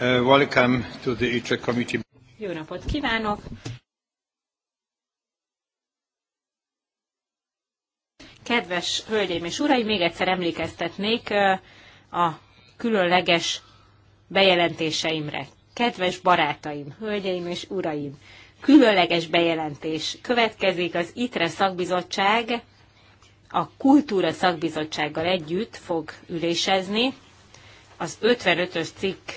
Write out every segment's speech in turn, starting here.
Uh, welcome to the committee. Jó napot kívánok! Kedves hölgyeim és uraim, még egyszer emlékeztetnék uh, a különleges bejelentéseimre. Kedves barátaim, hölgyeim és uraim, különleges bejelentés következik az ITRE szakbizottság a Kultúra Szakbizottsággal együtt fog ülésezni. Az 55-ös cikk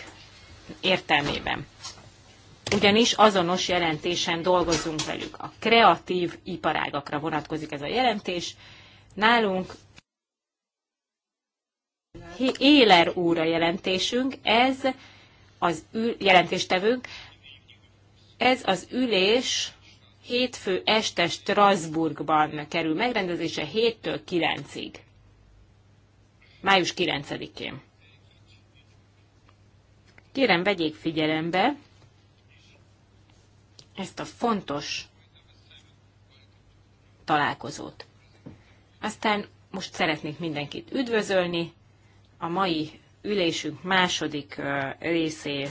értelmében. Ugyanis azonos jelentésen dolgozunk velük. A kreatív iparágakra vonatkozik ez a jelentés. Nálunk Éler úr a jelentésünk, ez az ül- jelentéstevőnk, ez az ülés hétfő este Strasbourgban kerül megrendezése 7-től 9-ig. Május 9-én. Kérem, vegyék figyelembe ezt a fontos találkozót. Aztán most szeretnék mindenkit üdvözölni. A mai ülésünk második részé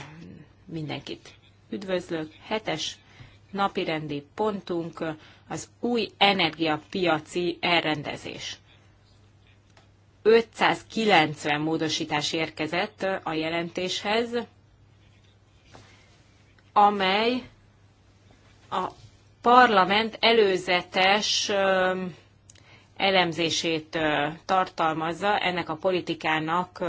mindenkit üdvözlök. Hetes napirendi pontunk az új energiapiaci elrendezés. 590 módosítás érkezett a jelentéshez, amely a parlament előzetes elemzését tartalmazza ennek a politikának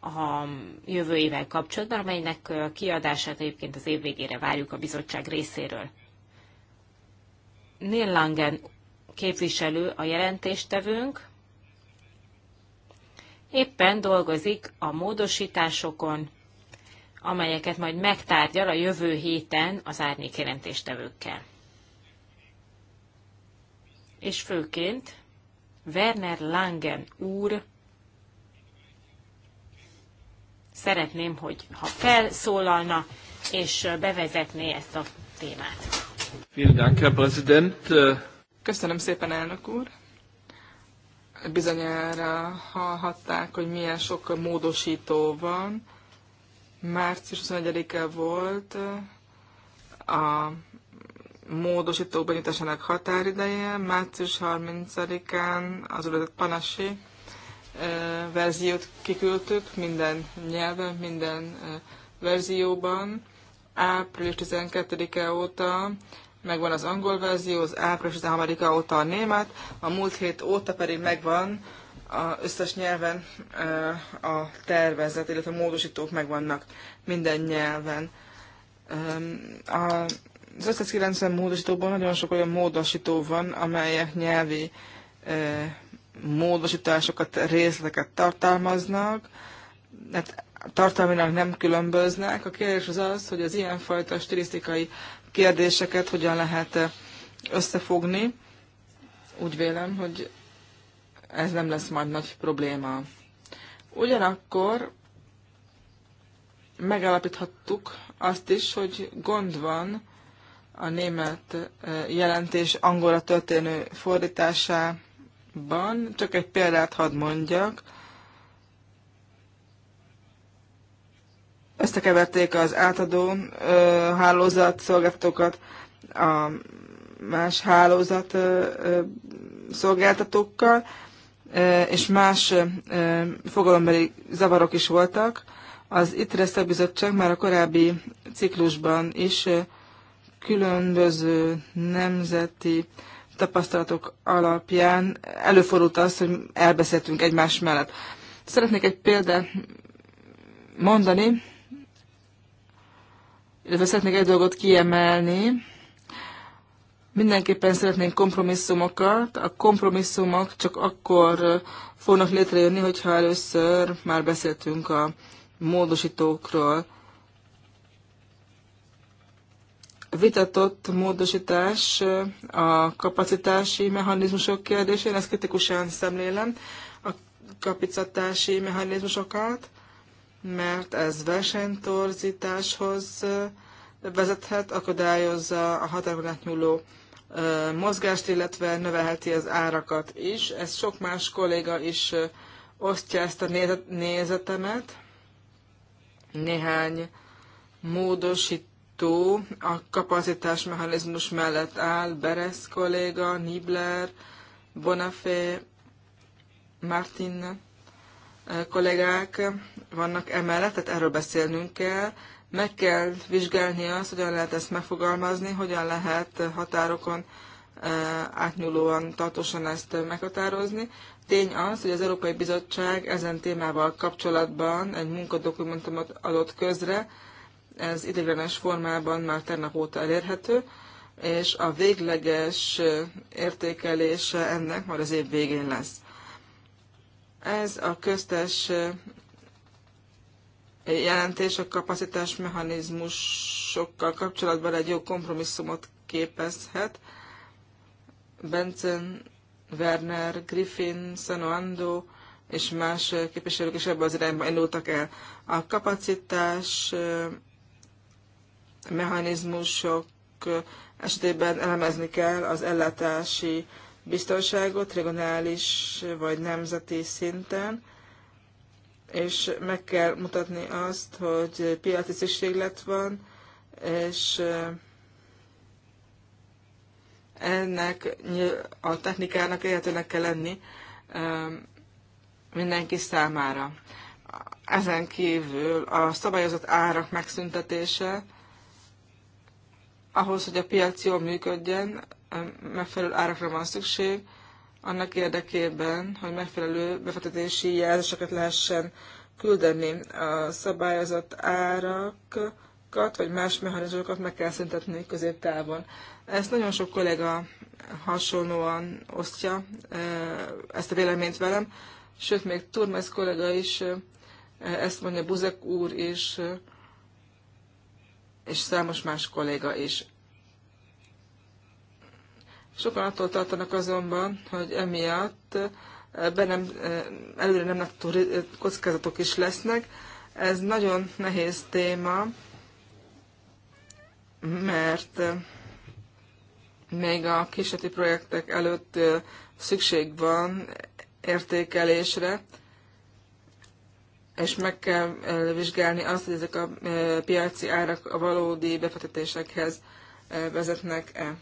a évvel kapcsolatban, amelynek kiadását egyébként az év végére várjuk a bizottság részéről. Neil Langen képviselő a jelentéstevőnk, éppen dolgozik a módosításokon, amelyeket majd megtárgyal a jövő héten az árnyékjelentéstevőkkel. És főként Werner Langen úr szeretném, hogy ha felszólalna és bevezetné ezt a témát. Köszönöm szépen, elnök úr! bizonyára hallhatták, hogy milyen sok módosító van. Március 21-e volt a módosítók benyújtásának határideje, március 30-án az úgynevezett panasi verziót kiküldtük minden nyelven, minden verzióban. Április 12-e óta megvan az angol verzió, az április 13 Amerika óta a német, a múlt hét óta pedig megvan a összes nyelven a tervezet, illetve a módosítók megvannak minden nyelven. Az 590 módosítóban nagyon sok olyan módosító van, amelyek nyelvi módosításokat, részleteket tartalmaznak, tehát tartalmilag nem különböznek. A kérdés az az, hogy az ilyenfajta stilisztikai kérdéseket hogyan lehet eh, összefogni. Úgy vélem, hogy ez nem lesz majd nagy probléma. Ugyanakkor megállapíthattuk azt is, hogy gond van a német eh, jelentés angolra történő fordításában. Csak egy példát hadd mondjak. összekeverték az átadó ö, hálózat szolgáltatókat a más hálózat ö, ö, szolgáltatókkal, ö, és más ö, fogalombeli zavarok is voltak. Az ITRE szakbizottság már a korábbi ciklusban is ö, különböző nemzeti tapasztalatok alapján előfordult az, hogy elbeszéltünk egymás mellett. Szeretnék egy példát mondani, illetve szeretnék egy dolgot kiemelni. Mindenképpen szeretnénk kompromisszumokat. A kompromisszumok csak akkor fognak létrejönni, hogyha először már beszéltünk a módosítókról. Vitatott módosítás a kapacitási mechanizmusok kérdésén, ezt kritikusan szemlélem, a kapacitási mechanizmusokat mert ez versenytorzításhoz vezethet, akadályozza a határon átnyúló mozgást, illetve növelheti az árakat is. Ez sok más kolléga is osztja ezt a nézetemet. Néhány módosító a kapacitás mechanizmus mellett áll, Beres kolléga, Nibler, Bonafé, Martin kollégák vannak emellett, tehát erről beszélnünk kell. Meg kell vizsgálni azt, hogyan lehet ezt megfogalmazni, hogyan lehet határokon e, átnyúlóan tartósan ezt meghatározni. Tény az, hogy az Európai Bizottság ezen témával kapcsolatban egy munkadokumentumot adott közre, ez ideiglenes formában már tegnap óta elérhető, és a végleges értékelése ennek már az év végén lesz. Ez a köztes jelentés a kapacitás mechanizmusokkal kapcsolatban egy jó kompromisszumot képezhet. Benson, Werner, Griffin, Sanoando és más képviselők is ebbe az irányba indultak el. A kapacitás mechanizmusok esetében elemezni kell az ellátási biztonságot regionális vagy nemzeti szinten, és meg kell mutatni azt, hogy piaci szükséglet van, és ennek a technikának életőnek kell lenni mindenki számára. Ezen kívül a szabályozott árak megszüntetése, ahhoz, hogy a piac jól működjen, megfelelő árakra van szükség, annak érdekében, hogy megfelelő befektetési jelzéseket lehessen küldeni. A szabályozott árakat, vagy más mechanizmusokat meg kell szüntetni középtávon. Ezt nagyon sok kollega hasonlóan osztja e, ezt a véleményt velem, sőt, még Turmes kollega is e, ezt mondja, Buzek úr is, e, és számos más kolléga is. Sokan attól tartanak azonban, hogy emiatt eh, be nem, eh, előre nem látható eh, kockázatok is lesznek. Ez nagyon nehéz téma, mert még a kísérleti projektek előtt szükség van értékelésre, és meg kell vizsgálni azt, hogy ezek a piaci árak a valódi befektetésekhez vezetnek-e.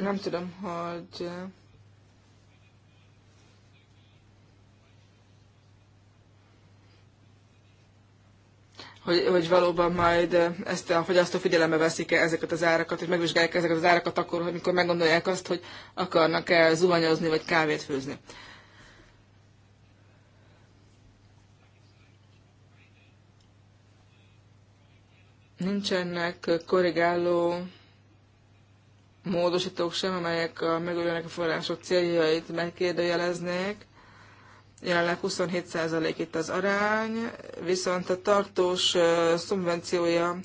nem tudom, hogy hogy, hogy valóban majd ezt a fogyasztó figyelembe veszik-e ezeket az árakat, és megvizsgálják ezeket az árakat akkor, amikor meggondolják azt, hogy akarnak-e zuhanyozni vagy kávét főzni. Nincsenek korrigáló módosítók sem, amelyek a a források céljait megkérdőjeleznék. Jelenleg 27% itt az arány, viszont a tartós szubvenciója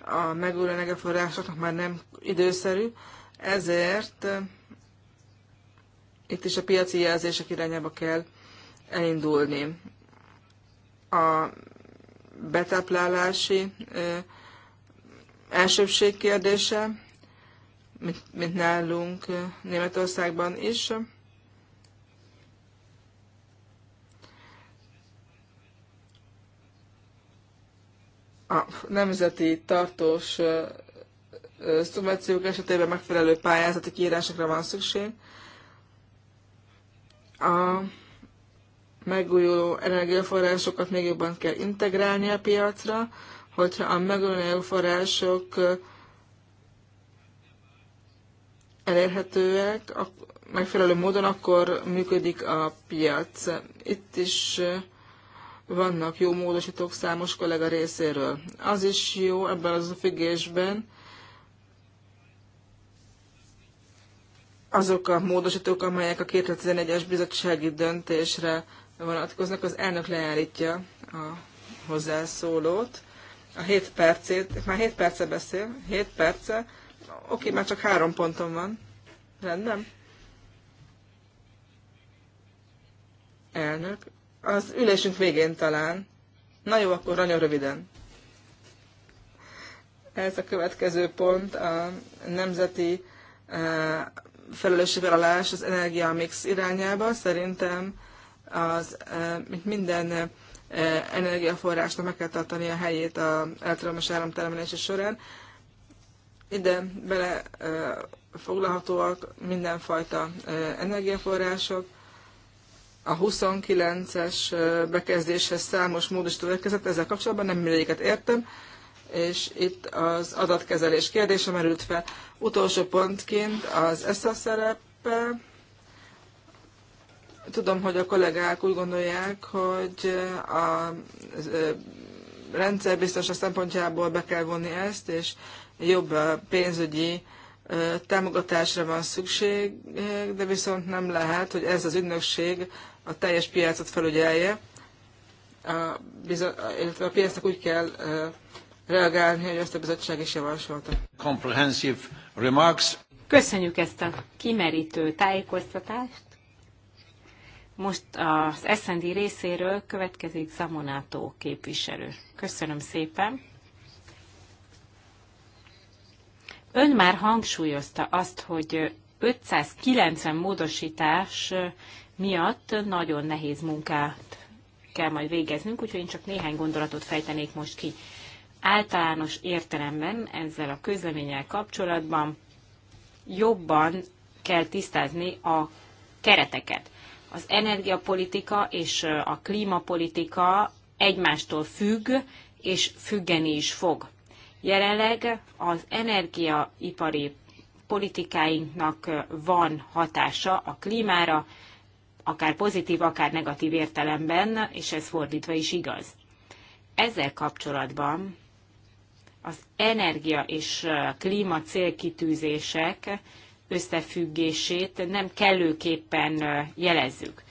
a megújuló energiaforrásoknak már nem időszerű, ezért itt is a piaci jelzések irányába kell elindulni. A betáplálási elsőbség kérdése, mint, mint nálunk eh, Németországban is. A nemzeti tartós eh, eh, szubvenciók esetében megfelelő pályázati kiírásokra van szükség. A megújuló energiaforrásokat még jobban kell integrálni a piacra, hogyha a megújuló energiaforrások elérhetőek a megfelelő módon, akkor működik a piac. Itt is eh, vannak jó módosítók számos kollega részéről. Az is jó ebben az függésben, azok a módosítók, amelyek a 2011-es bizottsági döntésre vonatkoznak, az elnök leállítja a hozzászólót. A 7 percét, már 7 perce beszél, 7 perce, Oké, már csak három pontom van. Rendben. Elnök. Az ülésünk végén talán. Na jó, akkor nagyon röviden. Ez a következő pont a nemzeti eh, felelősségvállalás az energiamix irányába. Szerintem az, eh, mint minden eh, energiaforrásnak meg kell tartani a helyét az elektromos áramtermelési során. Ide bele foglalhatóak mindenfajta energiaforrások. A 29-es bekezdéshez számos módosító érkezett, ezzel kapcsolatban nem mindegyiket értem, és itt az adatkezelés kérdése merült fel. Utolsó pontként az ESZA szerepe. Tudom, hogy a kollégák úgy gondolják, hogy a rendszerbiztonság szempontjából be kell vonni ezt, és jobb pénzügyi támogatásra van szükség, de viszont nem lehet, hogy ez az ügynökség a teljes piacot felügyelje, a, illetve a piacnak úgy kell reagálni, hogy ezt a bizottság is javasolta. Comprehensive remarks. Köszönjük ezt a kimerítő tájékoztatást. Most az SND részéről következik Zamonátó képviselő. Köszönöm szépen. Ön már hangsúlyozta azt, hogy 590 módosítás miatt nagyon nehéz munkát kell majd végeznünk, úgyhogy én csak néhány gondolatot fejtenék most ki. Általános értelemben ezzel a közleménnyel kapcsolatban jobban kell tisztázni a kereteket. Az energiapolitika és a klímapolitika egymástól függ, és függeni is fog. Jelenleg az energiaipari politikáinknak van hatása a klímára, akár pozitív, akár negatív értelemben, és ez fordítva is igaz. Ezzel kapcsolatban az energia és klíma célkitűzések összefüggését nem kellőképpen jelezzük.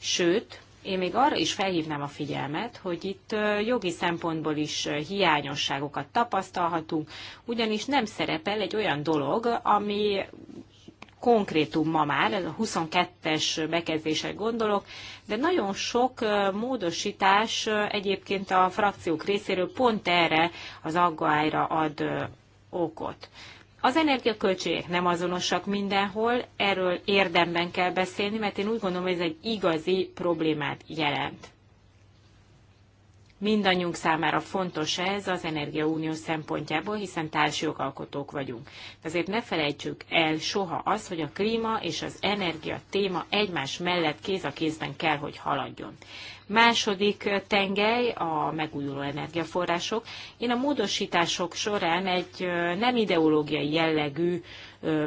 Sőt, én még arra is felhívnám a figyelmet, hogy itt jogi szempontból is hiányosságokat tapasztalhatunk, ugyanis nem szerepel egy olyan dolog, ami konkrétum ma már, ez a 22-es bekezdések gondolok, de nagyon sok módosítás egyébként a frakciók részéről pont erre az aggályra ad okot. Az energiaköltségek nem azonosak mindenhol, erről érdemben kell beszélni, mert én úgy gondolom, hogy ez egy igazi problémát jelent. Mindannyiunk számára fontos ez az Energiaunió szempontjából, hiszen társjogalkotók vagyunk. Ezért ne felejtsük el soha az, hogy a klíma és az energia téma egymás mellett kéz a kézben kell, hogy haladjon. Második tengely a megújuló energiaforrások. Én a módosítások során egy nem ideológiai jellegű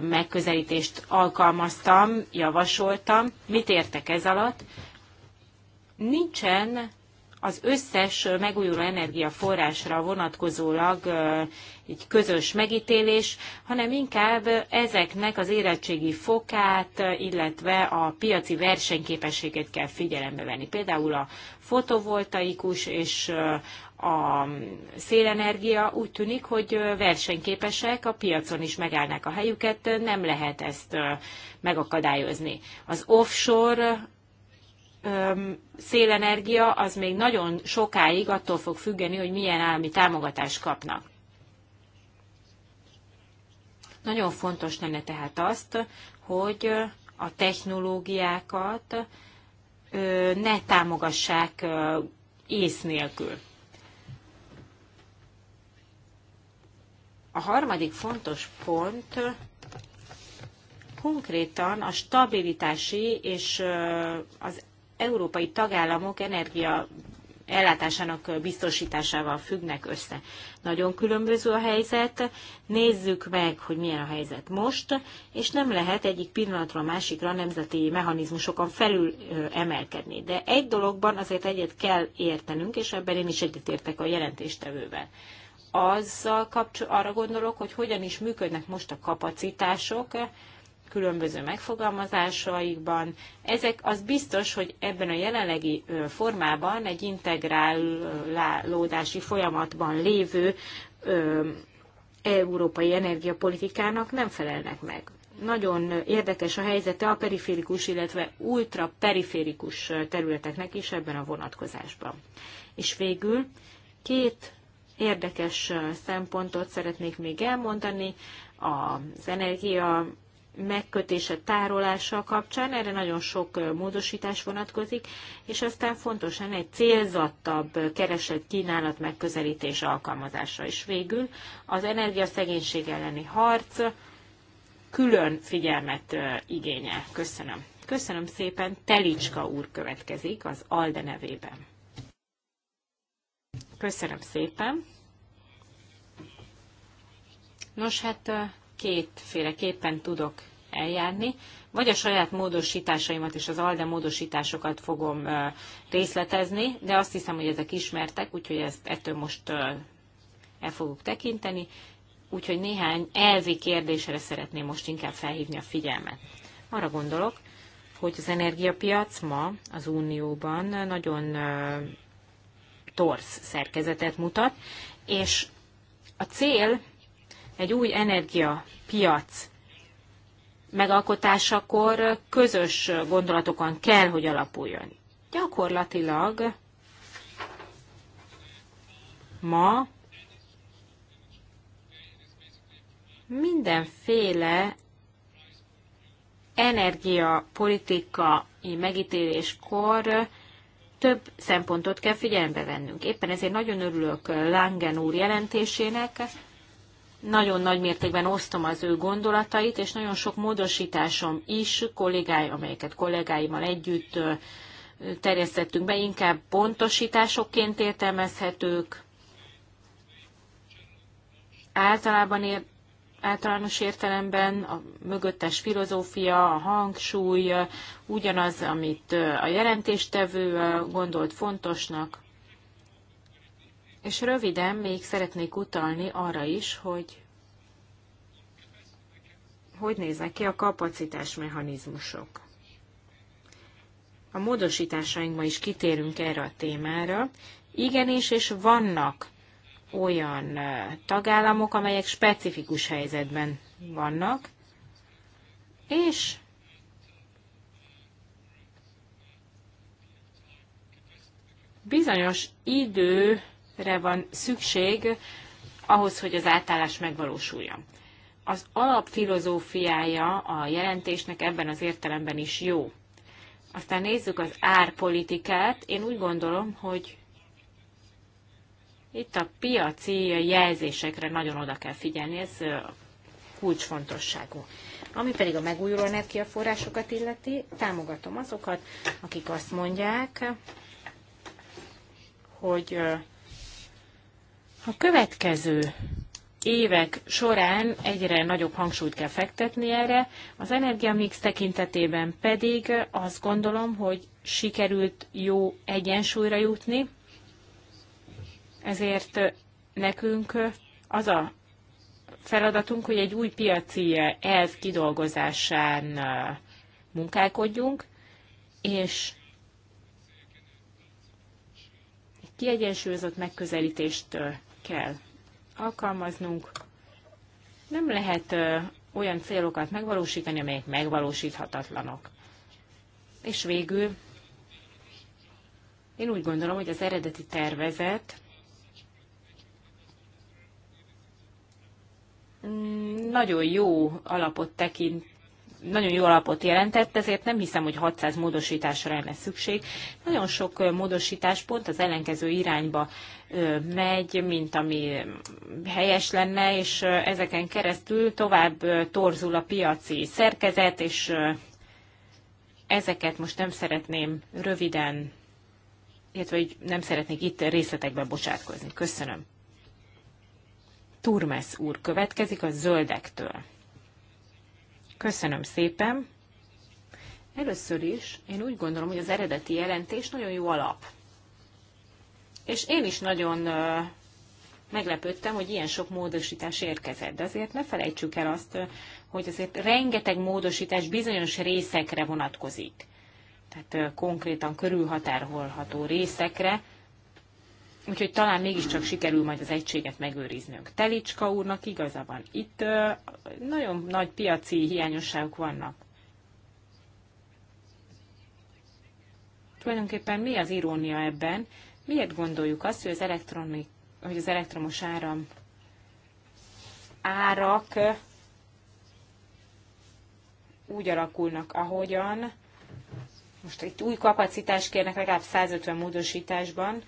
megközelítést alkalmaztam, javasoltam. Mit értek ez alatt? Nincsen az összes megújuló energiaforrásra vonatkozólag egy közös megítélés, hanem inkább ezeknek az érettségi fokát, illetve a piaci versenyképességet kell figyelembe venni. Például a fotovoltaikus és a szélenergia úgy tűnik, hogy versenyképesek, a piacon is megállnák a helyüket, nem lehet ezt megakadályozni. Az offshore szélenergia az még nagyon sokáig attól fog függeni, hogy milyen állami támogatást kapnak. Nagyon fontos lenne tehát azt, hogy a technológiákat ne támogassák ész nélkül. A harmadik fontos pont konkrétan a stabilitási és az európai tagállamok energia ellátásának biztosításával függnek össze. Nagyon különböző a helyzet, nézzük meg, hogy milyen a helyzet most, és nem lehet egyik pillanatról a másikra nemzeti mechanizmusokon felül emelkedni. De egy dologban azért egyet kell értenünk, és ebben én is egyetértek a jelentéstevővel. Azzal kapcsol, arra gondolok, hogy hogyan is működnek most a kapacitások, különböző megfogalmazásaikban. Ezek az biztos, hogy ebben a jelenlegi formában egy integrálódási folyamatban lévő európai energiapolitikának nem felelnek meg. Nagyon érdekes a helyzete a periférikus, illetve ultraperiférikus területeknek is ebben a vonatkozásban. És végül két érdekes szempontot szeretnék még elmondani az energia megkötése, tárolása kapcsán, erre nagyon sok módosítás vonatkozik, és aztán fontosan egy célzattabb keresett kínálat megközelítés alkalmazása is. Végül az energiaszegénység elleni harc külön figyelmet igényel. Köszönöm. Köszönöm szépen, Telicska úr következik az ALDE nevében. Köszönöm szépen. Nos, hát kétféleképpen tudok eljárni, vagy a saját módosításaimat és az ALDE módosításokat fogom részletezni, de azt hiszem, hogy ezek ismertek, úgyhogy ezt ettől most el fogok tekinteni. Úgyhogy néhány elvi kérdésre szeretném most inkább felhívni a figyelmet. Arra gondolok, hogy az energiapiac ma az Unióban nagyon torz szerkezetet mutat, és a cél egy új energiapiac megalkotásakor közös gondolatokon kell, hogy alapuljon. Gyakorlatilag ma mindenféle energiapolitikai megítéléskor több szempontot kell figyelembe vennünk. Éppen ezért nagyon örülök Langen úr jelentésének, nagyon nagy mértékben osztom az ő gondolatait, és nagyon sok módosításom is, kollégái, amelyeket kollégáimmal együtt terjesztettünk be, inkább pontosításokként értelmezhetők, általában ér, általános értelemben a mögöttes filozófia, a hangsúly ugyanaz, amit a jelentéstevő gondolt fontosnak. És röviden még szeretnék utalni arra is, hogy hogy néznek ki a kapacitásmechanizmusok. A módosításainkban is kitérünk erre a témára. Igenis, és vannak olyan tagállamok, amelyek specifikus helyzetben vannak, és bizonyos idő re van szükség ahhoz, hogy az átállás megvalósuljon. Az alapfilozófiája a jelentésnek ebben az értelemben is jó. Aztán nézzük az árpolitikát. Én úgy gondolom, hogy itt a piaci jelzésekre nagyon oda kell figyelni, ez kulcsfontosságú. Ami pedig a megújuló energiaforrásokat illeti, támogatom azokat, akik azt mondják, hogy a következő évek során egyre nagyobb hangsúlyt kell fektetni erre, az energiamix tekintetében pedig azt gondolom, hogy sikerült jó egyensúlyra jutni, ezért nekünk az a feladatunk, hogy egy új piaci elv kidolgozásán munkálkodjunk, és egy kiegyensúlyozott megközelítést kell alkalmaznunk. Nem lehet olyan célokat megvalósítani, amelyek megvalósíthatatlanok. És végül én úgy gondolom, hogy az eredeti tervezet mm, nagyon jó alapot tekint, nagyon jó alapot jelentett, ezért nem hiszem, hogy 600 módosításra lenne szükség. Nagyon sok módosítás pont az ellenkező irányba megy, mint ami helyes lenne, és ezeken keresztül tovább torzul a piaci szerkezet, és ezeket most nem szeretném röviden, illetve hogy nem szeretnék itt részletekbe bocsátkozni. Köszönöm. Turmes úr következik a zöldektől. Köszönöm szépen. Először is én úgy gondolom, hogy az eredeti jelentés nagyon jó alap. És én is nagyon meglepődtem, hogy ilyen sok módosítás érkezett. De azért ne felejtsük el azt, hogy azért rengeteg módosítás bizonyos részekre vonatkozik. Tehát konkrétan körülhatárolható részekre, Úgyhogy talán mégiscsak sikerül majd az egységet megőriznünk. Telicska úrnak igaza van. Itt nagyon nagy piaci hiányosságok vannak. Tulajdonképpen mi az irónia ebben? Miért gondoljuk azt, hogy az, elektronik, hogy az elektromos áram árak úgy alakulnak, ahogyan. Most itt új kapacitást kérnek legalább 150 módosításban,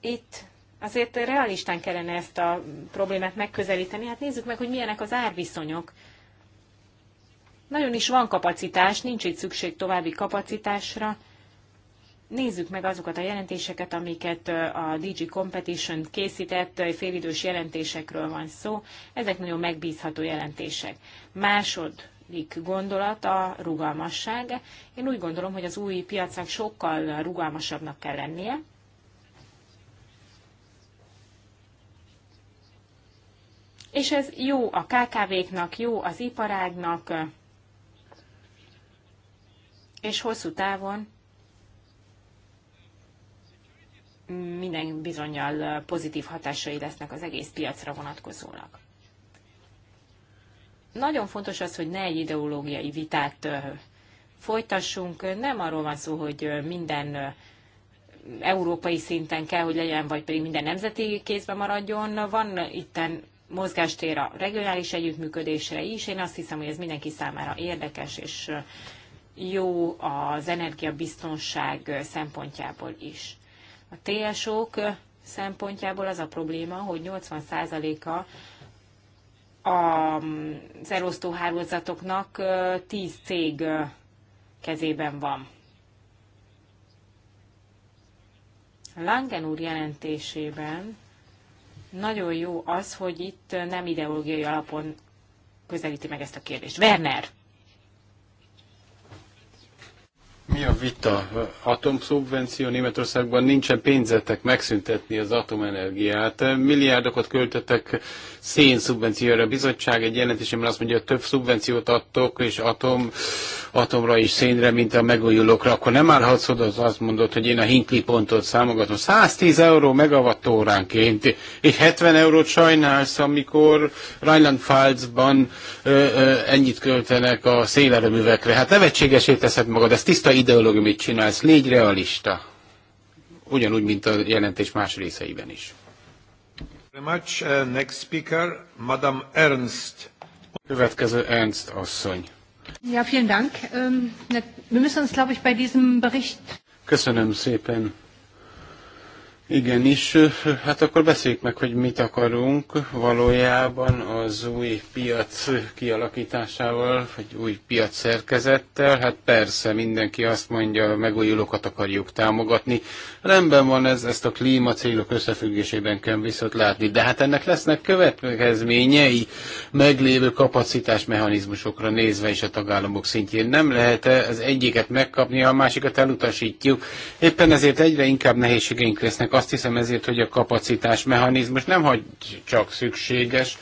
itt azért realistán kellene ezt a problémát megközelíteni. Hát nézzük meg, hogy milyenek az árviszonyok. Nagyon is van kapacitás, nincs itt szükség további kapacitásra. Nézzük meg azokat a jelentéseket, amiket a DG Competition készített, félidős jelentésekről van szó. Ezek nagyon megbízható jelentések. Másod gondolat a rugalmasság. Én úgy gondolom, hogy az új piacnak sokkal rugalmasabbnak kell lennie, és ez jó a KKV-knak, jó az iparágnak, és hosszú távon minden bizonyal pozitív hatásai lesznek az egész piacra vonatkozólag. Nagyon fontos az, hogy ne egy ideológiai vitát folytassunk. Nem arról van szó, hogy minden európai szinten kell, hogy legyen, vagy pedig minden nemzeti kézbe maradjon. Van itten mozgástér a regionális együttműködésre is. Én azt hiszem, hogy ez mindenki számára érdekes és jó az energiabiztonság szempontjából is. A TSO-k szempontjából az a probléma, hogy 80%-a az elosztóhálózatoknak 10 cég kezében van. Langen úr jelentésében nagyon jó az, hogy itt nem ideológiai alapon közelíti meg ezt a kérdést. Werner! Mi a vita? Atomszubvenció Németországban nincsen pénzetek megszüntetni az atomenergiát. Milliárdokat költöttek szénszubvencióra. A bizottság egy jelentésében azt mondja, hogy több szubvenciót adtok, és atom atomra és szénre, mint a megújulókra, akkor nem állhatsz oda, az azt mondod, hogy én a Hinkley pontot számogatom. 110 euró óránként, és 70 eurót sajnálsz, amikor Rheinland-Pfalzban ennyit költenek a szélerőművekre. Hát nevetségesé teszed magad, ez tiszta ideológia, mit csinálsz, légy realista. Ugyanúgy, mint a jelentés más részeiben is. Much, uh, next speaker, Madame Ernst. Következő Ernst asszony. Ja, vielen Dank. Ähm, wir müssen uns, glaube ich, bei diesem Bericht... Köszönöm szépen. Igen, és hát akkor beszéljük meg, hogy mit akarunk valójában az új piac kialakításával, vagy új piac szerkezettel? Hát persze, mindenki azt mondja, megújulókat akarjuk támogatni. Rendben van ez, ezt a klímacélok összefüggésében kell viszont látni, de hát ennek lesznek következményei meglévő kapacitásmechanizmusokra nézve is a tagállamok szintjén. Nem lehet -e az egyiket megkapni, a másikat elutasítjuk. Éppen ezért egyre inkább nehézségeink lesznek. Azt hiszem ezért, hogy a kapacitásmechanizmus nem hagy csak szükséges,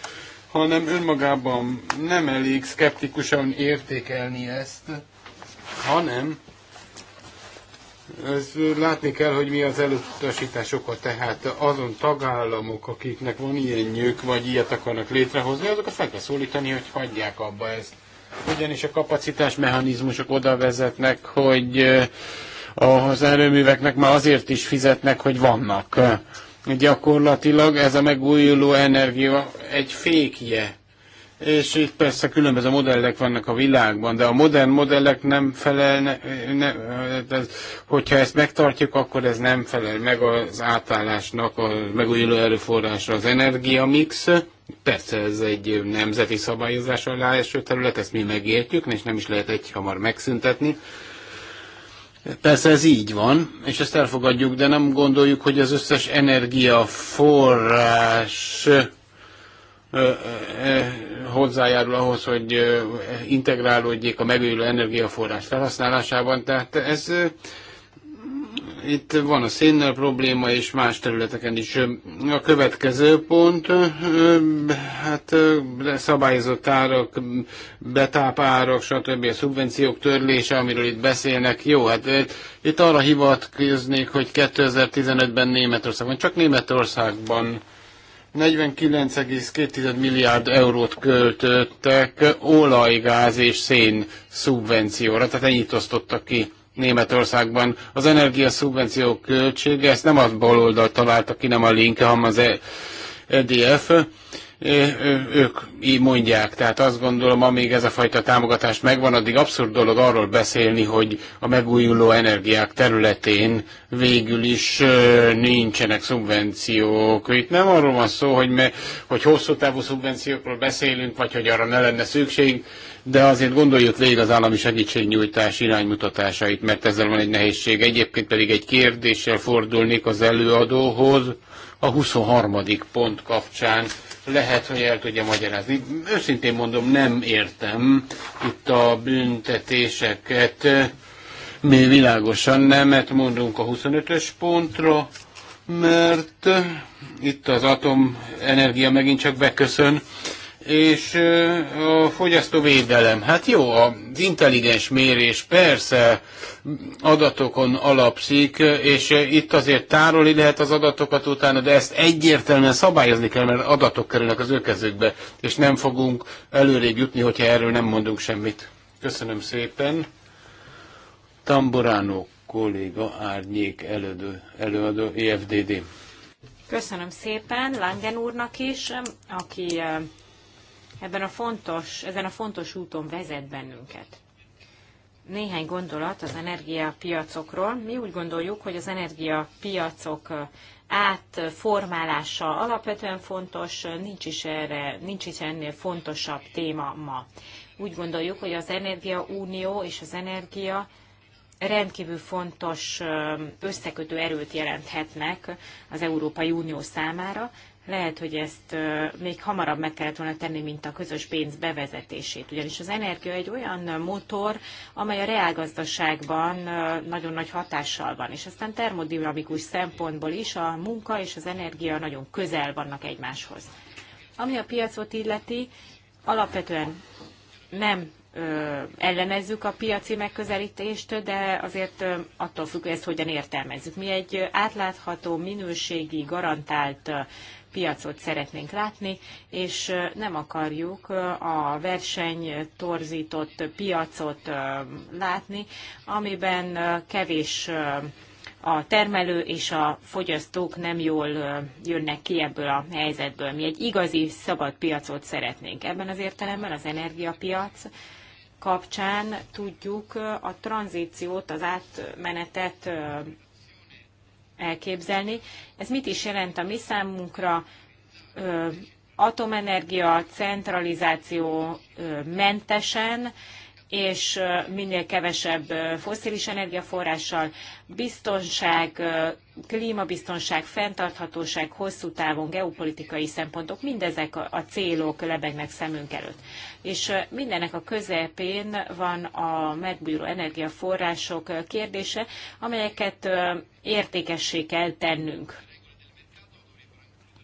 hanem önmagában nem elég szkeptikusan értékelni ezt, hanem ez, látni kell, hogy mi az elutasítás oka, tehát azon tagállamok, akiknek van ilyen nyők, vagy ilyet akarnak létrehozni, azokat fel kell szólítani, hogy hagyják abba ezt. Ugyanis a kapacitás mechanizmusok oda vezetnek, hogy az erőműveknek már azért is fizetnek, hogy vannak. Gyakorlatilag ez a megújuló energia egy fékje. És itt persze különböző modellek vannak a világban, de a modern modellek nem felelnek, ne, hát hogyha ezt megtartjuk, akkor ez nem felel meg az átállásnak, a megújuló erőforrásra az energiamix. Persze ez egy nemzeti szabályozás alá eső terület, ezt mi megértjük, és nem is lehet egy hamar megszüntetni. Persze ez így van, és ezt elfogadjuk, de nem gondoljuk, hogy az összes energiaforrás hozzájárul ahhoz, hogy integrálódjék a megújuló energiaforrás felhasználásában. Tehát ez itt van a szénnel probléma, és más területeken is. A következő pont, hát szabályozott árak, betápárak, stb. a szubvenciók törlése, amiről itt beszélnek. Jó, hát itt arra hivatkoznék, hogy 2015-ben Németországban, csak Németországban 49,2 milliárd eurót költöttek olaj, gáz és szén szubvencióra, tehát ennyit osztottak ki Németországban. Az energiaszubvenció költsége, ezt nem az baloldal találta ki, nem a Linke, hanem az EDF. E ők így mondják, tehát azt gondolom, amíg ez a fajta támogatás megvan, addig abszurd dolog arról beszélni, hogy a megújuló energiák területén végül is nincsenek szubvenciók. Itt nem arról van szó, hogy, me, hogy hosszú távú szubvenciókról beszélünk, vagy hogy arra ne lenne szükség, de azért gondoljuk végig az állami segítségnyújtás iránymutatásait, mert ezzel van egy nehézség. Egyébként pedig egy kérdéssel fordulnék az előadóhoz a 23. pont kapcsán. Lehet, hogy el tudja magyarázni. Őszintén mondom, nem értem itt a büntetéseket. Mi világosan nemet mondunk a 25-ös pontra, mert itt az atomenergia megint csak beköszön, és a fogyasztóvédelem, hát jó, az intelligens mérés persze adatokon alapszik, és itt azért tárolni lehet az adatokat utána, de ezt egyértelműen szabályozni kell, mert adatok kerülnek az ő kezükbe, és nem fogunk előrébb jutni, hogyha erről nem mondunk semmit. Köszönöm szépen. Tamburánó kolléga, árnyék elődő, előadó, EFDD. Köszönöm szépen Langen úrnak is, aki ebben a fontos, ezen a fontos úton vezet bennünket. Néhány gondolat az energiapiacokról. Mi úgy gondoljuk, hogy az energiapiacok eh, átformálása alapvetően fontos, nincs is, erre, nincs is ennél fontosabb téma ma. Úgy gondoljuk, hogy az Energia Unió és az Energia rendkívül fontos eh, összekötő erőt jelenthetnek az Európai Unió számára, lehet, hogy ezt még hamarabb meg kellett volna tenni, mint a közös pénz bevezetését. Ugyanis az energia egy olyan motor, amely a reálgazdaságban nagyon nagy hatással van, és aztán termodinamikus szempontból is a munka és az energia nagyon közel vannak egymáshoz. Ami a piacot illeti, alapvetően nem ö, ellenezzük a piaci megközelítést, de azért ö, attól függ, hogy ezt hogyan értelmezzük. Mi egy átlátható, minőségi, garantált piacot szeretnénk látni, és nem akarjuk a verseny torzított piacot látni, amiben kevés a termelő és a fogyasztók nem jól jönnek ki ebből a helyzetből. Mi egy igazi szabad piacot szeretnénk. Ebben az értelemben az energiapiac kapcsán tudjuk a tranzíciót, az átmenetet elképzelni. Ez mit is jelent a mi számunkra? Atomenergia, centralizáció mentesen, és minél kevesebb foszilis energiaforrással, biztonság, klímabiztonság, fenntarthatóság, hosszú távon geopolitikai szempontok, mindezek a célok lebegnek szemünk előtt. És mindennek a közepén van a megbújuló energiaforrások kérdése, amelyeket értékessé kell tennünk.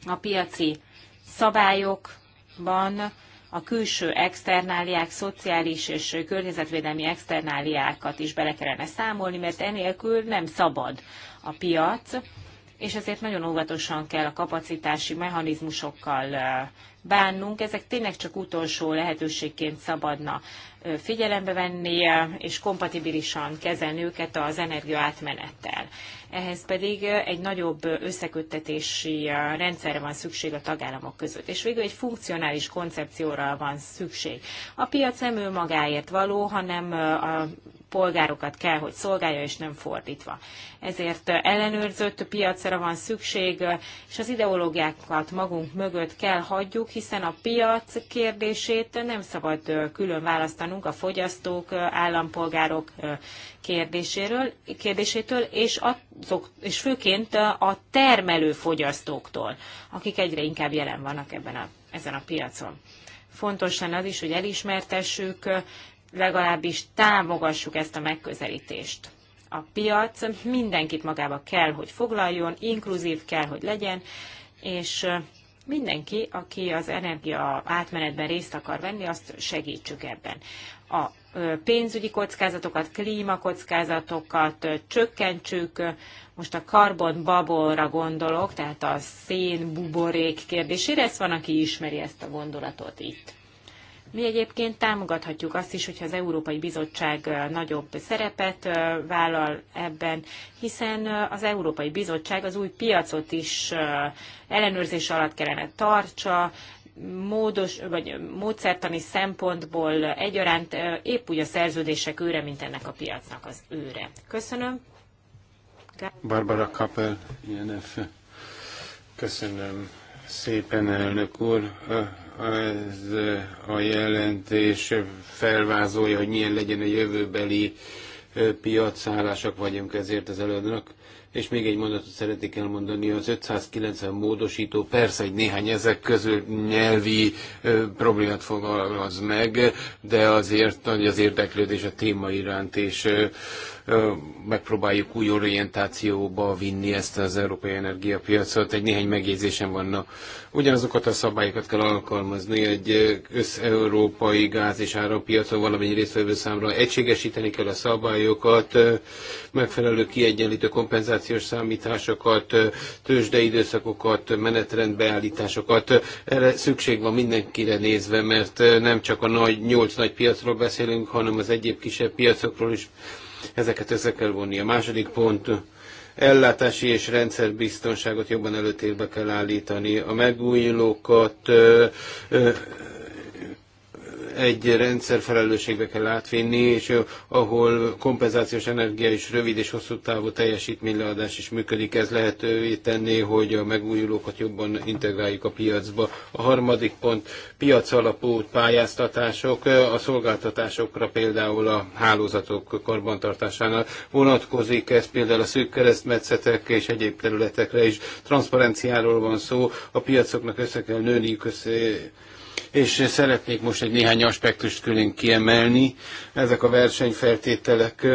A piaci szabályokban a külső externáliák, szociális és környezetvédelmi externáliákat is bele kellene számolni, mert enélkül nem szabad a piac, és ezért nagyon óvatosan kell a kapacitási mechanizmusokkal bánnunk. Ezek tényleg csak utolsó lehetőségként szabadna figyelembe venni, és kompatibilisan kezelni őket az energiaátmenettel ehhez pedig egy nagyobb összeköttetési rendszerre van szükség a tagállamok között. És végül egy funkcionális koncepcióra van szükség. A piac nem ő magáért való, hanem a polgárokat kell, hogy szolgálja, és nem fordítva. Ezért ellenőrzött piacra van szükség, és az ideológiákat magunk mögött kell hagyjuk, hiszen a piac kérdését nem szabad külön választanunk a fogyasztók, állampolgárok kérdéséről, kérdésétől, és a szok és főként a termelő fogyasztóktól, akik egyre inkább jelen vannak ebben a, ezen a piacon. Fontos lenne az is, hogy elismertessük, legalábbis támogassuk ezt a megközelítést. A piac mindenkit magába kell, hogy foglaljon, inkluzív kell, hogy legyen, és mindenki, aki az energia átmenetben részt akar venni, azt segítsük ebben. A pénzügyi kockázatokat, klímakockázatokat csökkentsük. Most a karbon babolra gondolok, tehát a szén buborék kérdésére. Ez van, aki ismeri ezt a gondolatot itt. Mi egyébként támogathatjuk azt is, hogyha az Európai Bizottság nagyobb szerepet vállal ebben, hiszen az Európai Bizottság az új piacot is ellenőrzés alatt kellene tartsa, módos, vagy módszertani szempontból egyaránt épp úgy a szerződések őre, mint ennek a piacnak az őre. Köszönöm. Barbara Kappel, INF. Köszönöm szépen, elnök úr. Ez a jelentés felvázolja, hogy milyen legyen a jövőbeli piacállások vagyunk ezért az előadónak. És még egy mondatot szeretnék elmondani, az 590 módosító persze egy néhány ezek közül nyelvi ö, problémát fogalmaz meg, de azért az érdeklődés a téma iránt, és ö, megpróbáljuk új orientációba vinni ezt az európai energiapiacot. Egy néhány megjegyzésem vanna. Ugyanazokat a szabályokat kell alkalmazni egy összeurópai gáz és árampiacon valamennyi résztvevő számra. Egységesíteni kell a szabályokat, megfelelő kiegyenlítő kompenzációs számításokat, tőzsdeidőszakokat, menetrendbeállításokat. Erre szükség van mindenkire nézve, mert nem csak a nagy, nyolc nagy piacról beszélünk, hanem az egyéb kisebb piacokról is Ezeket össze kell vonni. A második pont ellátási és rendszerbiztonságot jobban előtérbe kell állítani, a megújulókat egy rendszer felelősségbe kell átvinni, és ahol kompenzációs energia és rövid és hosszú távú teljesítményleadás is működik, ez lehetővé tenni, hogy a megújulókat jobban integráljuk a piacba. A harmadik pont piac alapú pályáztatások, a szolgáltatásokra például a hálózatok karbantartásánál vonatkozik, ez például a szűk keresztmetszetek és egyéb területekre is. Transzparenciáról van szó, a piacoknak össze kell nőni, össze és szeretnék most egy néhány aspektust külön kiemelni. Ezek a versenyfeltételek,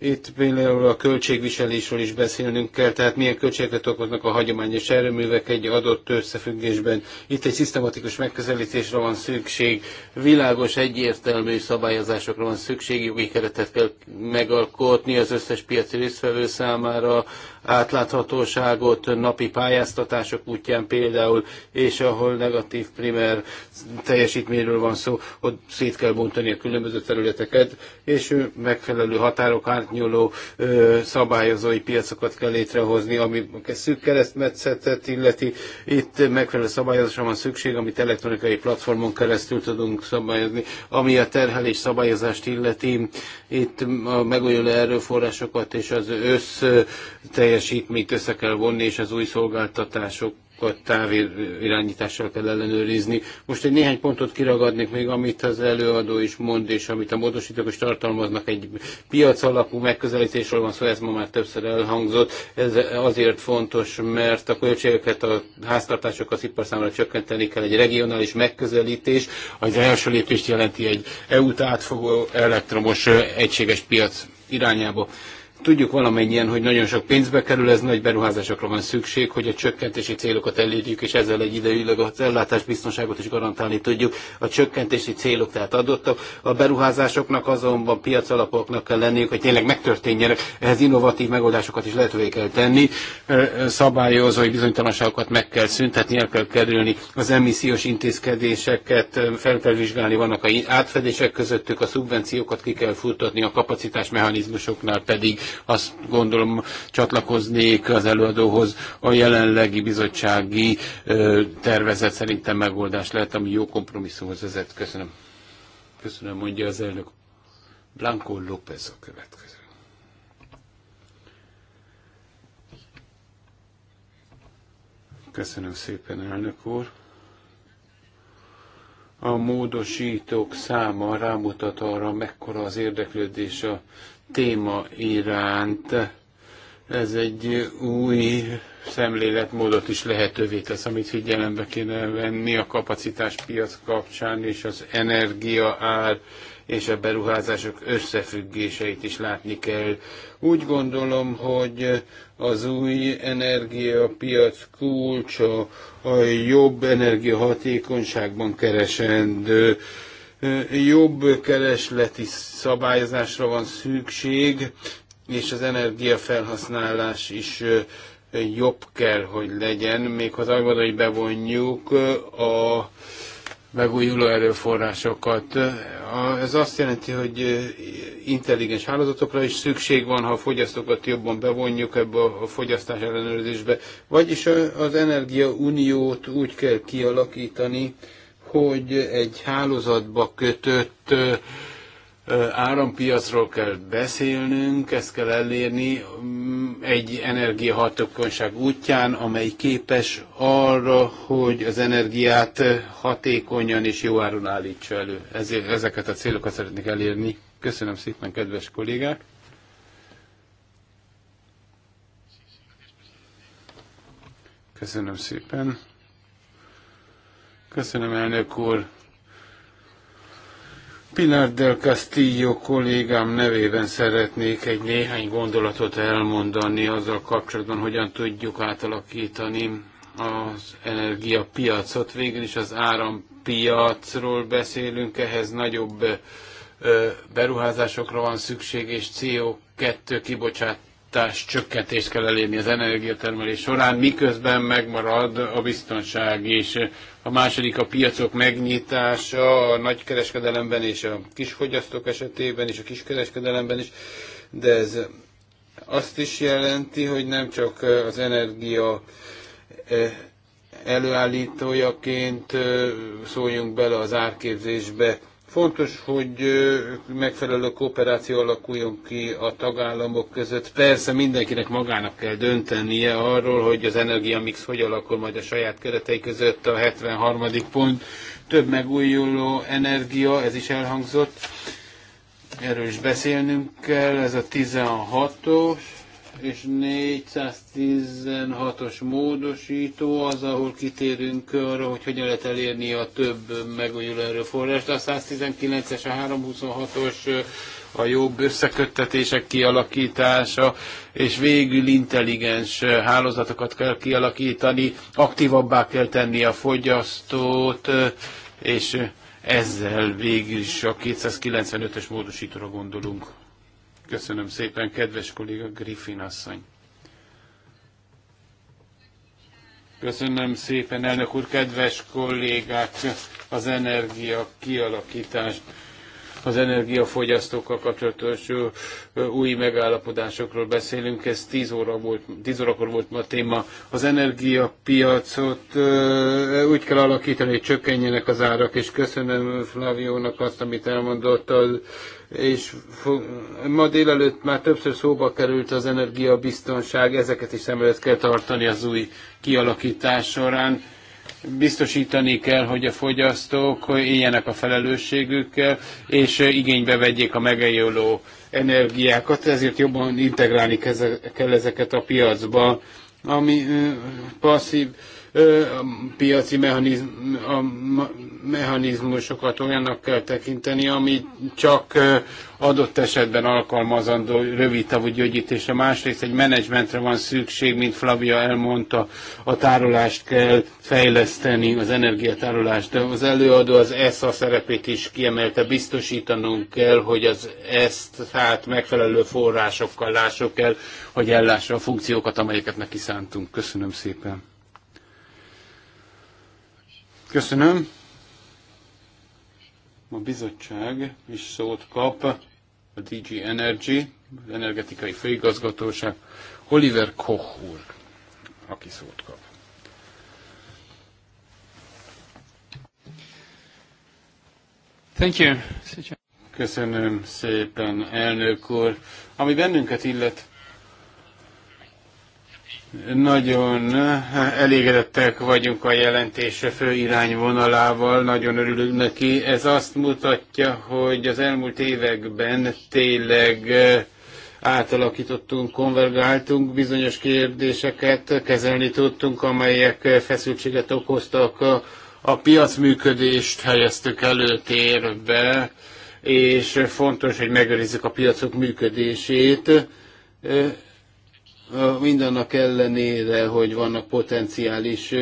itt például a költségviselésről is beszélnünk kell, tehát milyen költségeket okoznak a hagyományos erőművek egy adott összefüggésben. Itt egy szisztematikus megközelítésre van szükség, világos, egyértelmű szabályozásokra van szükség, jogi keretet kell megalkotni az összes piaci résztvevő számára, átláthatóságot napi pályáztatások útján például, és ahol negatív primer teljesítményről van szó, ott szét kell bontani a különböző területeket, és megfelelő határok átnyúló szabályozói piacokat kell létrehozni, ami szűk keresztmetszetet illeti. Itt megfelelő szabályozásra van szükség, amit elektronikai platformon keresztül tudunk szabályozni, ami a terhelés szabályozást illeti. Itt a megújuló erőforrásokat és az össz teljesítményt össze kell vonni, és az új szolgáltatásokat távirányítással kell ellenőrizni. Most egy néhány pontot kiragadnék még, amit az előadó is mond, és amit a módosítók is tartalmaznak, egy piac alapú megközelítésről van szó, szóval ez ma már többször elhangzott. Ez azért fontos, mert a költségeket a háztartások az ipar számára csökkenteni kell, egy regionális megközelítés, az első lépést jelenti egy EU-t átfogó elektromos egységes piac irányába. Tudjuk valamennyien, hogy nagyon sok pénzbe kerül, ez nagy beruházásokra van szükség, hogy a csökkentési célokat elérjük, és ezzel egy ideig az biztonságot is garantálni tudjuk. A csökkentési célok tehát adottak, a beruházásoknak azonban piacalapoknak kell lenniük, hogy tényleg megtörténjenek. Ehhez innovatív megoldásokat is lehetővé kell tenni, szabályozói bizonytalanságokat meg kell szüntetni, el kell kerülni az emissziós intézkedéseket, fel kell vizsgálni, vannak a átfedések közöttük, a szubvenciókat ki kell futtatni, a kapacitás mechanizmusoknál pedig azt gondolom csatlakoznék az előadóhoz. A jelenlegi bizottsági tervezet szerintem megoldás lehet, ami jó kompromisszumhoz vezet. Köszönöm. Köszönöm, mondja az elnök. Blanco López a következő. Köszönöm szépen, elnök úr. A módosítók száma rámutat arra, mekkora az érdeklődés a téma iránt. Ez egy új szemléletmódot is lehetővé tesz, amit figyelembe kéne venni a kapacitáspiac kapcsán, és az energia ár és a beruházások összefüggéseit is látni kell. Úgy gondolom, hogy az új energiapiac kulcsa a jobb energiahatékonyságban keresendő Jobb keresleti szabályozásra van szükség, és az energiafelhasználás is jobb kell, hogy legyen, még az, hogy bevonjuk a megújuló erőforrásokat. Ez azt jelenti, hogy intelligens hálózatokra is szükség van, ha a fogyasztókat jobban bevonjuk ebbe a fogyasztás ellenőrzésbe. Vagyis az energiauniót úgy kell kialakítani, hogy egy hálózatba kötött árampiacról kell beszélnünk, ezt kell elérni mm, egy energiahatékonyság útján, amely képes arra, hogy az energiát hatékonyan és jó áron állítsa elő. Ezért ezeket a célokat szeretnék elérni. Köszönöm szépen, kedves kollégák! Köszönöm szépen. Köszönöm, elnök úr. Pilar del Castillo kollégám nevében szeretnék egy néhány gondolatot elmondani azzal kapcsolatban, hogyan tudjuk átalakítani az energiapiacot. Végül is az árampiacról beszélünk, ehhez nagyobb beruházásokra van szükség, és CO2 kibocsát kibocsátás csökkentést kell elérni az energiatermelés során, miközben megmarad a biztonság is. A második a piacok megnyitása a nagykereskedelemben és a kisfogyasztók esetében és a kiskereskedelemben is, de ez azt is jelenti, hogy nem csak az energia eh, előállítójaként eh, szóljunk bele az árképzésbe, Fontos, hogy megfelelő kooperáció alakuljon ki a tagállamok között. Persze mindenkinek magának kell döntenie arról, hogy az energiamix hogy alakul majd a saját keretei között a 73. pont. Több megújuló energia, ez is elhangzott. Erről is beszélnünk kell, ez a 16-os és 416-os módosító az, ahol kitérünk arra, hogy hogyan lehet elérni a több megújuló erőforrást. A 119-es, a 326-os a jobb összeköttetések kialakítása, és végül intelligens hálózatokat kell kialakítani, aktívabbá kell tenni a fogyasztót, és ezzel végül is a 295-ös módosítóra gondolunk. Köszönöm szépen, kedves kolléga Griffin asszony. Köszönöm szépen, elnök úr, kedves kollégák, az energia kialakítás, az energiafogyasztókkal kapcsolatos új megállapodásokról beszélünk. Ez 10, óra volt, 10 órakor volt ma a téma. Az energiapiacot úgy kell alakítani, hogy csökkenjenek az árak, és köszönöm Flaviónak azt, amit elmondott az és ma délelőtt már többször szóba került az energiabiztonság, ezeket is szem előtt kell tartani az új kialakítás során. Biztosítani kell, hogy a fogyasztók éljenek a felelősségükkel, és igénybe vegyék a megejölő energiákat, ezért jobban integrálni kell ezeket a piacba. Ami passzív piaci mechanizm, a mechanizmusokat olyannak kell tekinteni, ami csak adott esetben alkalmazandó rövid távú gyógyítésre. Másrészt egy menedzsmentre van szükség, mint Flavia elmondta, a tárolást kell fejleszteni, az energiatárolást. De az előadó az ESZA szerepét is kiemelte, biztosítanunk kell, hogy az ezt hát megfelelő forrásokkal lássuk el, hogy ellássa a funkciókat, amelyeket neki szántunk. Köszönöm szépen. Köszönöm. A bizottság is szót kap, a DG Energy, az energetikai főigazgatóság, Oliver Koch úr, aki szót kap. Thank you. Köszönöm szépen, elnök úr. Ami bennünket illet, nagyon elégedettek vagyunk a jelentés fő irányvonalával, nagyon örülünk neki. Ez azt mutatja, hogy az elmúlt években tényleg átalakítottunk, konvergáltunk bizonyos kérdéseket, kezelni tudtunk, amelyek feszültséget okoztak, a piac működést helyeztük előtérbe, és fontos, hogy megőrizzük a piacok működését Mindennek ellenére, hogy vannak potenciális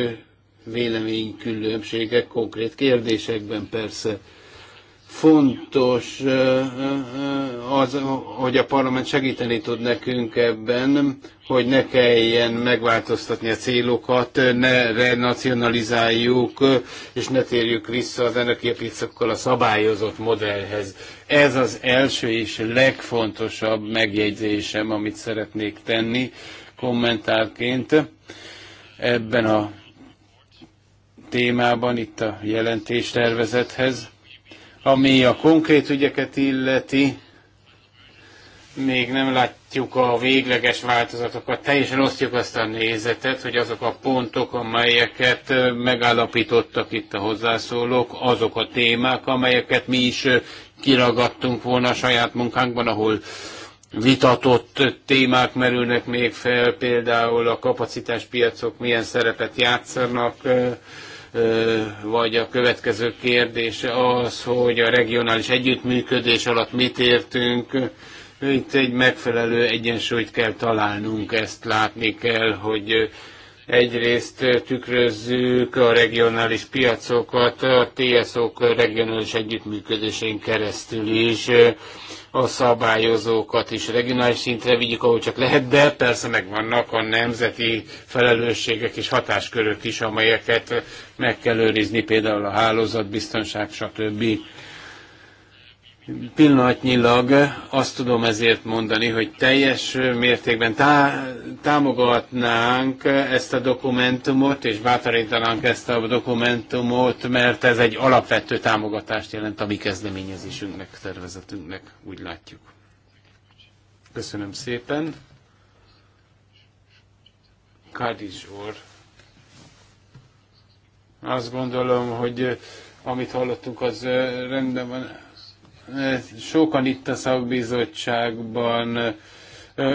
véleménykülönbségek konkrét kérdésekben persze fontos az, hogy a parlament segíteni tud nekünk ebben, hogy ne kelljen megváltoztatni a célokat, ne renacionalizáljuk, és ne térjük vissza az energiapiacokkal a szabályozott modellhez. Ez az első és legfontosabb megjegyzésem, amit szeretnék tenni kommentárként ebben a témában, itt a jelentéstervezethez ami a konkrét ügyeket illeti, még nem látjuk a végleges változatokat, teljesen osztjuk azt a nézetet, hogy azok a pontok, amelyeket megállapítottak itt a hozzászólók, azok a témák, amelyeket mi is kiragadtunk volna a saját munkánkban, ahol vitatott témák merülnek még fel, például a kapacitáspiacok milyen szerepet játszanak, vagy a következő kérdés az, hogy a regionális együttműködés alatt mit értünk. Itt egy megfelelő egyensúlyt kell találnunk, ezt látni kell, hogy Egyrészt tükrözzük a regionális piacokat, a TSO-k regionális együttműködésén keresztül is, a szabályozókat is regionális szintre vigyük, ahol csak lehet, de persze megvannak a nemzeti felelősségek és hatáskörök is, amelyeket meg kell őrizni, például a hálózatbiztonság, stb. Pillanatnyilag azt tudom ezért mondani, hogy teljes mértékben tá- támogatnánk ezt a dokumentumot, és bátorítanánk ezt a dokumentumot, mert ez egy alapvető támogatást jelent a mi kezdeményezésünknek, tervezetünknek, úgy látjuk. Köszönöm szépen. Kadizsor. Azt gondolom, hogy eh, amit hallottunk, az eh, rendben van sokan itt a szakbizottságban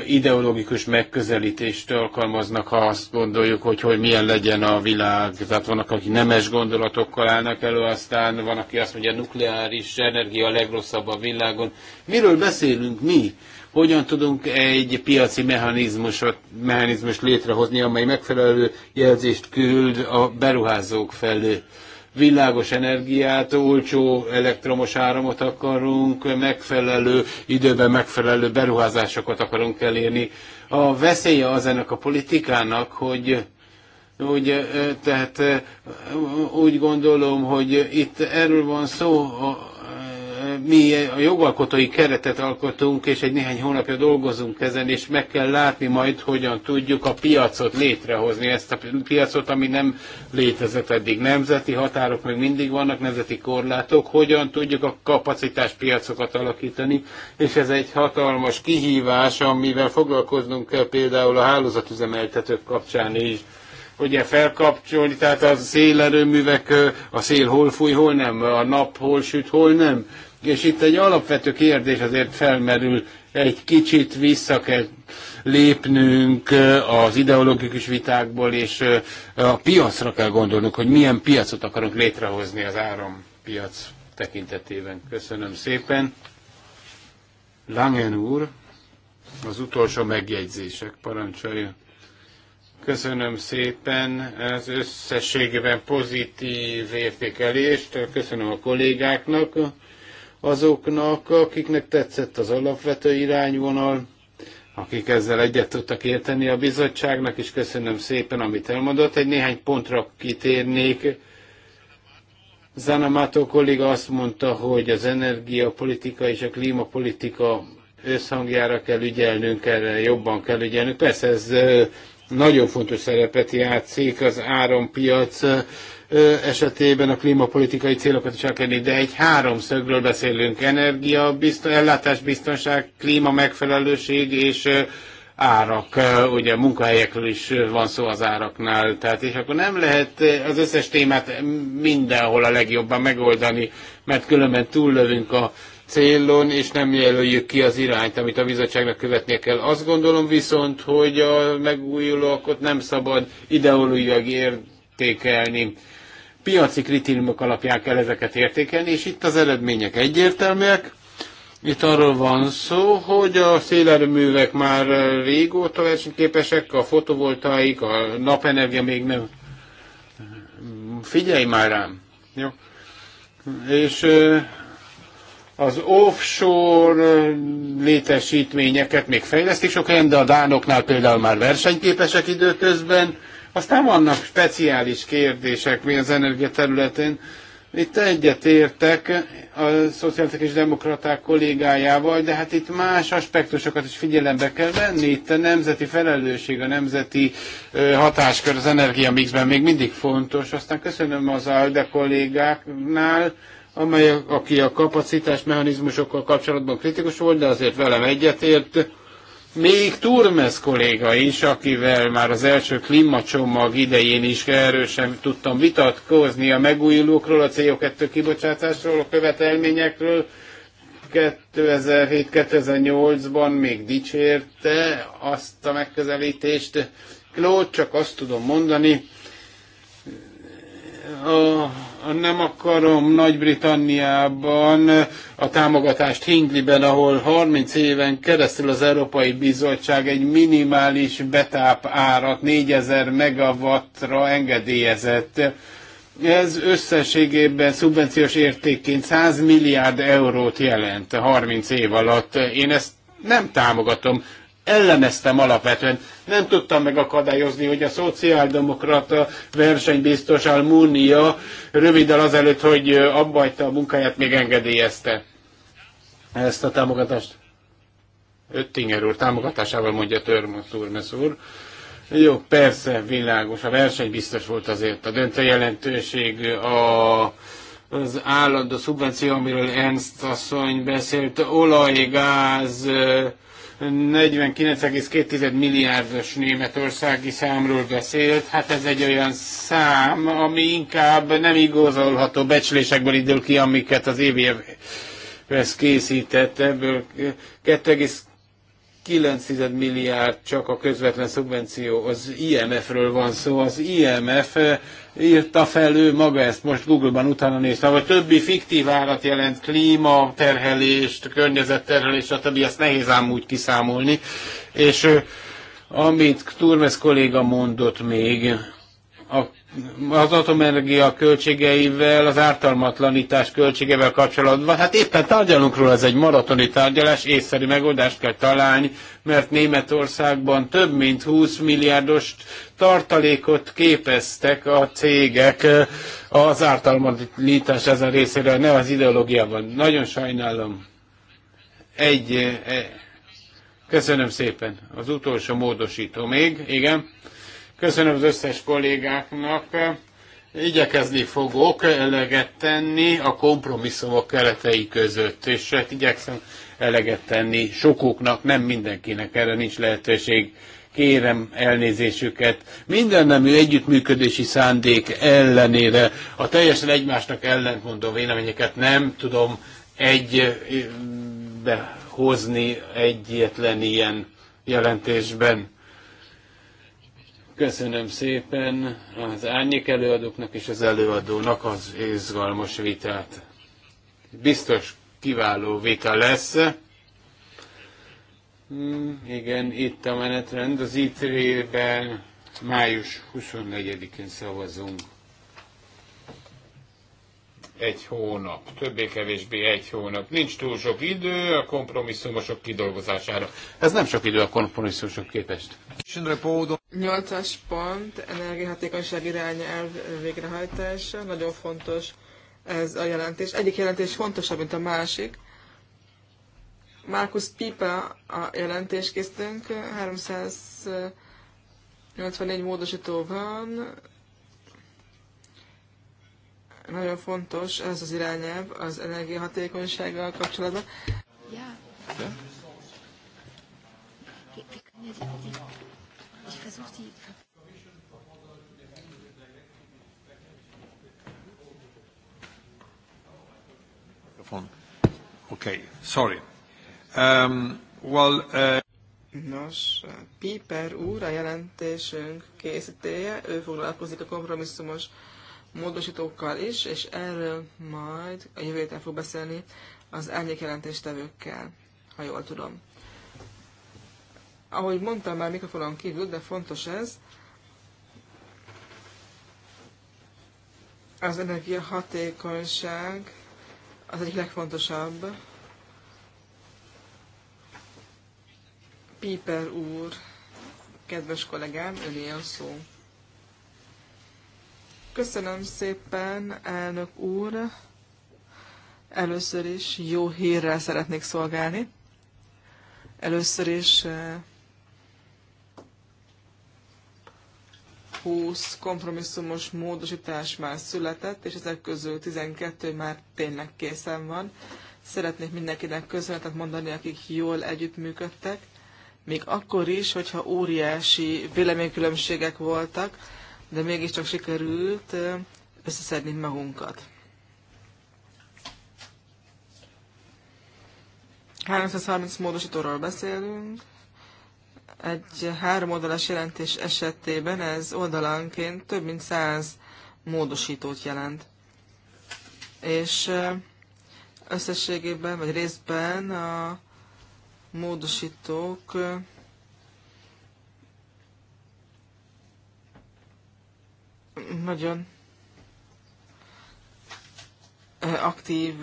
ideológikus megközelítést alkalmaznak, ha azt gondoljuk, hogy, hogy milyen legyen a világ. Tehát vannak, akik nemes gondolatokkal állnak elő, aztán van, aki azt mondja, nukleáris energia a legrosszabb a világon. Miről beszélünk mi? Hogyan tudunk egy piaci mechanizmusot, mechanizmus létrehozni, amely megfelelő jelzést küld a beruházók felé? világos energiát, olcsó elektromos áramot akarunk, megfelelő időben megfelelő beruházásokat akarunk elérni. A veszélye az ennek a politikának, hogy úgy, eh, tehát eh, úgy gondolom, hogy itt erről van szó, mi a jogalkotói keretet alkotunk, és egy néhány hónapja dolgozunk ezen, és meg kell látni majd, hogyan tudjuk a piacot létrehozni, ezt a piacot, ami nem létezett eddig. Nemzeti határok még mindig vannak, nemzeti korlátok, hogyan tudjuk a kapacitás piacokat alakítani, és ez egy hatalmas kihívás, amivel foglalkoznunk kell például a hálózatüzemeltetők kapcsán is ugye felkapcsolni, tehát a szélerőművek, a szél hol fúj, hol nem, a nap hol süt, hol nem. És itt egy alapvető kérdés azért felmerül, egy kicsit vissza kell lépnünk az ideológikus vitákból, és a piacra kell gondolnunk, hogy milyen piacot akarunk létrehozni az árampiac tekintetében. Köszönöm szépen. Langen úr, az utolsó megjegyzések parancsolja. Köszönöm szépen az összességében pozitív értékelést, köszönöm a kollégáknak azoknak, akiknek tetszett az alapvető irányvonal, akik ezzel egyet tudtak érteni a bizottságnak, és köszönöm szépen, amit elmondott. Egy néhány pontra kitérnék. Zanamato kolléga azt mondta, hogy az energiapolitika és a klímapolitika összhangjára kell ügyelnünk, erre jobban kell ügyelnünk. Persze ez nagyon fontos szerepet játszik, az árampiac esetében a klímapolitikai célokat is elkerülni, de egy háromszögről beszélünk, energia, ellátás ellátásbiztonság, klíma megfelelőség és árak, ugye munkahelyekről is van szó az áraknál, tehát és akkor nem lehet az összes témát mindenhol a legjobban megoldani, mert különben túllövünk a célon, és nem jelöljük ki az irányt, amit a bizottságnak követnie kell. Azt gondolom viszont, hogy a megújulókat nem szabad ideológiai értékelni piaci kritériumok alapján kell ezeket értékelni, és itt az eredmények egyértelműek. Itt arról van szó, hogy a szélerőművek már régóta versenyképesek, a fotovoltaik, a napenergia még nem. Figyelj már rám! Jó? És az offshore létesítményeket még fejlesztik sok helyen, de a dánoknál például már versenyképesek időközben, aztán vannak speciális kérdések mi az energia területén. Itt egyet értek a szociálisták és demokraták kollégájával, de hát itt más aspektusokat is figyelembe kell venni. Itt a nemzeti felelősség, a nemzeti hatáskör az energiamixben még mindig fontos. Aztán köszönöm az ALDE kollégáknál, amely, aki a kapacitás mechanizmusokkal kapcsolatban kritikus volt, de azért velem egyetért még Turmes kolléga is, akivel már az első klímacsomag idején is erősen tudtam vitatkozni a megújulókról, a CO2 kibocsátásról, a követelményekről, 2007-2008-ban még dicsérte azt a megközelítést. Claude, csak azt tudom mondani, a nem akarom Nagy-Britanniában a támogatást Hingliben, ahol 30 éven keresztül az Európai Bizottság egy minimális betáp árat 4000 megawattra engedélyezett. Ez összességében szubvenciós értékként 100 milliárd eurót jelent 30 év alatt. Én ezt nem támogatom ellemeztem alapvetően. Nem tudtam megakadályozni, hogy a szociáldemokrata versenybiztos Almunia röviddel azelőtt, hogy abbajta a munkáját, még engedélyezte ezt a támogatást. Öttinger úr támogatásával mondja Törmös úr, úr. Jó, persze, világos. A verseny biztos volt azért. A döntő jelentőség a, az állandó szubvenció, amiről Ernst asszony beszélt, olaj, gáz, 49,2 milliárdos németországi számról beszélt. Hát ez egy olyan szám, ami inkább nem igazolható becslésekből indul ki, amiket az EVF ez készített, ebből 2,2 9 milliárd csak a közvetlen szubvenció, az IMF-ről van szó, az IMF eh, írta fel ő maga ezt, most Google-ban utána néztem, vagy többi fiktív árat jelent, klímaterhelést, környezetterhelést, stb. ezt nehéz ám úgy kiszámolni, és eh, amit Turmes kolléga mondott még, a az atomenergia költségeivel, az ártalmatlanítás költségevel kapcsolatban. Hát éppen tárgyalunk róla, ez egy maratoni tárgyalás, észszerű megoldást kell találni, mert Németországban több mint 20 milliárdos tartalékot képeztek a cégek eh, az ártalmatlanítás ezen részére, ne az ideológiában. Nagyon sajnálom. Egy, eh, eh, köszönöm szépen. Az utolsó módosító még, igen Köszönöm az összes kollégáknak. Igyekezni fogok eleget tenni a kompromisszumok keretei között, és hát igyekszem eleget tenni sokuknak, nem mindenkinek, erre nincs lehetőség. Kérem elnézésüket. Minden nemű együttműködési szándék ellenére a teljesen egymásnak ellentmondó véleményeket nem tudom egy behozni egyetlen ilyen jelentésben. Köszönöm szépen az árnyék előadóknak és az előadónak az izgalmas vitát. Biztos kiváló vita lesz. Hmm, igen, itt a menetrend. Az ITV-ben május 24-én szavazunk egy hónap, többé-kevésbé egy hónap. Nincs túl sok idő a kompromisszumosok kidolgozására. Ez nem sok idő a kompromisszumosok képest. 8-as pont, energiahatékonyság irányelv végrehajtása. Nagyon fontos ez a jelentés. Egyik jelentés fontosabb, mint a másik. Markus Pipa a jelentéskésztünk, 384 módosító van, nagyon fontos ez az irányelv az energiahatékonysággal kapcsolatban. Okay, sorry. Um, well, uh... Nos, Piper úr a jelentésünk készítéje, ő foglalkozik a kompromisszumos uh, módosítókkal is, és erről majd a jövő héten fog beszélni az árnyékjelentéstevőkkel, ha jól tudom. Ahogy mondtam már mikrofonon kívül, de fontos ez, az energia hatékonyság, az egyik legfontosabb. Piper úr, kedves kollégám, öné a szó. Köszönöm szépen, elnök úr. Először is jó hírrel szeretnék szolgálni. Először is 20 eh, kompromisszumos módosítás már született, és ezek közül 12 már tényleg készen van. Szeretnék mindenkinek köszönetet mondani, akik jól együttműködtek, még akkor is, hogyha óriási véleménykülönbségek voltak, de mégiscsak sikerült összeszedni magunkat. 330 módosítóról beszélünk. Egy három oldalas jelentés esetében ez oldalanként több mint 100 módosítót jelent. És összességében, vagy részben a módosítók nagyon aktív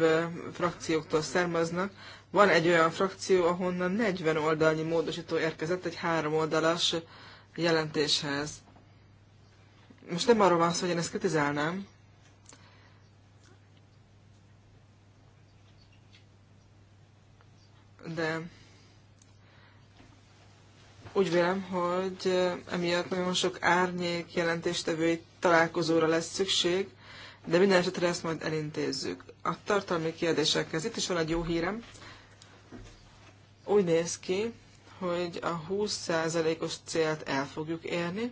frakcióktól származnak. Van egy olyan frakció, ahonnan 40 oldalnyi módosító érkezett egy három oldalas jelentéshez. Most nem arról van szó, hogy én ezt kritizálnám. De úgy vélem, hogy eh, emiatt nagyon sok árnyék jelentéstevői találkozóra lesz szükség, de minden esetre ezt majd elintézzük. A tartalmi kérdésekhez itt is van egy jó hírem. Úgy néz ki, hogy a 20%-os célt el fogjuk érni.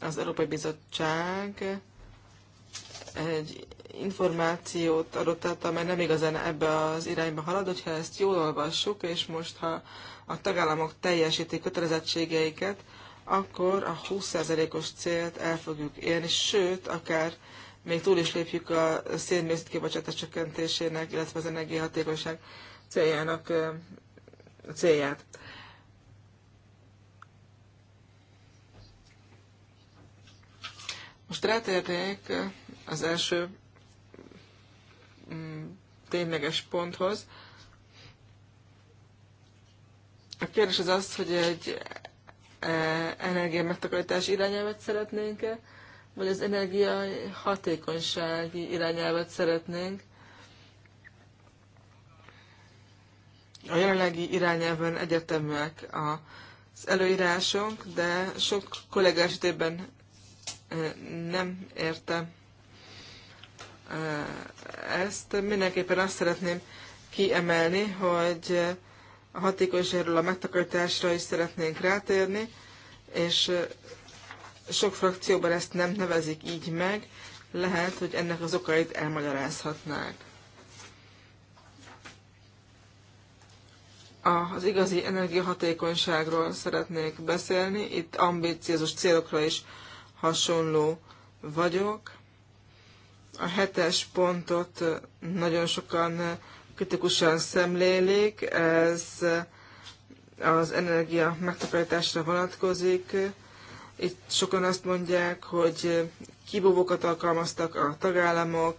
Az Európai Bizottság egy információt adott át, amely nem igazán ebbe az irányba halad, hogyha ezt jól olvassuk, és most ha a tagállamok teljesítik kötelezettségeiket, akkor a 20%-os célt el fogjuk érni, sőt, akár még túl is lépjük a szénmészet kibocsátás csökkentésének, illetve az energiahatékonyság céljának célját. Most rátérnék az első mm, tényleges ponthoz, a kérdés az az, hogy egy e, energia megtakarítás irányelvet szeretnénk-e, vagy az energia hatékonysági irányelvet szeretnénk. A jelenlegi irányelven egyetemek az előírások, de sok kollega esetében e, nem érte e, ezt. Mindenképpen azt szeretném kiemelni, hogy a hatékonyságról, a megtakarításra is szeretnénk rátérni, és sok frakcióban ezt nem nevezik így meg, lehet, hogy ennek az okait elmagyarázhatnák. Az igazi energiahatékonyságról szeretnék beszélni, itt ambíciózus célokra is hasonló vagyok. A hetes pontot nagyon sokan kritikusan szemlélik, ez az energia megtakarításra vonatkozik. Itt sokan azt mondják, hogy kibúvókat alkalmaztak a tagállamok,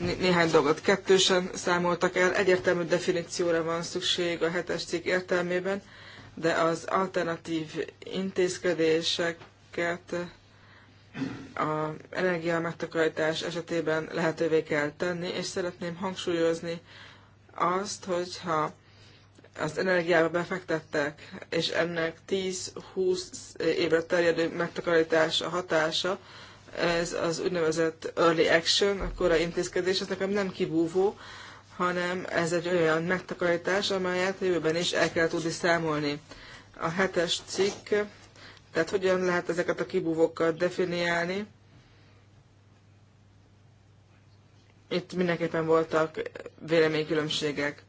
néhány dolgot kettősen számoltak el. Egyértelmű definícióra van szükség a hetes cikk értelmében, de az alternatív intézkedéseket a energia megtakarítás esetében lehetővé kell tenni, és szeretném hangsúlyozni azt, hogyha az energiába befektettek, és ennek 10-20 évre terjedő megtakarítás a hatása, ez az úgynevezett early action, a korai intézkedés, ez nekem nem kibúvó, hanem ez egy olyan megtakarítás, amelyet jövőben is el kell tudni számolni. A hetes cikk tehát hogyan lehet ezeket a kibúvókat definiálni? Itt mindenképpen voltak véleménykülönbségek.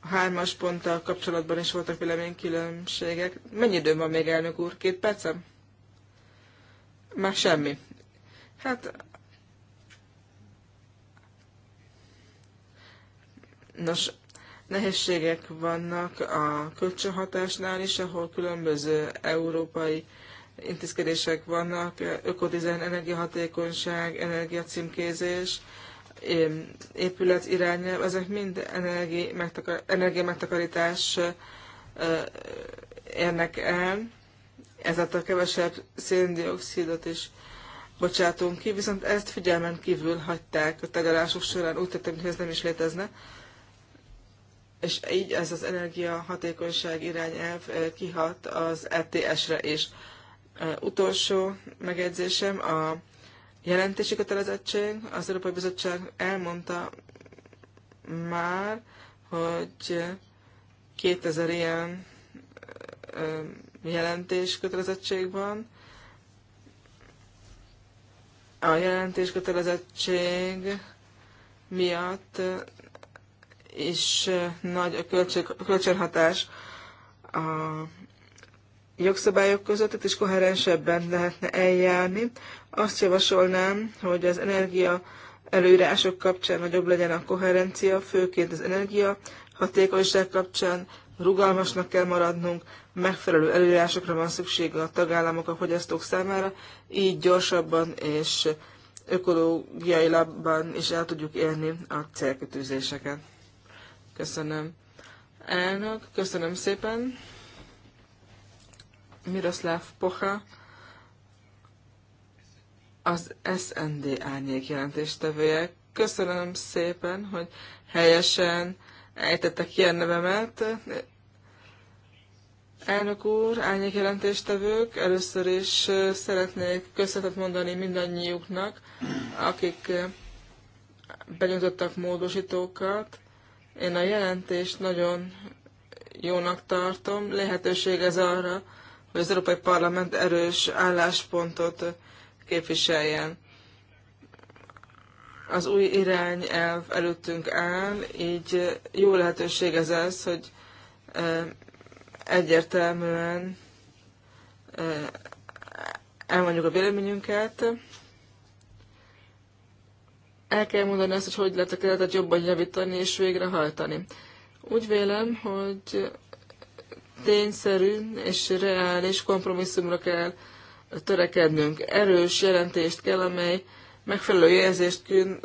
A hármas ponttal kapcsolatban is voltak véleménykülönbségek. Mennyi időm van még, elnök úr? Két percem? Már semmi. Hát... Nos, nehézségek vannak a kölcsönhatásnál is, ahol különböző európai intézkedések vannak, ökodizájn, energiahatékonyság, energiacímkézés, épület irányelv, ezek mind energia megtakar, érnek el, ezáltal kevesebb széndiokszidot is bocsátunk ki, viszont ezt figyelmen kívül hagyták a tárgyalások során, úgy tettem, hogy ez nem is létezne, és így ez az energiahatékonyság irányelv kihat az ETS-re is. És utolsó megjegyzésem a jelentési kötelezettség. Az Európai Bizottság elmondta már, hogy 2000 ilyen jelentés kötelezettség van. A jelentés kötelezettség miatt is nagy a költség, kölcsönhatás a jogszabályok között, itt is koherensebben lehetne eljárni. Azt javasolnám, hogy az energia előírások kapcsán nagyobb legyen a koherencia, főként az energia hatékonyság kapcsán rugalmasnak kell maradnunk, megfelelő előírásokra van szükség a tagállamok, a fogyasztók számára, így gyorsabban és ökológiailabban is el tudjuk érni a célkötőzéseket. Köszönöm. Elnök, köszönöm szépen. Miroslav Pocha, az SND árnyék jelentéstevője. Köszönöm szépen, hogy helyesen ejtettek ilyen nevemet. Elnök úr, árnyék jelentéstevők, először is szeretnék köszönetet mondani mindannyiuknak, akik benyújtottak módosítókat. Én a jelentést nagyon jónak tartom, lehetőség ez arra, hogy az Európai Parlament erős álláspontot képviseljen. Az új irányelv előttünk áll, így jó lehetőség ez az, hogy egyértelműen elmondjuk a véleményünket. El kell mondani azt, hogy hogy lehet a keretet jobban javítani és végrehajtani. Úgy vélem, hogy tényszerű és reális kompromisszumra kell törekednünk. Erős jelentést kell, amely megfelelő jelzést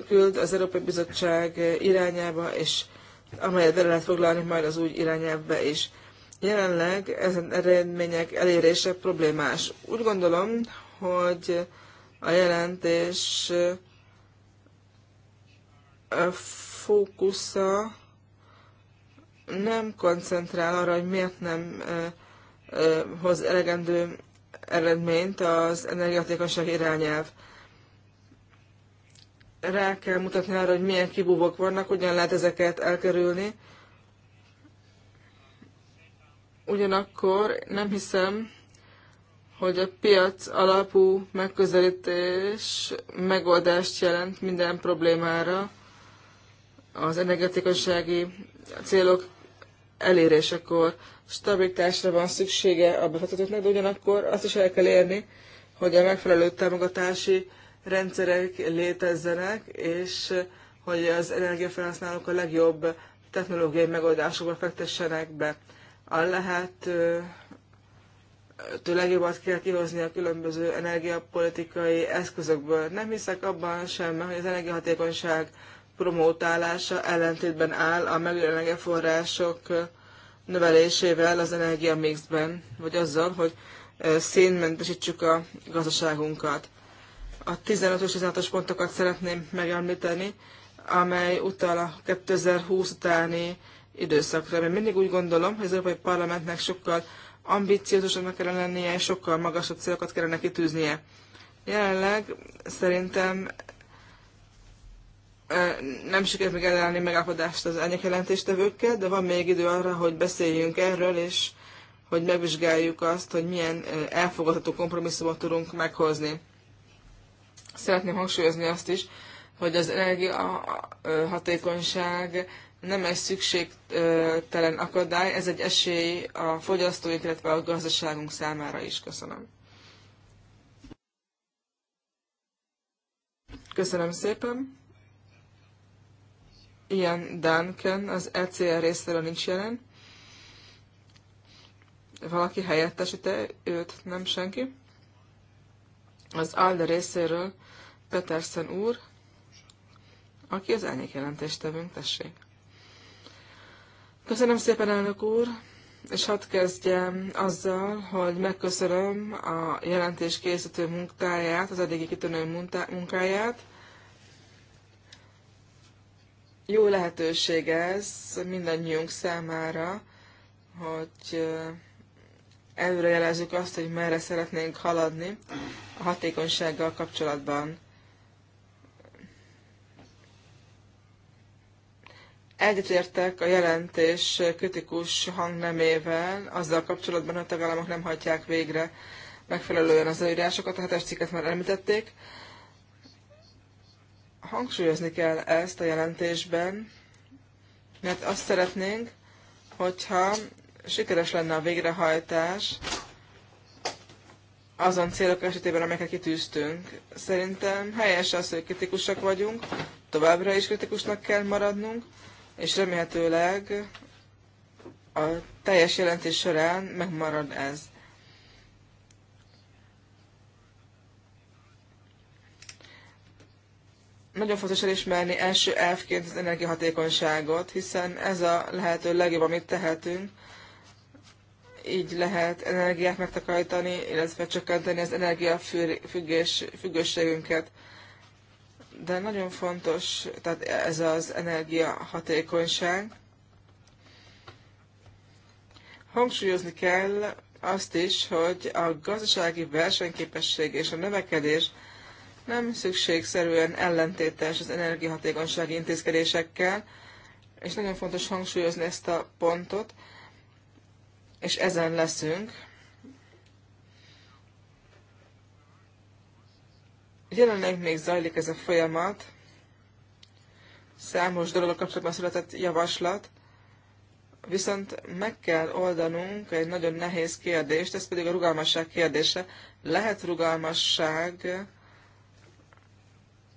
küld az Európai Bizottság irányába, és amelyet bele lehet foglalni majd az új irányelvbe is. Jelenleg ezen eredmények elérése problémás. Úgy gondolom, hogy a jelentés fókusza nem koncentrál arra, hogy miért nem hoz elegendő eredményt az energiatékonyság irányelv. Rá kell mutatni arra, hogy milyen kibúvok vannak, hogyan lehet ezeket elkerülni. Ugyanakkor nem hiszem, hogy a piac alapú megközelítés megoldást jelent minden problémára. Az energetikossági célok elérésekor stabilitásra van szüksége a befektetőknek, de ugyanakkor azt is el kell érni, hogy a megfelelő támogatási rendszerek létezzenek, és hogy az energiafelhasználók a legjobb technológiai megoldásokba fektessenek be. A lehető legjobbat kell kihozni a különböző energiapolitikai eszközökből. Nem hiszek abban sem, hogy az energiahatékonyság promótálása ellentétben áll a megjelenlegi források növelésével az energia mixben, vagy azzal, hogy szénmentesítsük a gazdaságunkat. A 15-ös 16-os pontokat szeretném megemlíteni, amely utal a 2020 utáni időszakra. Mert mindig úgy gondolom, hogy az Európai Parlamentnek sokkal ambiciózusabbnak kellene lennie, és sokkal magasabb célokat kellene kitűznie. Jelenleg szerintem nem sikerült még elállni megállapodást az elnyek jelentéstevőkkel, de van még idő arra, hogy beszéljünk erről, és hogy megvizsgáljuk azt, hogy milyen elfogadható kompromisszumot tudunk meghozni. Szeretném hangsúlyozni azt is, hogy az energia hatékonyság nem egy szükségtelen akadály, ez egy esély a fogyasztóink, illetve a gazdaságunk számára is. Köszönöm. Köszönöm szépen. Ian Duncan az ECR részéről nincs jelen. Valaki helyettesíte őt, nem senki. Az ALDE részéről Petersen úr, aki az elnyék tevünk, tessék. Köszönöm szépen, elnök úr, és hadd kezdjem azzal, hogy megköszönöm a jelentés készítő munkáját, az eddigi kitűnő munkáját, jó lehetőség ez mindannyiunk számára, hogy előrejelezzük azt, hogy merre szeretnénk haladni a hatékonysággal kapcsolatban. Egyetértek a jelentés kritikus hangnemével azzal kapcsolatban, hogy a tagállamok nem hajtják végre megfelelően az előírásokat, a hetes cikket már említették hangsúlyozni kell ezt a jelentésben, mert azt szeretnénk, hogyha sikeres lenne a végrehajtás azon célok esetében, amelyeket kitűztünk. Szerintem helyes az, hogy kritikusak vagyunk, továbbra is kritikusnak kell maradnunk, és remélhetőleg a teljes jelentés során megmarad ez. Nagyon fontos elismerni első elfként az energiahatékonyságot, hiszen ez a lehető legjobb, amit tehetünk. Így lehet energiát megtakarítani, illetve csökkenteni az energiafüggőségünket. De nagyon fontos, tehát ez az energiahatékonyság. Hangsúlyozni kell azt is, hogy a gazdasági versenyképesség és a növekedés – nem szükségszerűen ellentétes az energiahatékonysági intézkedésekkel, és nagyon fontos hangsúlyozni ezt a pontot, és ezen leszünk. Jelenleg még zajlik ez a folyamat, számos dolog kapcsolatban született javaslat, viszont meg kell oldanunk egy nagyon nehéz kérdést, ez pedig a rugalmasság kérdése. Lehet rugalmasság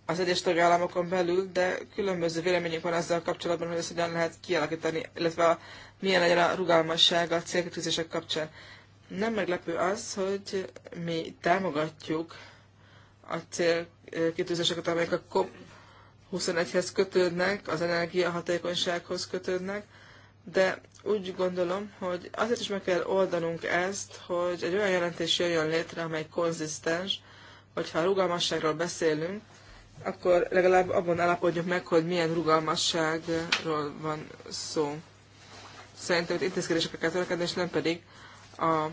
az egyes tagállamokon belül, de különböző vélemények van azzal kapcsolatban, hogy ezt hogyan lehet kialakítani, illetve a, milyen legyen a rugalmasság a célkitűzések kapcsán. Nem meglepő az, hogy mi támogatjuk a célkitűzéseket, amelyek a COP21-hez kötődnek, az energiahatékonysághoz kötődnek, de úgy gondolom, hogy azért is meg kell oldanunk ezt, hogy egy olyan jelentés jöjjön létre, amely konzisztens, hogyha rugalmasságról beszélünk, akkor legalább abban állapodjunk meg, hogy milyen rugalmasságról van szó. Szerintem hogy intézkedésekre kell törekedni, és nem pedig a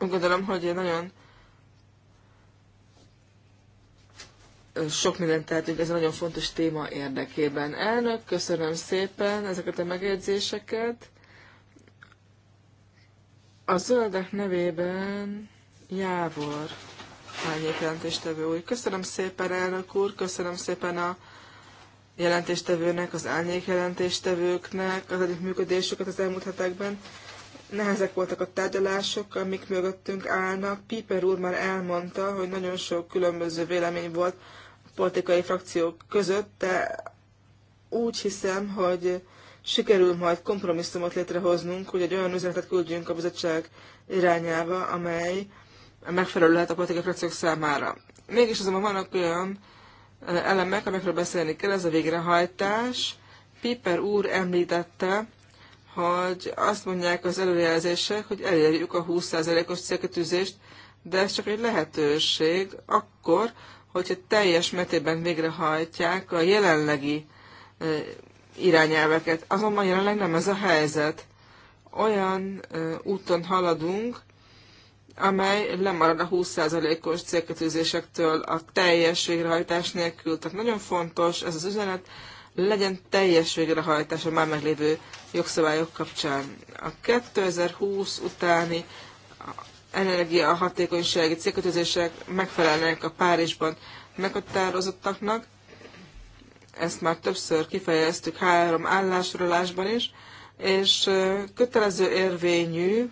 Úgy gondolom, hogy nagyon sok mindent tehetünk, ez egy nagyon fontos téma érdekében. Elnök, köszönöm szépen ezeket a megjegyzéseket. A zöldek nevében Jávor árnyék jelentéstevő úr. Köszönöm szépen, elnök úr, köszönöm szépen a jelentéstevőnek, az árnyék jelentéstevőknek az működésüket az elmúlt hetekben. Nehezek voltak a tárgyalások, amik mögöttünk állnak. Piper úr már elmondta, hogy nagyon sok különböző vélemény volt a politikai frakciók között, de úgy hiszem, hogy sikerül majd kompromisszumot létrehoznunk, hogy egy olyan üzenetet küldjünk a bizottság irányába, amely megfelelő lehet a politikai frakciók számára. Mégis azonban vannak olyan eh, elemek, amikről beszélni kell, ez a végrehajtás. Piper úr említette, hogy azt mondják az előrejelzések, hogy elérjük a 20%-os célkötűzést, de ez csak egy lehetőség akkor, hogyha teljes mértékben végrehajtják a jelenlegi eh, irányelveket. Azonban jelenleg nem ez a helyzet. Olyan úton haladunk, amely lemarad a 20%-os célkötőzésektől a teljes végrehajtás nélkül. Tehát nagyon fontos ez az üzenet, legyen teljes végrehajtás a már meglévő jogszabályok kapcsán. A 2020 utáni energiahatékonysági célkötőzések megfelelnek a Párizsban meghatározottaknak, ezt már többször kifejeztük három állásrólásban is, és kötelező érvényű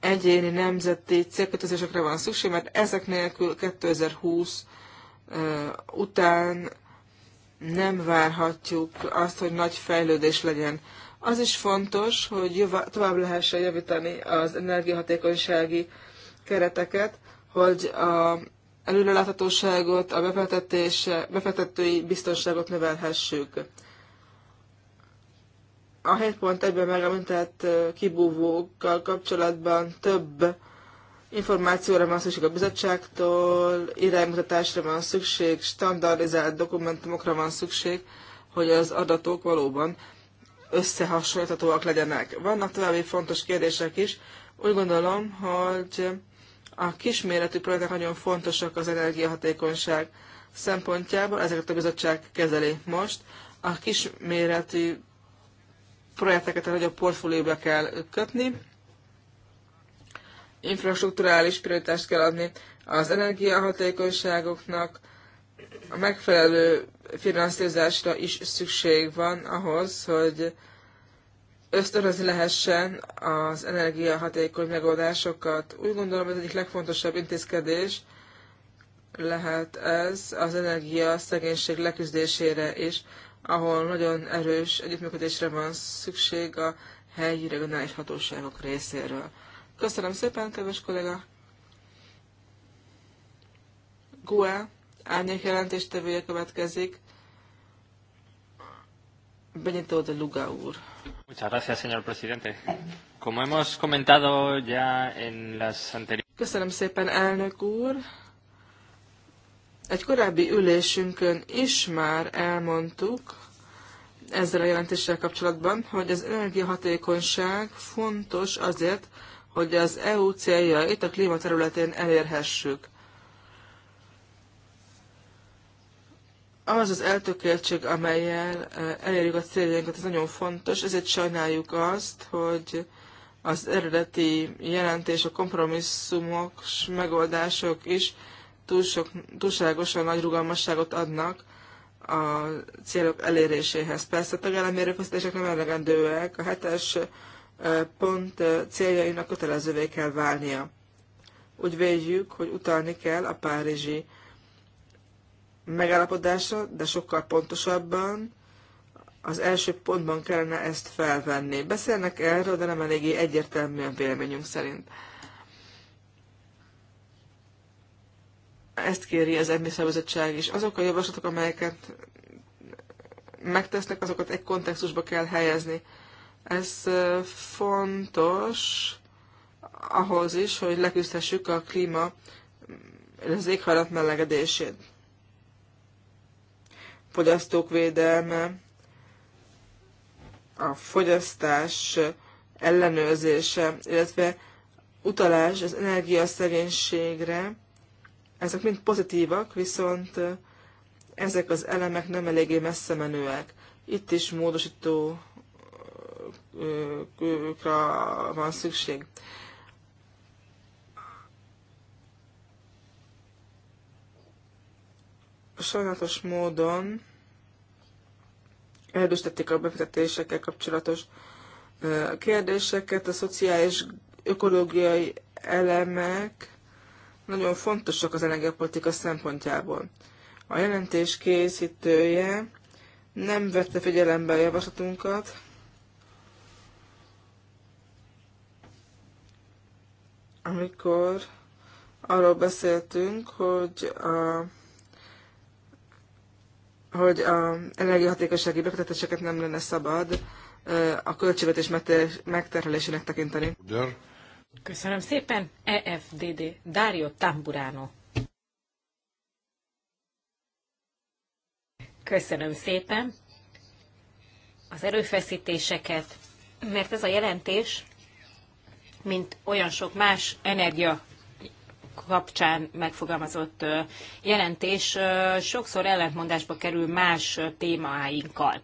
egyéni nemzeti célkötözésekre van szükség, mert ezek nélkül 2020 után nem várhatjuk azt, hogy nagy fejlődés legyen. Az is fontos, hogy tovább lehessen javítani az energiahatékonysági kereteket, hogy a előreláthatóságot, a befektetés, befektetői biztonságot növelhessük. A 7.1-ben megemlített kibúvókkal kapcsolatban több információra van szükség a bizottságtól, iránymutatásra van szükség, standardizált dokumentumokra van szükség, hogy az adatok valóban összehasonlíthatóak legyenek. Vannak további fontos kérdések is. Úgy gondolom, hogy a kisméretű projektek nagyon fontosak az energiahatékonyság szempontjából, ezeket a bizottság kezeli most. A kisméretű projekteket a nagyobb portfólióba kell kötni, infrastruktúrális prioritást kell adni az energiahatékonyságoknak, a megfelelő finanszírozásra is szükség van ahhoz, hogy ösztönözni lehessen az energiahatékony megoldásokat. Úgy gondolom, ez egyik legfontosabb intézkedés lehet ez az energia szegénység leküzdésére is, ahol nagyon erős együttműködésre van szükség a helyi regionális hatóságok részéről. Köszönöm szépen, kedves kollega! GUE árnyék jelentéstevője következik. Benyitó de Luga úr. Muchas gracias, señor presidente. Como hemos comentado ya en las anteriores... Köszönöm szépen, elnök úr. Egy korábbi ülésünkön is már elmondtuk ezzel a jelentéssel kapcsolatban, hogy az energiahatékonyság fontos azért, hogy az EU céljait a klíma területén elérhessük. az az eltökéltség, amelyel elérjük a céljainkat, ez nagyon fontos, ezért sajnáljuk azt, hogy az eredeti jelentés, a kompromisszumok, megoldások is túl sok, túlságosan nagy rugalmasságot adnak a célok eléréséhez. Persze a tagállami erőfeszítések nem elegendőek, a hetes pont céljainak kötelezővé kell válnia. Úgy véljük, hogy utalni kell a párizsi megállapodása, de sokkal pontosabban az első pontban kellene ezt felvenni. Beszélnek erről, de nem eléggé egyértelműen véleményünk szerint. Ezt kéri az EMI szervezettség is. Azok a javaslatok, amelyeket megtesznek, azokat egy kontextusba kell helyezni. Ez fontos ahhoz is, hogy leküzdhessük a klíma, az éghajlat melegedését fogyasztók védelme, a fogyasztás ellenőrzése, illetve utalás az energiaszegénységre, ezek mind pozitívak, viszont ezek az elemek nem eléggé messze menőek. Itt is módosítókra van szükség. sajnálatos módon eldöstették a befektetésekkel kapcsolatos kérdéseket, a szociális, ökológiai elemek nagyon fontosak az energiapolitika szempontjából. A jelentés készítője nem vette figyelembe a javaslatunkat, amikor arról beszéltünk, hogy a hogy a energiahatékonysági befektetéseket nem lenne szabad a költségvetés megterhelésének tekinteni. Köszönöm szépen, EFDD, Dario Tamburano. Köszönöm szépen az erőfeszítéseket, mert ez a jelentés, mint olyan sok más energia kapcsán megfogalmazott jelentés sokszor ellentmondásba kerül más témáinkkal.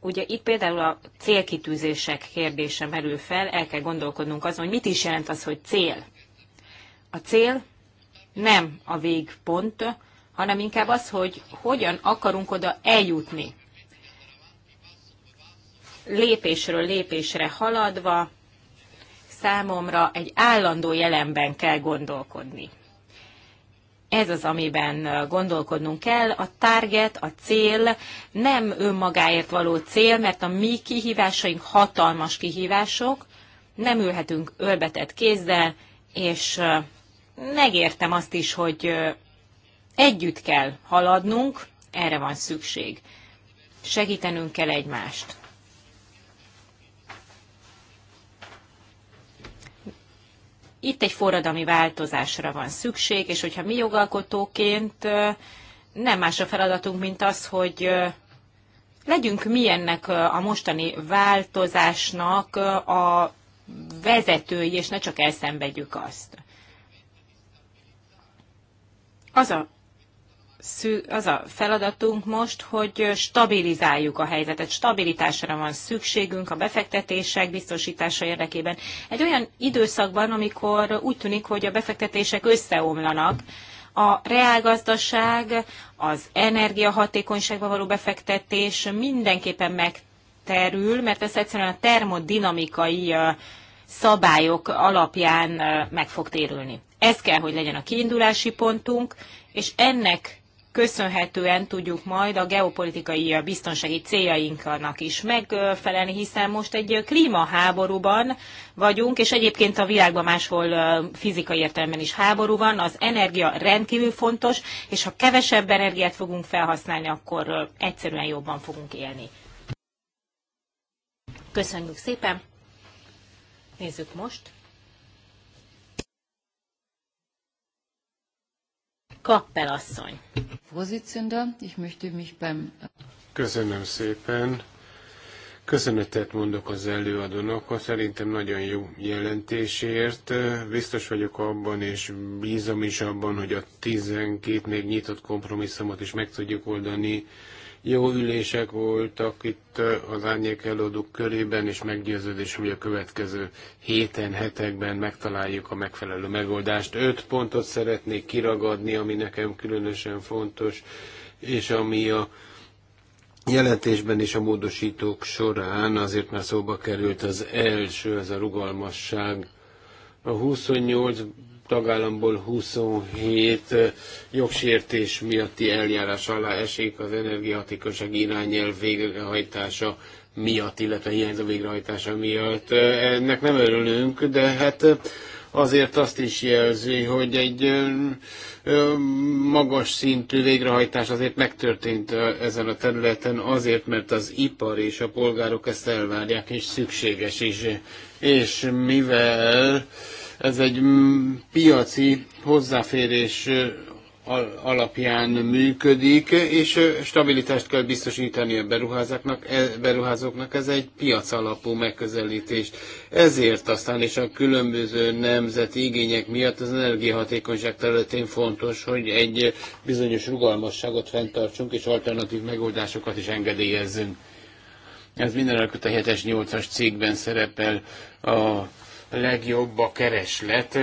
Ugye itt például a célkitűzések kérdése merül fel, el kell gondolkodnunk azon, hogy mit is jelent az, hogy cél. A cél nem a végpont, hanem inkább az, hogy hogyan akarunk oda eljutni. Lépésről lépésre haladva, számomra egy állandó jelenben kell gondolkodni. Ez az, amiben gondolkodnunk kell. A target, a cél nem önmagáért való cél, mert a mi kihívásaink hatalmas kihívások, nem ülhetünk ölbetett kézzel, és megértem azt is, hogy együtt kell haladnunk, erre van szükség. Segítenünk kell egymást. Itt egy forradalmi változásra van szükség, és hogyha mi jogalkotóként nem más a feladatunk, mint az, hogy legyünk mi ennek a mostani változásnak a vezetői, és ne csak elszenvedjük azt. Az a az a feladatunk most, hogy stabilizáljuk a helyzetet. Stabilitásra van szükségünk a befektetések biztosítása érdekében. Egy olyan időszakban, amikor úgy tűnik, hogy a befektetések összeomlanak, a reálgazdaság, az energiahatékonyságba való befektetés mindenképpen megterül, mert ez egyszerűen a termodinamikai szabályok alapján meg fog térülni. Ez kell, hogy legyen a kiindulási pontunk, és ennek köszönhetően tudjuk majd a geopolitikai a biztonsági céljainknak is megfelelni, hiszen most egy klímaháborúban vagyunk, és egyébként a világban máshol fizikai értelemben is háború van, az energia rendkívül fontos, és ha kevesebb energiát fogunk felhasználni, akkor egyszerűen jobban fogunk élni. Köszönjük szépen! Nézzük most Kappel asszony. Köszönöm szépen. Köszönetet mondok az előadónak, szerintem nagyon jó jelentésért. Biztos vagyok abban, és bízom is abban, hogy a 12 még nyitott kompromisszumot is meg tudjuk oldani jó ülések voltak itt az árnyék előadók körében, és meggyőződés, hogy a következő héten, hetekben megtaláljuk a megfelelő megoldást. Öt pontot szeretnék kiragadni, ami nekem különösen fontos, és ami a jelentésben és a módosítók során azért már szóba került az első, ez a rugalmasság. A 28 tagállamból 27 eh, jogsértés miatti eljárás alá esik az energiahatékonyság irányelv végrehajtása miatt, illetve hiányzó végrehajtása miatt. Eh, ennek nem örülünk, de hát eh, azért azt is jelzi, hogy egy magas szintű végrehajtás azért megtörtént ezen a területen, azért, mert az ipar és a polgárok ezt elvárják, és szükséges is. És mivel ez egy mm, piaci hozzáférés alapján működik, és stabilitást kell biztosítani a beruházóknak, e, beruházóknak, ez egy piac alapú megközelítés. Ezért aztán és a különböző nemzeti igények miatt az energiahatékonyság területén fontos, hogy egy bizonyos rugalmasságot fenntartsunk, és alternatív megoldásokat is engedélyezzünk. Ez mindenek a 7-es, 8-as cikkben szerepel a legjobb a kereslet,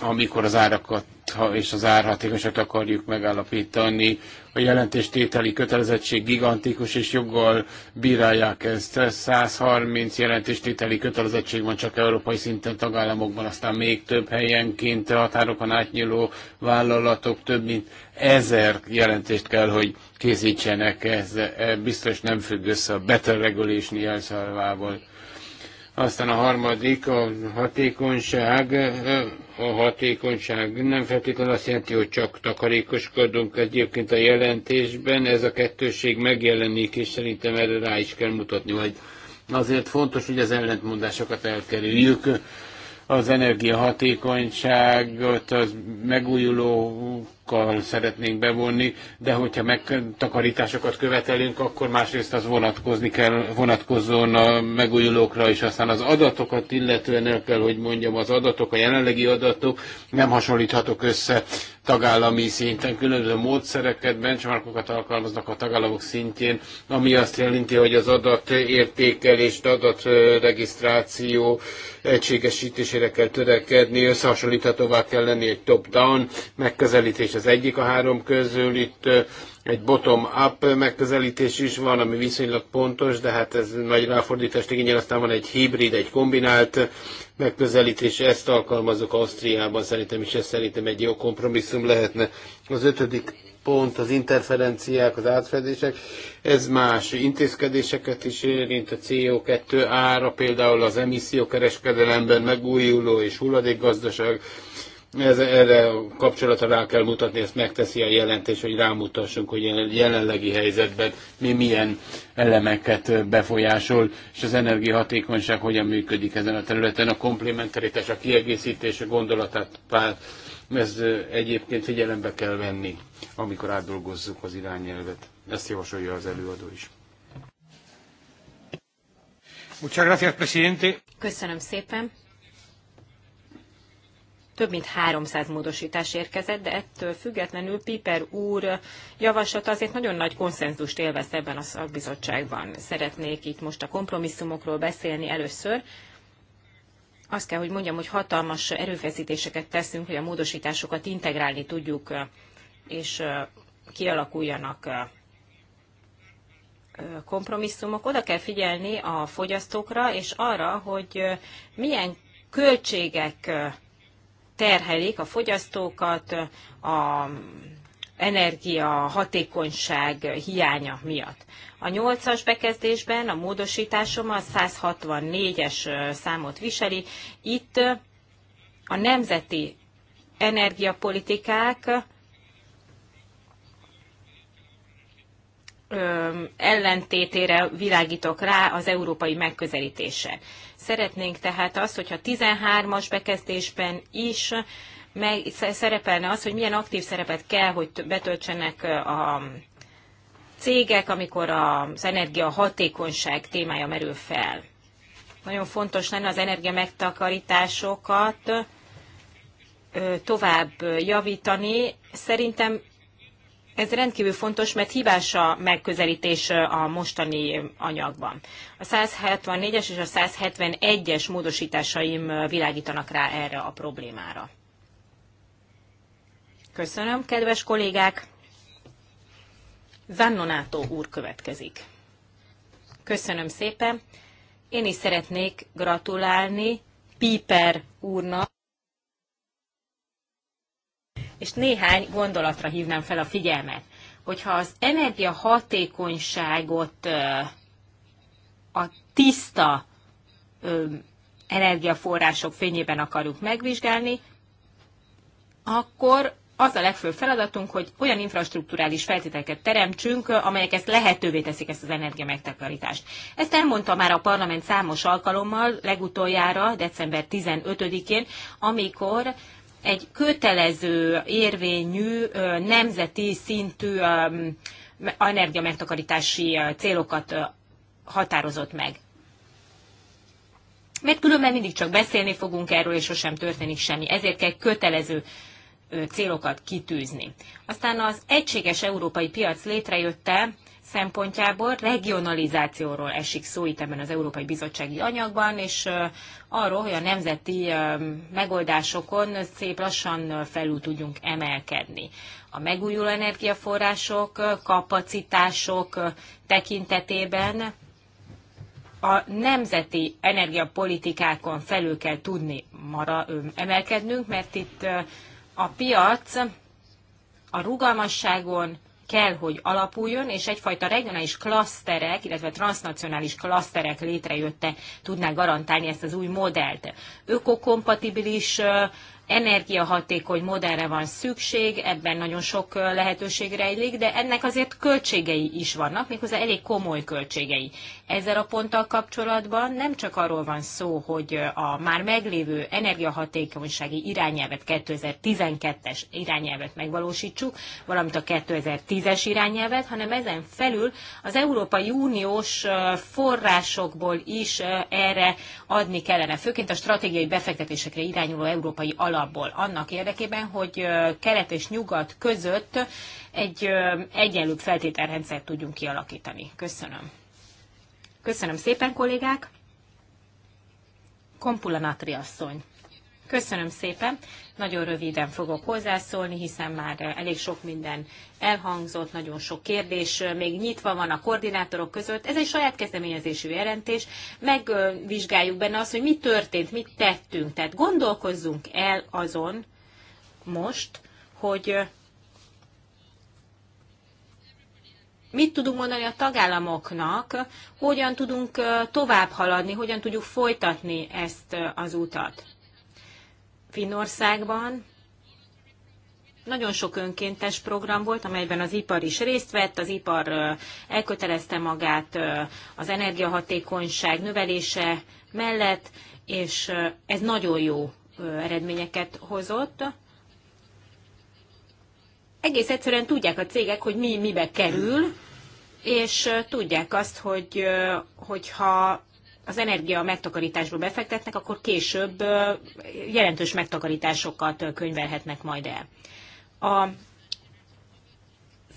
amikor az árakat és az árhatékosat akarjuk megállapítani. A jelentéstételi kötelezettség gigantikus, és joggal bírálják ezt. 130 jelentéstételi kötelezettség van csak európai szinten tagállamokban, aztán még több helyenként a határokon átnyúló vállalatok több mint ezer jelentést kell, hogy készítsenek. Ez e, biztos nem függ össze a better regulation jelszavával. Aztán a harmadik, a hatékonyság. A hatékonyság nem feltétlenül azt jelenti, hogy csak takarékoskodunk. Egyébként a jelentésben ez a kettőség megjelenik, és szerintem erre rá is kell mutatni, hogy azért fontos, hogy az ellentmondásokat elkerüljük. Az energiahatékonyságot, az megújuló sokkal szeretnénk bevonni, de hogyha megtakarításokat követelünk, akkor másrészt az vonatkozni kell, vonatkozzon a megújulókra, és aztán az adatokat illetően el kell, hogy mondjam, az adatok, a jelenlegi adatok nem hasonlíthatok össze tagállami szinten. Különböző módszereket, benchmarkokat alkalmaznak a tagállamok szintjén, ami azt jelenti, hogy az adat adat adatregisztráció egységesítésére kell törekedni, összehasonlíthatóvá kell lenni egy top-down megközelítés az egyik a három közül. Itt egy bottom-up megközelítés is van, ami viszonylag pontos, de hát ez nagy ráfordítást igényel, aztán van egy hibrid, egy kombinált megközelítés, ezt alkalmazok Ausztriában, szerintem is ez szerintem egy jó kompromisszum lehetne. Az ötödik pont az interferenciák, az átfedések, ez más intézkedéseket is érint, a CO2 ára, például az emissziókereskedelemben megújuló és hulladékgazdaság, ez, erre kapcsolatra rá kell mutatni, ezt megteszi a jelentés, hogy rámutassunk, hogy jelenlegi helyzetben mi milyen elemeket befolyásol, és az energiahatékonyság hogyan működik ezen a területen. A komplementaritás, a kiegészítés, a gondolatát pár, ez egyébként figyelembe kell venni, amikor átdolgozzuk az irányelvet. Ezt javasolja az előadó is. Köszönöm szépen több mint 300 módosítás érkezett, de ettől függetlenül Piper úr javaslata azért nagyon nagy konszenzust élvez ebben a szakbizottságban. Szeretnék itt most a kompromisszumokról beszélni először. Azt kell, hogy mondjam, hogy hatalmas erőfeszítéseket teszünk, hogy a módosításokat integrálni tudjuk, és kialakuljanak kompromisszumok. Oda kell figyelni a fogyasztókra, és arra, hogy milyen költségek terhelik a fogyasztókat a energia hatékonyság hiánya miatt. A 8-as bekezdésben a módosításom a 164-es számot viseli. Itt a nemzeti energiapolitikák ellentétére világítok rá az európai megközelítése. Szeretnénk tehát azt, hogyha 13-as bekezdésben is meg, szerepelne az, hogy milyen aktív szerepet kell, hogy betöltsenek a cégek, amikor az energia hatékonyság témája merül fel. Nagyon fontos lenne az energia megtakarításokat tovább javítani. Szerintem ez rendkívül fontos, mert hibás a megközelítés a mostani anyagban. A 174-es és a 171-es módosításaim világítanak rá erre a problémára. Köszönöm, kedves kollégák! Zannonátó úr következik. Köszönöm szépen. Én is szeretnék gratulálni Piper úrnak és néhány gondolatra hívnám fel a figyelmet. Hogyha az energiahatékonyságot a tiszta energiaforrások fényében akarjuk megvizsgálni, akkor az a legfőbb feladatunk, hogy olyan infrastruktúrális feltételeket teremtsünk, amelyek ezt lehetővé teszik ezt az energia megtakarítást. Ezt elmondta már a parlament számos alkalommal, legutoljára december 15-én, amikor egy kötelező, érvényű, nemzeti szintű energiamegtakarítási célokat határozott meg. Mert különben mindig csak beszélni fogunk erről, és sosem történik semmi. Ezért kell kötelező célokat kitűzni. Aztán az egységes európai piac létrejötte szempontjából regionalizációról esik szó itt ebben az Európai Bizottsági anyagban, és arról, hogy a nemzeti megoldásokon szép lassan felül tudjunk emelkedni. A megújuló energiaforrások, kapacitások tekintetében a nemzeti energiapolitikákon felül kell tudni mara, emelkednünk, mert itt a piac a rugalmasságon, kell, hogy alapuljon, és egyfajta regionális klaszterek, illetve transnacionális klaszterek létrejötte tudnák garantálni ezt az új modellt. Ökokompatibilis energiahatékony modellre van szükség, ebben nagyon sok lehetőség rejlik, de ennek azért költségei is vannak, méghozzá elég komoly költségei. Ezzel a ponttal kapcsolatban nem csak arról van szó, hogy a már meglévő energiahatékonysági irányelvet, 2012-es irányelvet megvalósítsuk, valamint a 2010-es irányelvet, hanem ezen felül az Európai Uniós forrásokból is erre adni kellene, főként a stratégiai befektetésekre irányuló európai alap alapból annak érdekében, hogy kelet és nyugat között egy egyenlőbb feltételrendszert tudjunk kialakítani. Köszönöm. Köszönöm szépen, kollégák! Kompula Natri asszony. Köszönöm szépen. Nagyon röviden fogok hozzászólni, hiszen már elég sok minden elhangzott, nagyon sok kérdés még nyitva van a koordinátorok között. Ez egy saját kezdeményezésű jelentés. Megvizsgáljuk benne azt, hogy mi történt, mit tettünk. Tehát gondolkozzunk el azon most, hogy mit tudunk mondani a tagállamoknak, hogyan tudunk tovább haladni, hogyan tudjuk folytatni ezt az utat. Finnországban. Nagyon sok önkéntes program volt, amelyben az ipar is részt vett, az ipar elkötelezte magát az energiahatékonyság növelése mellett, és ez nagyon jó eredményeket hozott. Egész egyszerűen tudják a cégek, hogy mi mibe kerül, és tudják azt, hogy hogyha az energia megtakarításba befektetnek, akkor később jelentős megtakarításokat könyvelhetnek majd el. A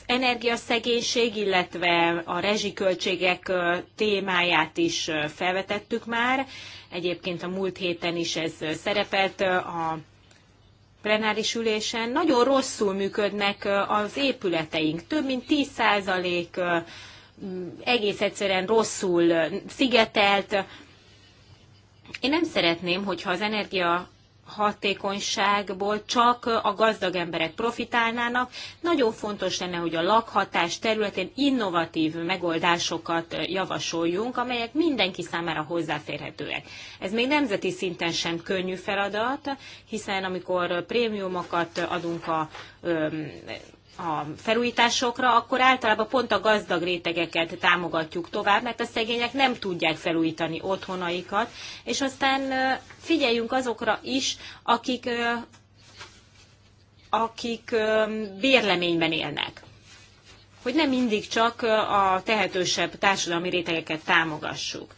energiaszegénység, illetve a rezsiköltségek témáját is felvetettük már. Egyébként a múlt héten is ez szerepelt a plenáris ülésen. Nagyon rosszul működnek az épületeink. Több mint 10 egész egyszerűen rosszul szigetelt. Én nem szeretném, hogyha az energia hatékonyságból csak a gazdag emberek profitálnának. Nagyon fontos lenne, hogy a lakhatás területén innovatív megoldásokat javasoljunk, amelyek mindenki számára hozzáférhetőek. Ez még nemzeti szinten sem könnyű feladat, hiszen amikor prémiumokat adunk a a felújításokra, akkor általában pont a gazdag rétegeket támogatjuk tovább, mert a szegények nem tudják felújítani otthonaikat, és aztán figyeljünk azokra is, akik, akik bérleményben élnek hogy nem mindig csak a tehetősebb társadalmi rétegeket támogassuk.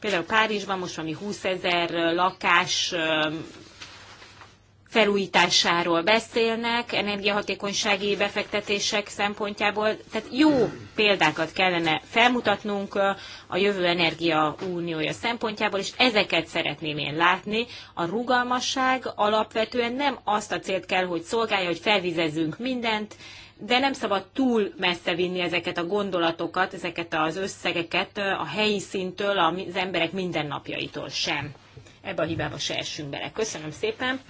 Például Párizsban most valami 20 ezer lakás felújításáról beszélnek, energiahatékonysági befektetések szempontjából. Tehát jó példákat kellene felmutatnunk a jövő energia uniója szempontjából, és ezeket szeretném én látni. A rugalmasság alapvetően nem azt a célt kell, hogy szolgálja, hogy felvizezünk mindent, de nem szabad túl messze vinni ezeket a gondolatokat, ezeket az összegeket a helyi szintől, az emberek mindennapjaitól sem. Ebbe a hibába se essünk bele. Köszönöm szépen!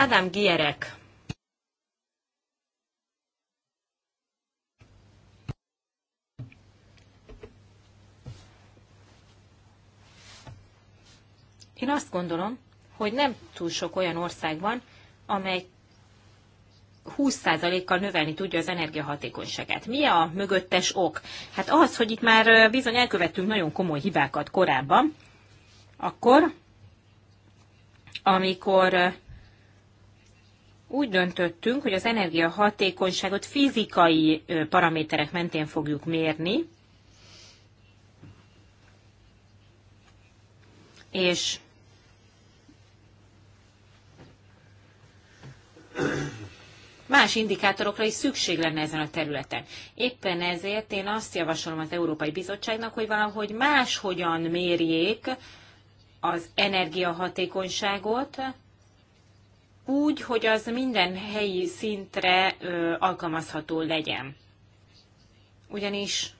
Adam Gierek. Én azt gondolom, hogy nem túl sok olyan ország van, amely 20%-kal növelni tudja az energiahatékonyságát. Mi a mögöttes ok? Hát az, hogy itt már bizony elkövettünk nagyon komoly hibákat korábban, akkor, amikor úgy döntöttünk, hogy az energiahatékonyságot fizikai paraméterek mentén fogjuk mérni, és más indikátorokra is szükség lenne ezen a területen. Éppen ezért én azt javasolom az Európai Bizottságnak, hogy valahogy máshogyan mérjék az energiahatékonyságot, úgy, hogy az minden helyi szintre alkalmazható legyen. Ugyanis,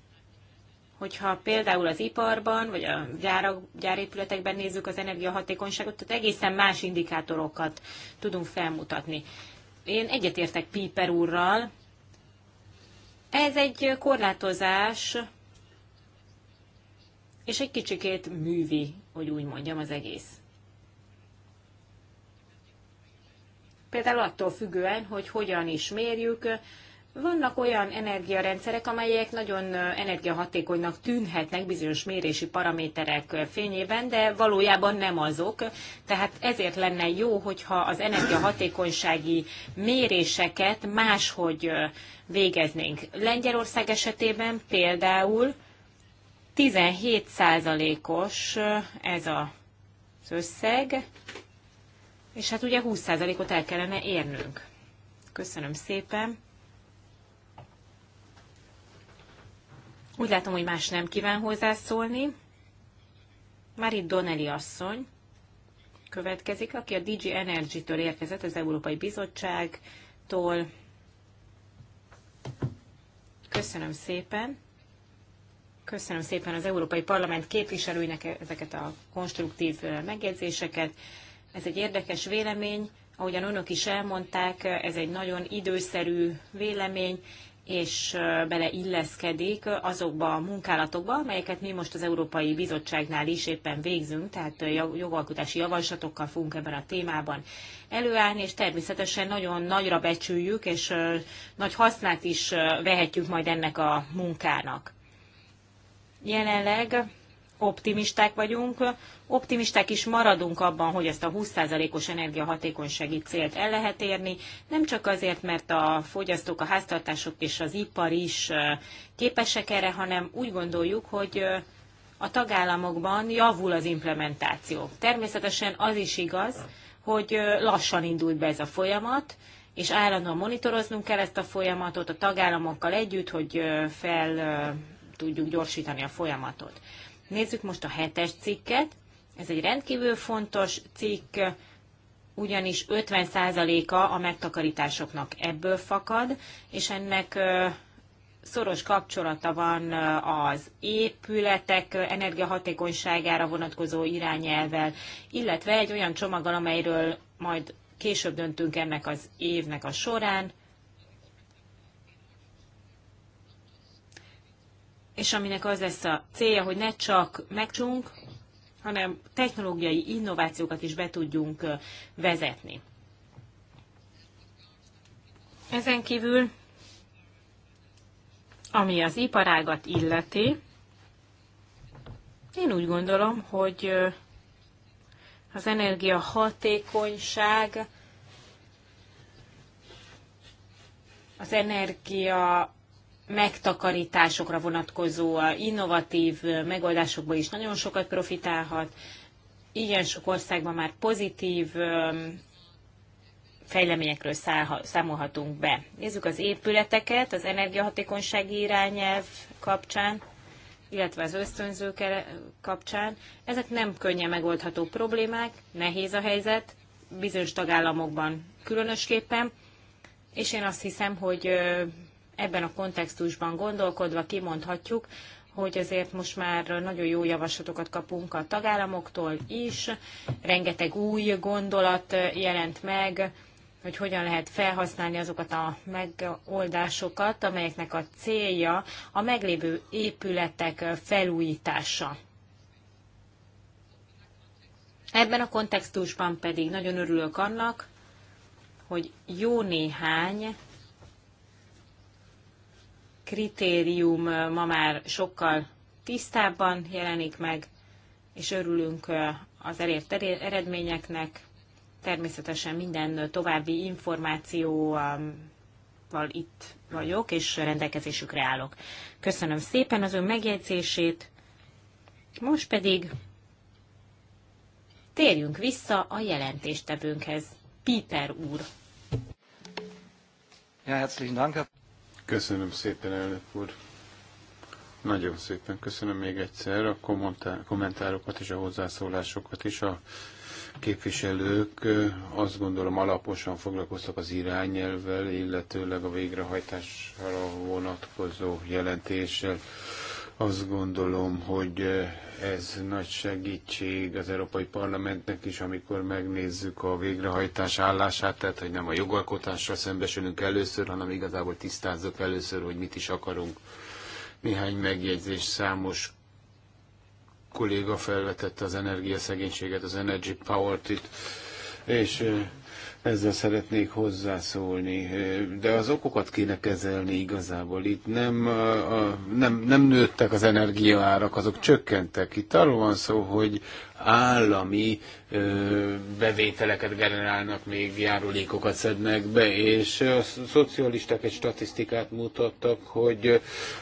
hogyha például az iparban, vagy a gyárak, gyárépületekben nézzük az energiahatékonyságot, tehát egészen más indikátorokat tudunk felmutatni. Én egyetértek Piper úrral. Ez egy korlátozás, és egy kicsikét művi, hogy úgy mondjam, az egész. Például attól függően, hogy hogyan is mérjük, vannak olyan energiarendszerek, amelyek nagyon energiahatékonynak tűnhetnek bizonyos mérési paraméterek fényében, de valójában nem azok. Tehát ezért lenne jó, hogyha az energiahatékonysági méréseket máshogy végeznénk. Lengyelország esetében például 17%-os ez az összeg, és hát ugye 20%-ot el kellene érnünk. Köszönöm szépen. Úgy látom, hogy más nem kíván hozzászólni. Már itt Donnelly asszony következik, aki a DG Energy-től érkezett az Európai Bizottságtól. Köszönöm szépen. Köszönöm szépen az Európai Parlament képviselőinek ezeket a konstruktív megjegyzéseket. Ez egy érdekes vélemény, ahogyan önök is elmondták, ez egy nagyon időszerű vélemény, és beleilleszkedik azokba a munkálatokba, amelyeket mi most az Európai Bizottságnál is éppen végzünk, tehát jogalkotási javaslatokkal fogunk ebben a témában előállni, és természetesen nagyon nagyra becsüljük, és nagy hasznát is vehetjük majd ennek a munkának. Jelenleg optimisták vagyunk, optimisták is maradunk abban, hogy ezt a 20%-os energiahatékonysági célt el lehet érni, nem csak azért, mert a fogyasztók, a háztartások és az ipar is képesek erre, hanem úgy gondoljuk, hogy a tagállamokban javul az implementáció. Természetesen az is igaz, hogy lassan indult be ez a folyamat, és állandóan monitoroznunk kell ezt a folyamatot a tagállamokkal együtt, hogy fel tudjuk gyorsítani a folyamatot. Nézzük most a hetes cikket. Ez egy rendkívül fontos cikk, ugyanis 50%-a a megtakarításoknak ebből fakad, és ennek szoros kapcsolata van az épületek energiahatékonyságára vonatkozó irányelvel, illetve egy olyan csomaggal, amelyről majd később döntünk ennek az évnek a során, és aminek az lesz a célja, hogy ne csak megcsunk, hanem technológiai innovációkat is be tudjunk vezetni. Ezen kívül, ami az iparágat illeti, én úgy gondolom, hogy az energia hatékonyság, az energia megtakarításokra vonatkozó innovatív megoldásokból is nagyon sokat profitálhat. Igen sok országban már pozitív fejleményekről számolhatunk be. Nézzük az épületeket, az energiahatékonysági irányelv kapcsán, illetve az ösztönzők kapcsán. Ezek nem könnyen megoldható problémák, nehéz a helyzet, bizonyos tagállamokban különösképpen, és én azt hiszem, hogy ebben a kontextusban gondolkodva kimondhatjuk, hogy azért most már nagyon jó javaslatokat kapunk a tagállamoktól is, rengeteg új gondolat jelent meg, hogy hogyan lehet felhasználni azokat a megoldásokat, amelyeknek a célja a meglévő épületek felújítása. Ebben a kontextusban pedig nagyon örülök annak, hogy jó néhány kritérium ma már sokkal tisztábban jelenik meg, és örülünk az elért eredményeknek. Természetesen minden további információval itt vagyok, és rendelkezésükre állok. Köszönöm szépen az ön megjegyzését. Most pedig térjünk vissza a jelentéstevőnkhez, Piper úr. Ja, herzlichen Dank. Köszönöm szépen, elnök úr. Nagyon szépen köszönöm még egyszer a kommentárokat és a hozzászólásokat is. A képviselők azt gondolom alaposan foglalkoztak az irányelvvel, illetőleg a végrehajtásra vonatkozó jelentéssel. Azt gondolom, hogy eh, ez nagy segítség az Európai Parlamentnek is, amikor megnézzük a végrehajtás állását, tehát hogy nem a jogalkotással szembesülünk először, hanem igazából tisztázzuk először, hogy mit is akarunk. Néhány megjegyzés számos kolléga felvetette az energiaszegénységet, az Energy Power-t itt, és eh, ezzel szeretnék hozzászólni, de az okokat kéne kezelni igazából. Itt nem, a, nem, nem nőttek az energiaárak, azok csökkentek. Itt arról van szó, hogy állami bevételeket generálnak, még járulékokat szednek be, és a szocialisták egy statisztikát mutattak, hogy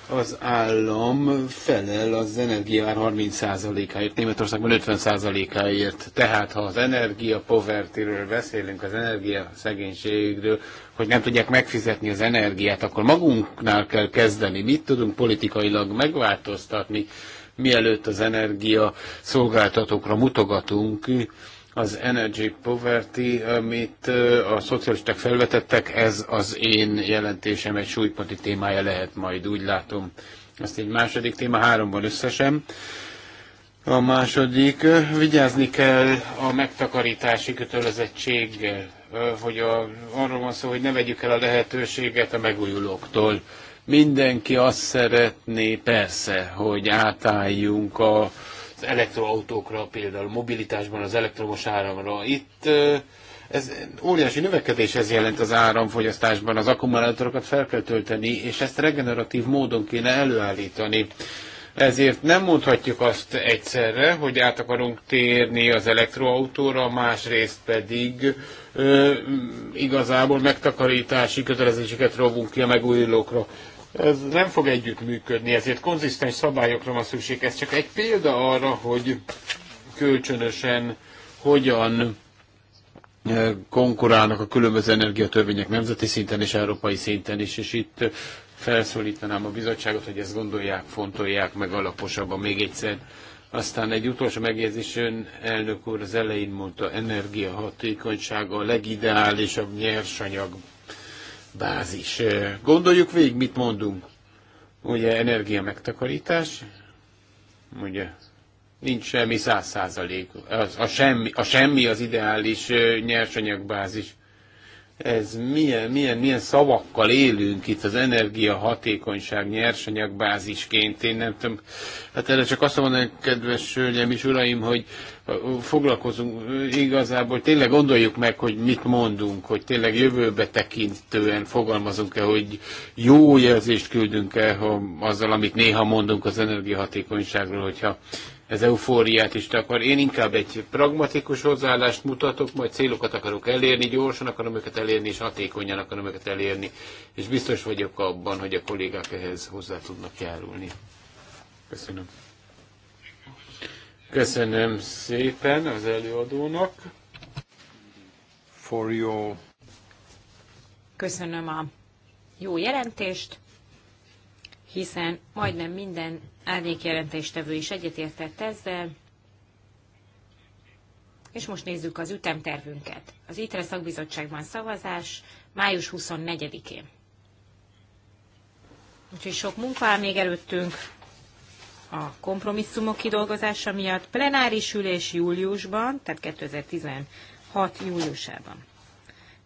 az állam felel az energiár 30%-áért, Németországban 50%-áért. Tehát ha az energia povertiről beszélünk, az energia szegénységről, hogy nem tudják megfizetni az energiát, akkor magunknál kell kezdeni. Mit tudunk politikailag megváltoztatni? mielőtt az energia szolgáltatókra mutogatunk, az Energy Poverty, amit a szocialisták felvetettek, ez az én jelentésem egy súlyponti témája lehet majd, úgy látom. Ezt egy második téma, háromban összesen. A második, vigyázni kell a megtakarítási kötelezettséggel, hogy a, arról van szó, hogy ne vegyük el a lehetőséget a megújulóktól Mindenki azt szeretné persze, hogy átálljunk a az elektroautókra, például a mobilitásban az elektromos áramra. Itt ez óriási növekedés ez jelent az áramfogyasztásban, az akkumulátorokat fel kell tölteni, és ezt regeneratív módon kéne előállítani. Ezért nem mondhatjuk azt egyszerre, hogy át akarunk térni az elektroautóra, másrészt pedig ö, igazából megtakarítási kötelezéseket rovunk ki a megújulókra ez nem fog együttműködni, ezért konzisztens szabályokra van szükség. Ez csak egy példa arra, hogy kölcsönösen hogyan eh, konkurálnak a különböző energiatörvények nemzeti szinten és európai szinten is, és itt felszólítanám a bizottságot, hogy ezt gondolják, fontolják meg alaposabban még egyszer. Aztán egy utolsó megjegyzés, ön elnök úr az elején mondta, energiahatékonysága a legideálisabb nyersanyag bázis Gondoljuk végig, mit mondunk. Ugye energia megtakarítás, ugye nincs semmi száz százalék. A semmi, a semmi az ideális nyersanyagbázis. Ez milyen, milyen, milyen szavakkal élünk itt az energia hatékonyság nyersanyagbázisként, én nem tudom. Hát erre csak azt mondom, kedves hölgyem és uraim, hogy foglalkozunk, igazából tényleg gondoljuk meg, hogy mit mondunk, hogy tényleg jövőbe tekintően fogalmazunk-e, hogy jó jelzést küldünk-e ha azzal, amit néha mondunk az energiahatékonyságról, hogyha ez eufóriát is akar. Én inkább egy pragmatikus hozzáállást mutatok, majd célokat akarok elérni, gyorsan akarom őket elérni, és hatékonyan akarom őket elérni, és biztos vagyok abban, hogy a kollégák ehhez hozzá tudnak járulni. Köszönöm. Köszönöm szépen az előadónak. For your... Köszönöm a jó jelentést, hiszen majdnem minden árnyékjelentéstevő is egyetértett ezzel. És most nézzük az ütemtervünket. Az ITRE szakbizottságban szavazás május 24-én. Úgyhogy sok munka áll még előttünk a kompromisszumok kidolgozása miatt plenáris ülés júliusban, tehát 2016 júliusában.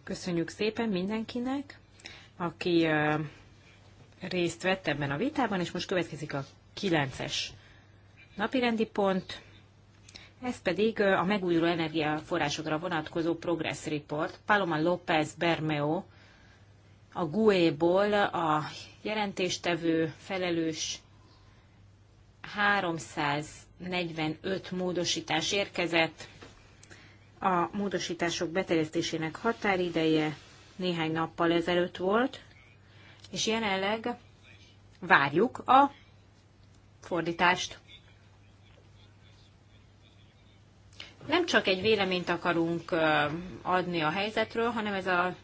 Köszönjük szépen mindenkinek, aki részt vett ebben a vitában, és most következik a 9-es napirendi pont, ez pedig a megújuló energiaforrásokra vonatkozó Progress Report. Paloma López Bermeo a GUE-ból a jelentéstevő felelős 345 módosítás érkezett. A módosítások beterjesztésének határideje néhány nappal ezelőtt volt, és jelenleg várjuk a fordítást. Nem csak egy véleményt akarunk adni a helyzetről, hanem ez a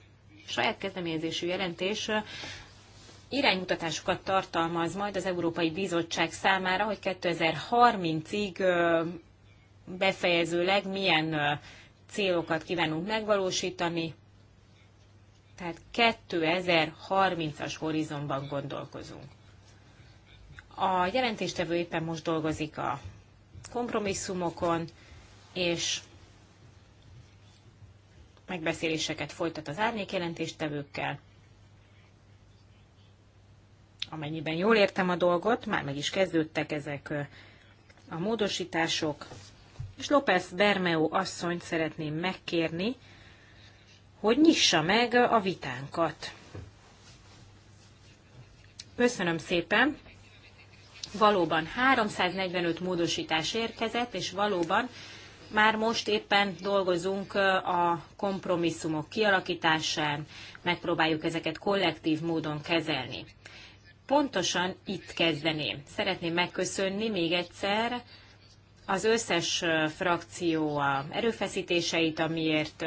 saját kezdeményezésű jelentés iránymutatásokat tartalmaz majd az Európai Bizottság számára, hogy 2030-ig befejezőleg milyen célokat kívánunk megvalósítani. Tehát 2030-as horizontban gondolkozunk. A jelentéstevő éppen most dolgozik a kompromisszumokon, és megbeszéléseket folytat az jelentéstevőkkel amennyiben jól értem a dolgot, már meg is kezdődtek ezek a módosítások, és López Bermeo asszonyt szeretném megkérni, hogy nyissa meg a vitánkat. Köszönöm szépen! Valóban 345 módosítás érkezett, és valóban már most éppen dolgozunk a kompromisszumok kialakításán, megpróbáljuk ezeket kollektív módon kezelni pontosan itt kezdeném. Szeretném megköszönni még egyszer az összes frakció erőfeszítéseit, amiért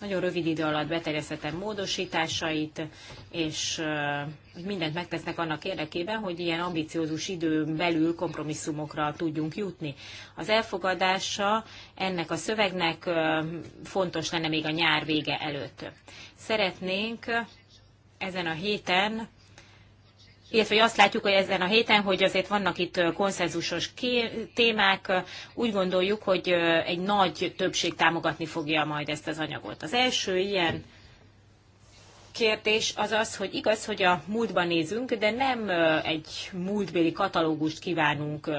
nagyon rövid idő alatt beterjesztettem módosításait, és mindent megtesznek annak érdekében, hogy ilyen ambiciózus időn belül kompromisszumokra tudjunk jutni. Az elfogadása ennek a szövegnek fontos lenne még a nyár vége előtt. Szeretnénk ezen a héten illetve azt látjuk, hogy ezen a héten, hogy azért vannak itt konszenzusos témák, úgy gondoljuk, hogy egy nagy többség támogatni fogja majd ezt az anyagot. Az első ilyen kérdés az az, hogy igaz, hogy a múltban nézünk, de nem egy múltbéli katalógust kívánunk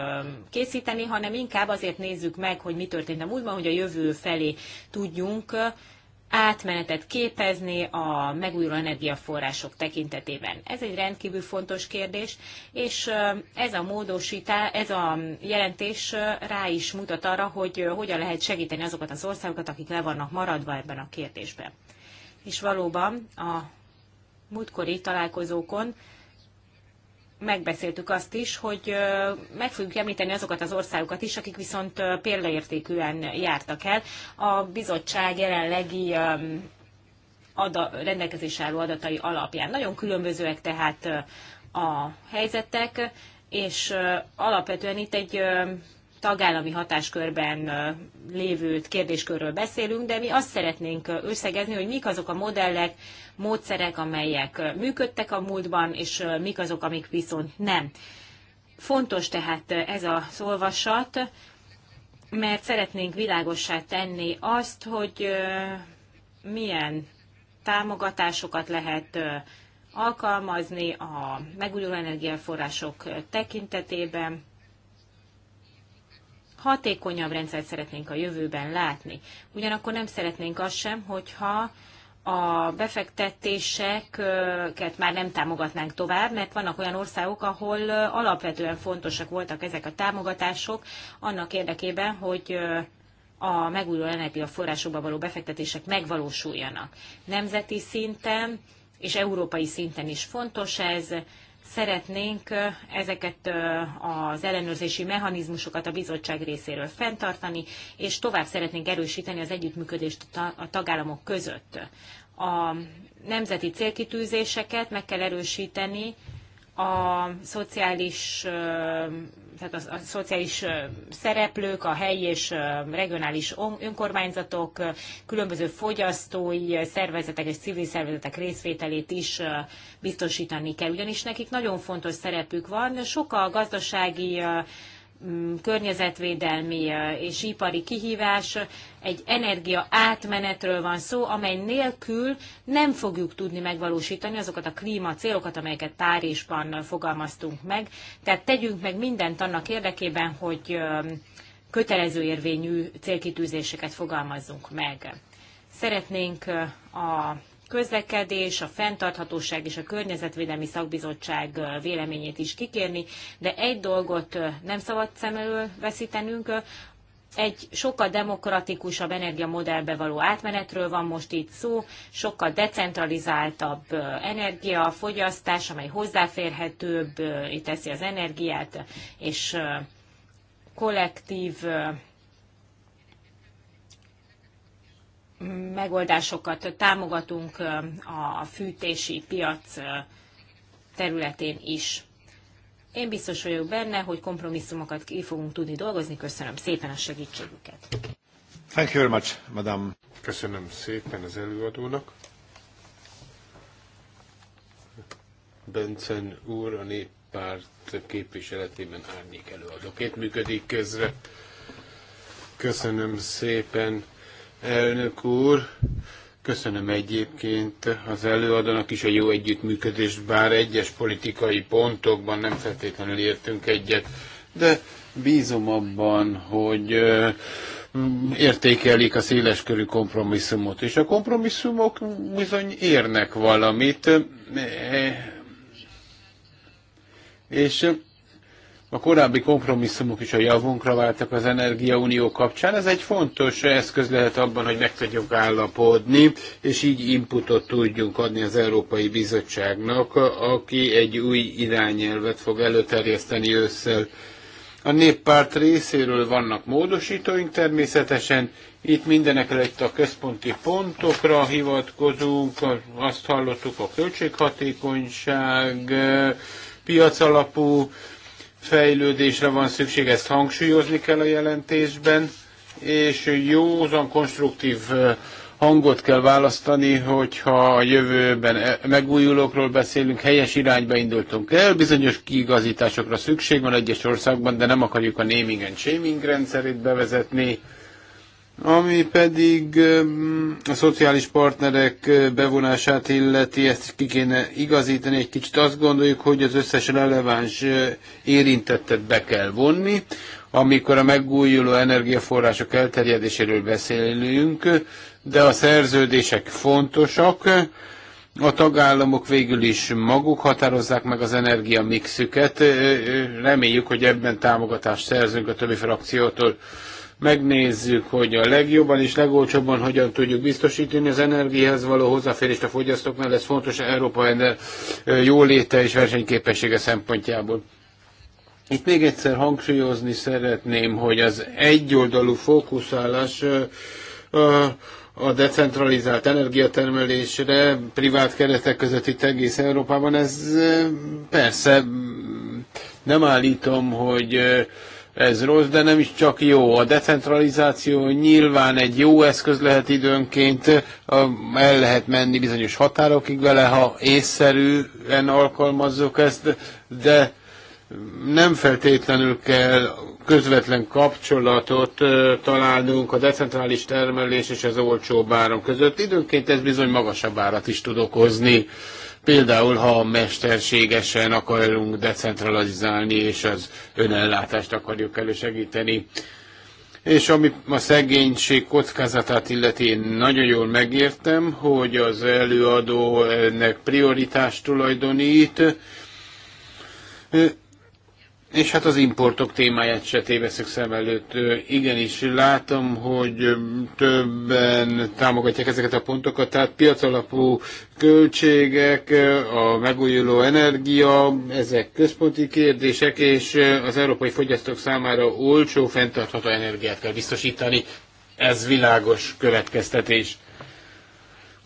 készíteni, hanem inkább azért nézzük meg, hogy mi történt a múltban, hogy a jövő felé tudjunk átmenetet képezni a megújuló energiaforrások tekintetében. Ez egy rendkívül fontos kérdés, és ez a módosítá, ez a jelentés rá is mutat arra, hogy hogyan lehet segíteni azokat az országokat, akik le vannak maradva ebben a kérdésben. És valóban a múltkori találkozókon megbeszéltük azt is, hogy meg fogjuk említeni azokat az országokat is, akik viszont példaértékűen jártak el. A bizottság jelenlegi ada, rendelkezés álló adatai alapján. Nagyon különbözőek tehát a helyzetek, és alapvetően itt egy tagállami hatáskörben lévő kérdéskörről beszélünk, de mi azt szeretnénk összegezni, hogy mik azok a modellek, módszerek, amelyek működtek a múltban, és mik azok, amik viszont nem. Fontos tehát ez a szolvasat, mert szeretnénk világossá tenni azt, hogy milyen támogatásokat lehet alkalmazni a megújuló energiaforrások tekintetében, hatékonyabb rendszert szeretnénk a jövőben látni. Ugyanakkor nem szeretnénk azt sem, hogyha a befektetéseket már nem támogatnánk tovább, mert vannak olyan országok, ahol alapvetően fontosak voltak ezek a támogatások annak érdekében, hogy a megújuló energiaforrásokba való befektetések megvalósuljanak. Nemzeti szinten és európai szinten is fontos ez, szeretnénk ezeket az ellenőrzési mechanizmusokat a bizottság részéről fenntartani, és tovább szeretnénk erősíteni az együttműködést a tagállamok között. A nemzeti célkitűzéseket meg kell erősíteni, a szociális tehát a, a szociális szereplők, a helyi és regionális önkormányzatok, különböző fogyasztói szervezetek és civil szervezetek részvételét is biztosítani kell, ugyanis nekik nagyon fontos szerepük van. Sok a gazdasági Mm, környezetvédelmi és ipari kihívás, egy energia átmenetről van szó, amely nélkül nem fogjuk tudni megvalósítani azokat a klíma célokat, amelyeket Párizsban fogalmaztunk meg. Tehát tegyünk meg mindent annak érdekében, hogy kötelező érvényű célkitűzéseket fogalmazzunk meg. Szeretnénk a közlekedés, a fenntarthatóság és a környezetvédelmi szakbizottság véleményét is kikérni, de egy dolgot nem szabad szem elől veszítenünk, egy sokkal demokratikusabb energiamodellbe való átmenetről van most itt szó, sokkal decentralizáltabb energiafogyasztás, amely hozzáférhetőbb, teszi az energiát, és kollektív megoldásokat támogatunk a fűtési piac területén is. Én biztos vagyok benne, hogy kompromisszumokat ki fogunk tudni dolgozni. Köszönöm szépen a segítségüket. Thank you very much, madam. Köszönöm szépen az előadónak. Bencen úr a néppárt képviseletében árnyék előadóként működik közre. Köszönöm szépen elnök úr. Köszönöm egyébként az előadónak is a jó együttműködést, bár egyes politikai pontokban nem feltétlenül értünk egyet, de bízom abban, hogy értékelik a széleskörű kompromisszumot, és a kompromisszumok bizony érnek valamit, és a korábbi kompromisszumok is a javunkra váltak az energiaunió kapcsán. Ez egy fontos eszköz lehet abban, hogy meg tudjuk állapodni, és így inputot tudjunk adni az Európai Bizottságnak, aki egy új irányelvet fog előterjeszteni ősszel. A néppárt részéről vannak módosítóink természetesen, itt mindenekelőtt a központi pontokra hivatkozunk, azt hallottuk a költséghatékonyság, piacalapú fejlődésre van szükség, ezt hangsúlyozni kell a jelentésben, és józan konstruktív hangot kell választani, hogyha a jövőben e, megújulókról beszélünk, helyes irányba indultunk el, bizonyos kiigazításokra szükség van egyes országban, de nem akarjuk a naming and shaming rendszerét bevezetni, ami pedig a szociális partnerek eh, bevonását illeti, ezt ki kéne igazítani egy kicsit. Azt gondoljuk, hogy az összes releváns eh, érintettet be kell vonni. Amikor a megújuló energiaforrások elterjedéséről beszélünk, de a szerződések fontosak, a tagállamok végül is maguk határozzák meg az energiamixüket. Eh, reméljük, hogy ebben támogatást szerzünk a többi frakciótól megnézzük, hogy a legjobban és legolcsóbban hogyan tudjuk biztosítani az energiához való hozzáférést a fogyasztóknál, ez fontos Európa jóléte és versenyképessége szempontjából. Itt még egyszer hangsúlyozni szeretném, hogy az egyoldalú fókuszálás a decentralizált energiatermelésre privát keretek között itt egész Európában, ez persze nem állítom, hogy ez rossz, de nem is csak jó. A decentralizáció nyilván egy jó eszköz lehet időnként, el lehet menni bizonyos határokig vele, ha észszerűen alkalmazzuk ezt, de nem feltétlenül kell közvetlen kapcsolatot találnunk a decentrális termelés és az olcsó áram között. Időnként ez bizony magasabb árat is tud okozni. Például, ha mesterségesen akarunk decentralizálni, és az önellátást akarjuk elősegíteni. És ami a szegénység kockázatát illeti, én nagyon jól megértem, hogy az előadó ennek prioritást tulajdonít és hát az importok témáját se téveszek szem előtt. Igenis, látom, hogy többen támogatják ezeket a pontokat, tehát piacalapú költségek, a megújuló energia, ezek központi kérdések, és az európai fogyasztók számára olcsó, fenntartható energiát kell biztosítani. Ez világos következtetés.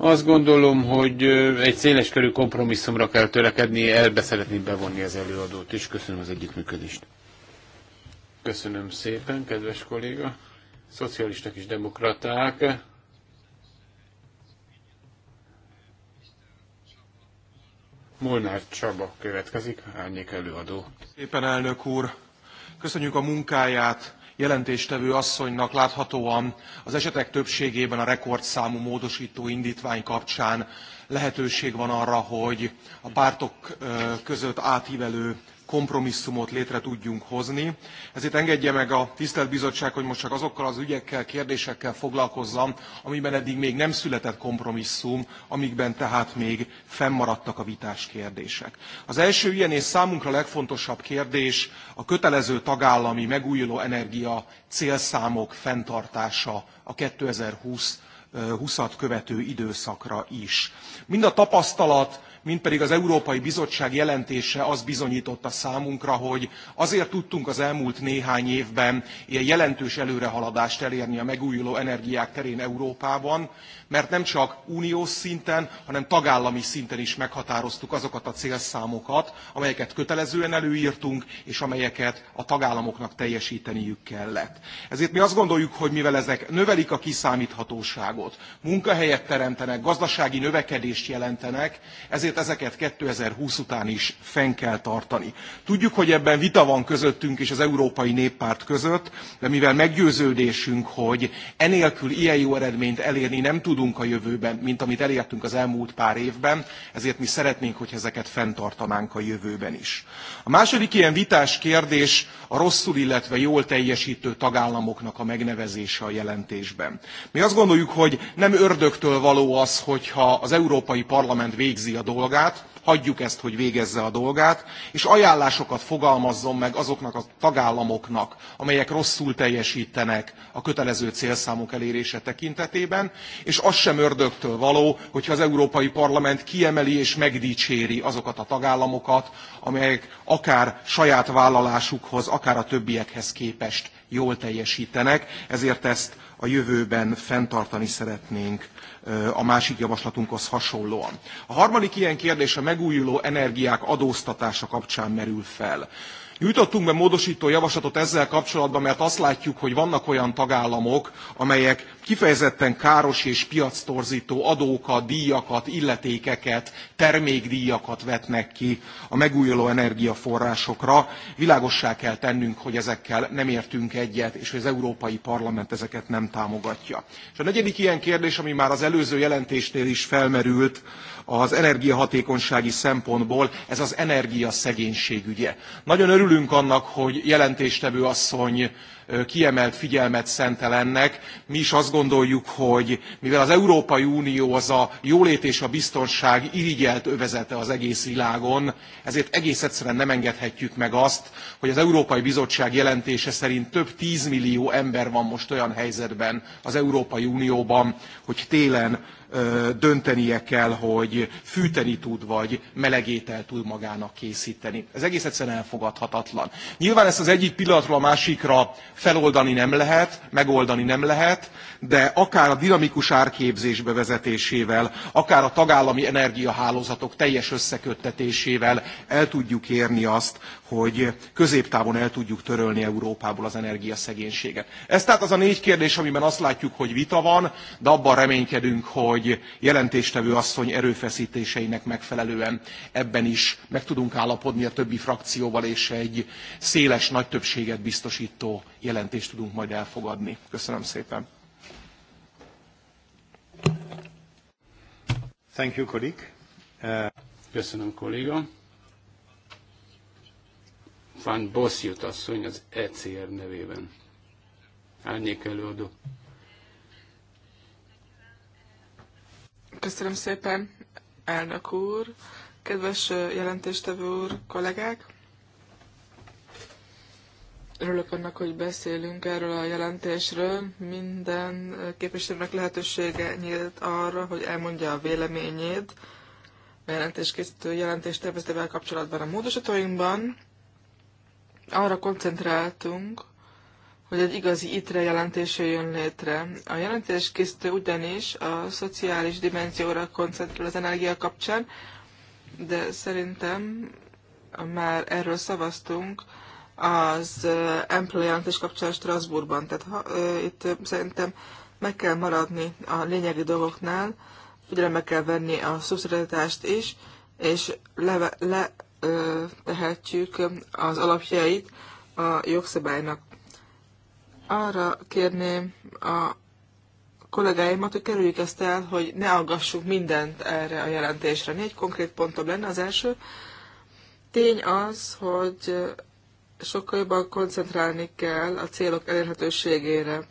Azt gondolom, hogy egy körű kompromisszumra kell törekedni, elbe szeretném bevonni az előadót, és köszönöm az együttműködést. Köszönöm szépen, kedves kolléga. Szocialisták és demokraták. Molnár Csaba következik, árnyék előadó. Szépen elnök úr, köszönjük a munkáját jelentéstevő asszonynak láthatóan az esetek többségében a rekordszámú módosító indítvány kapcsán lehetőség van arra, hogy a pártok között átívelő kompromisszumot létre tudjunk hozni. Ezért engedje meg a tisztelt bizottság, hogy most csak azokkal az ügyekkel, kérdésekkel foglalkozzam, amiben eddig még nem született kompromisszum, amikben tehát még fennmaradtak a vitás kérdések. Az első ilyen és számunkra legfontosabb kérdés a kötelező tagállami megújuló energia célszámok fenntartása a 2020 20-at követő időszakra is. Mind a tapasztalat, mind pedig az Európai Bizottság jelentése az bizonyította számunkra, hogy azért tudtunk az elmúlt néhány évben ilyen jelentős előrehaladást elérni a megújuló energiák terén Európában, mert nem csak uniós szinten, hanem tagállami szinten is meghatároztuk azokat a célszámokat, amelyeket kötelezően előírtunk, és amelyeket a tagállamoknak teljesíteniük kellett. Ezért mi azt gondoljuk, hogy mivel ezek növelik a kiszámíthatóságot, munkahelyet teremtenek, gazdasági növekedést jelentenek, ezért ezért ezeket 2020 után is fenn kell tartani. Tudjuk, hogy ebben vita van közöttünk és az Európai Néppárt között, de mivel meggyőződésünk, hogy enélkül ilyen jó eredményt elérni nem tudunk a jövőben, mint amit elértünk az elmúlt pár évben, ezért mi szeretnénk, hogy ezeket fenntartanánk a jövőben is. A második ilyen vitás kérdés a rosszul, illetve jól teljesítő tagállamoknak a megnevezése a jelentésben. Mi azt gondoljuk, hogy nem ördögtől való az, hogyha az Európai Parlament végzi a dolgát, dolgát, hagyjuk ezt, hogy végezze a dolgát, és ajánlásokat fogalmazzon meg azoknak a tagállamoknak, amelyek rosszul teljesítenek a kötelező célszámok elérése tekintetében, és az sem ördögtől való, hogyha az Európai Parlament kiemeli és megdicséri azokat a tagállamokat, amelyek akár saját vállalásukhoz, akár a többiekhez képest jól teljesítenek, ezért ezt a jövőben fenntartani szeretnénk a másik javaslatunkhoz hasonlóan. A harmadik ilyen kérdés a megújuló energiák adóztatása kapcsán merül fel. Nyújtottunk be módosító javaslatot ezzel kapcsolatban, mert azt látjuk, hogy vannak olyan tagállamok, amelyek kifejezetten káros és piactorzító adókat, díjakat, illetékeket, termékdíjakat vetnek ki a megújuló energiaforrásokra. Világossá kell tennünk, hogy ezekkel nem értünk egyet, és hogy az Európai Parlament ezeket nem támogatja. És a negyedik ilyen kérdés, ami már az előző jelentésnél is felmerült, az energiahatékonysági szempontból ez az energiaszegénység ügye. Nagyon örülünk annak, hogy jelentéstevő asszony kiemelt figyelmet szentel ennek. Mi is azt gondoljuk, hogy mivel az Európai Unió az a jólét és a biztonság irigyelt övezete az egész világon, ezért egész egyszerűen nem engedhetjük meg azt, hogy az Európai Bizottság jelentése szerint több tízmillió ember van most olyan helyzetben az Európai Unióban, hogy télen döntenie kell, hogy fűteni tud, vagy melegétel tud magának készíteni. Ez egész egyszerűen elfogadhatatlan. Nyilván ezt az egyik pillanatról a másikra feloldani nem lehet, megoldani nem lehet, de akár a dinamikus árképzés bevezetésével, akár a tagállami energiahálózatok teljes összeköttetésével el tudjuk érni azt, hogy középtávon el tudjuk törölni Európából az energiaszegénységet. Ez tehát az a négy kérdés, amiben azt látjuk, hogy vita van, de abban reménykedünk, hogy hogy jelentéstevő asszony erőfeszítéseinek megfelelően ebben is meg tudunk állapodni a többi frakcióval, és egy széles, nagy többséget biztosító jelentést tudunk majd elfogadni. Köszönöm szépen. Thank you, colleague. Uh... Köszönöm, kolléga. Van Bossjut asszony az ECR nevében. Árnyék előadó. Köszönöm szépen, elnök úr, kedves jelentéstevő úr, kollégák! Örülök annak, hogy beszélünk erről a jelentésről. Minden képviselőnek lehetősége nyílt arra, hogy elmondja a véleményét a jelentéskészítő jelentés tervezetével kapcsolatban a módosítóinkban. Arra koncentráltunk, hogy egy igazi ITRE jelentés jön létre. A jelentés készítő ugyanis a szociális dimenzióra koncentrál az energia kapcsán, de szerintem már erről szavaztunk az Ample jelentés kapcsán Strasbourgban. Tehát ha, itt szerintem meg kell maradni a lényegi dolgoknál, figyelembe kell venni a szubszidiaritást is, és leve, le, ö, tehetjük az alapjait a jogszabálynak. Arra kérném a kollégáimat, hogy kerüljük ezt el, hogy ne aggassuk mindent erre a jelentésre. Négy konkrét pontom lenne. Az első tény az, hogy sokkal jobban koncentrálni kell a célok elérhetőségére.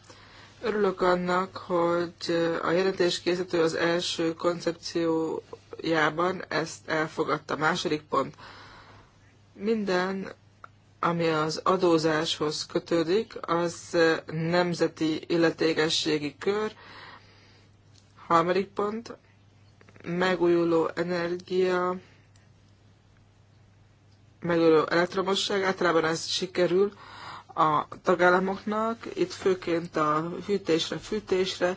Örülök annak, hogy a jelentéskészítő az első koncepciójában ezt elfogadta. Második pont. Minden ami az adózáshoz kötődik, az nemzeti illetékességi kör. Harmadik pont, megújuló energia, megújuló elektromosság, általában ez sikerül a tagállamoknak, itt főként a hűtésre, fűtésre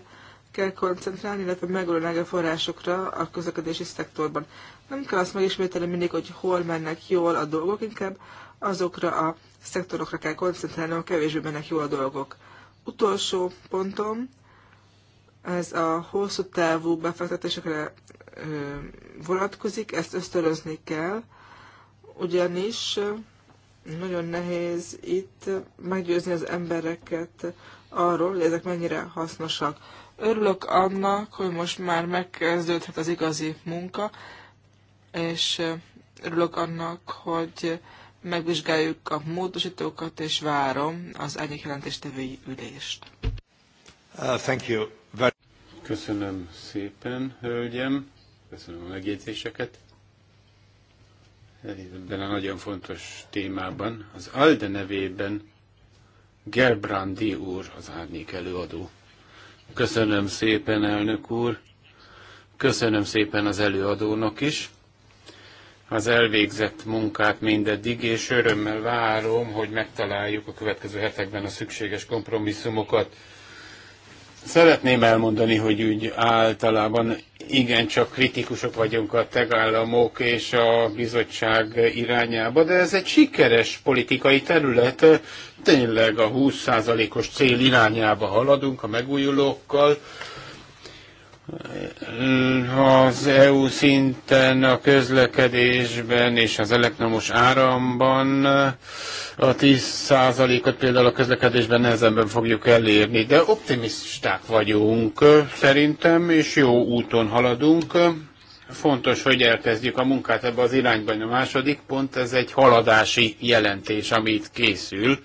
kell koncentrálni, illetve megújuló energiaforrásokra a közlekedési szektorban. Nem kell azt megismételni mindig, hogy hol mennek jól a dolgok, inkább azokra a szektorokra kell koncentrálni, kevésbé mennek jól a dolgok. Utolsó pontom, ez a hosszú távú befektetésekre vonatkozik, ezt ösztönözni kell, ugyanis nagyon nehéz itt meggyőzni az embereket arról, hogy ezek mennyire hasznosak. Örülök annak, hogy most már megkezdődhet az igazi munka, és örülök annak, hogy megvizsgáljuk a módosítókat, és várom az egyik jelentéstevői ülést. Uh, thank you. Köszönöm szépen, hölgyem. Köszönöm a megjegyzéseket. Ebben a nagyon fontos témában, az ALDE nevében Gerbrandi úr, az árnyék előadó. Köszönöm szépen, elnök úr. Köszönöm szépen az előadónak is az elvégzett munkát mindeddig, és örömmel várom, hogy megtaláljuk a következő hetekben a szükséges kompromisszumokat. Szeretném elmondani, hogy úgy általában igencsak kritikusok vagyunk a tegállamok és a bizottság irányába, de ez egy sikeres politikai terület. Tényleg a 20%-os cél irányába haladunk a megújulókkal, az EU szinten a közlekedésben és az elektromos áramban a 10%-ot például a közlekedésben nehezebben fogjuk elérni, de optimisták vagyunk szerintem, és jó úton haladunk. Fontos, hogy elkezdjük a munkát ebbe az irányban. A második pont, ez egy haladási jelentés, amit készül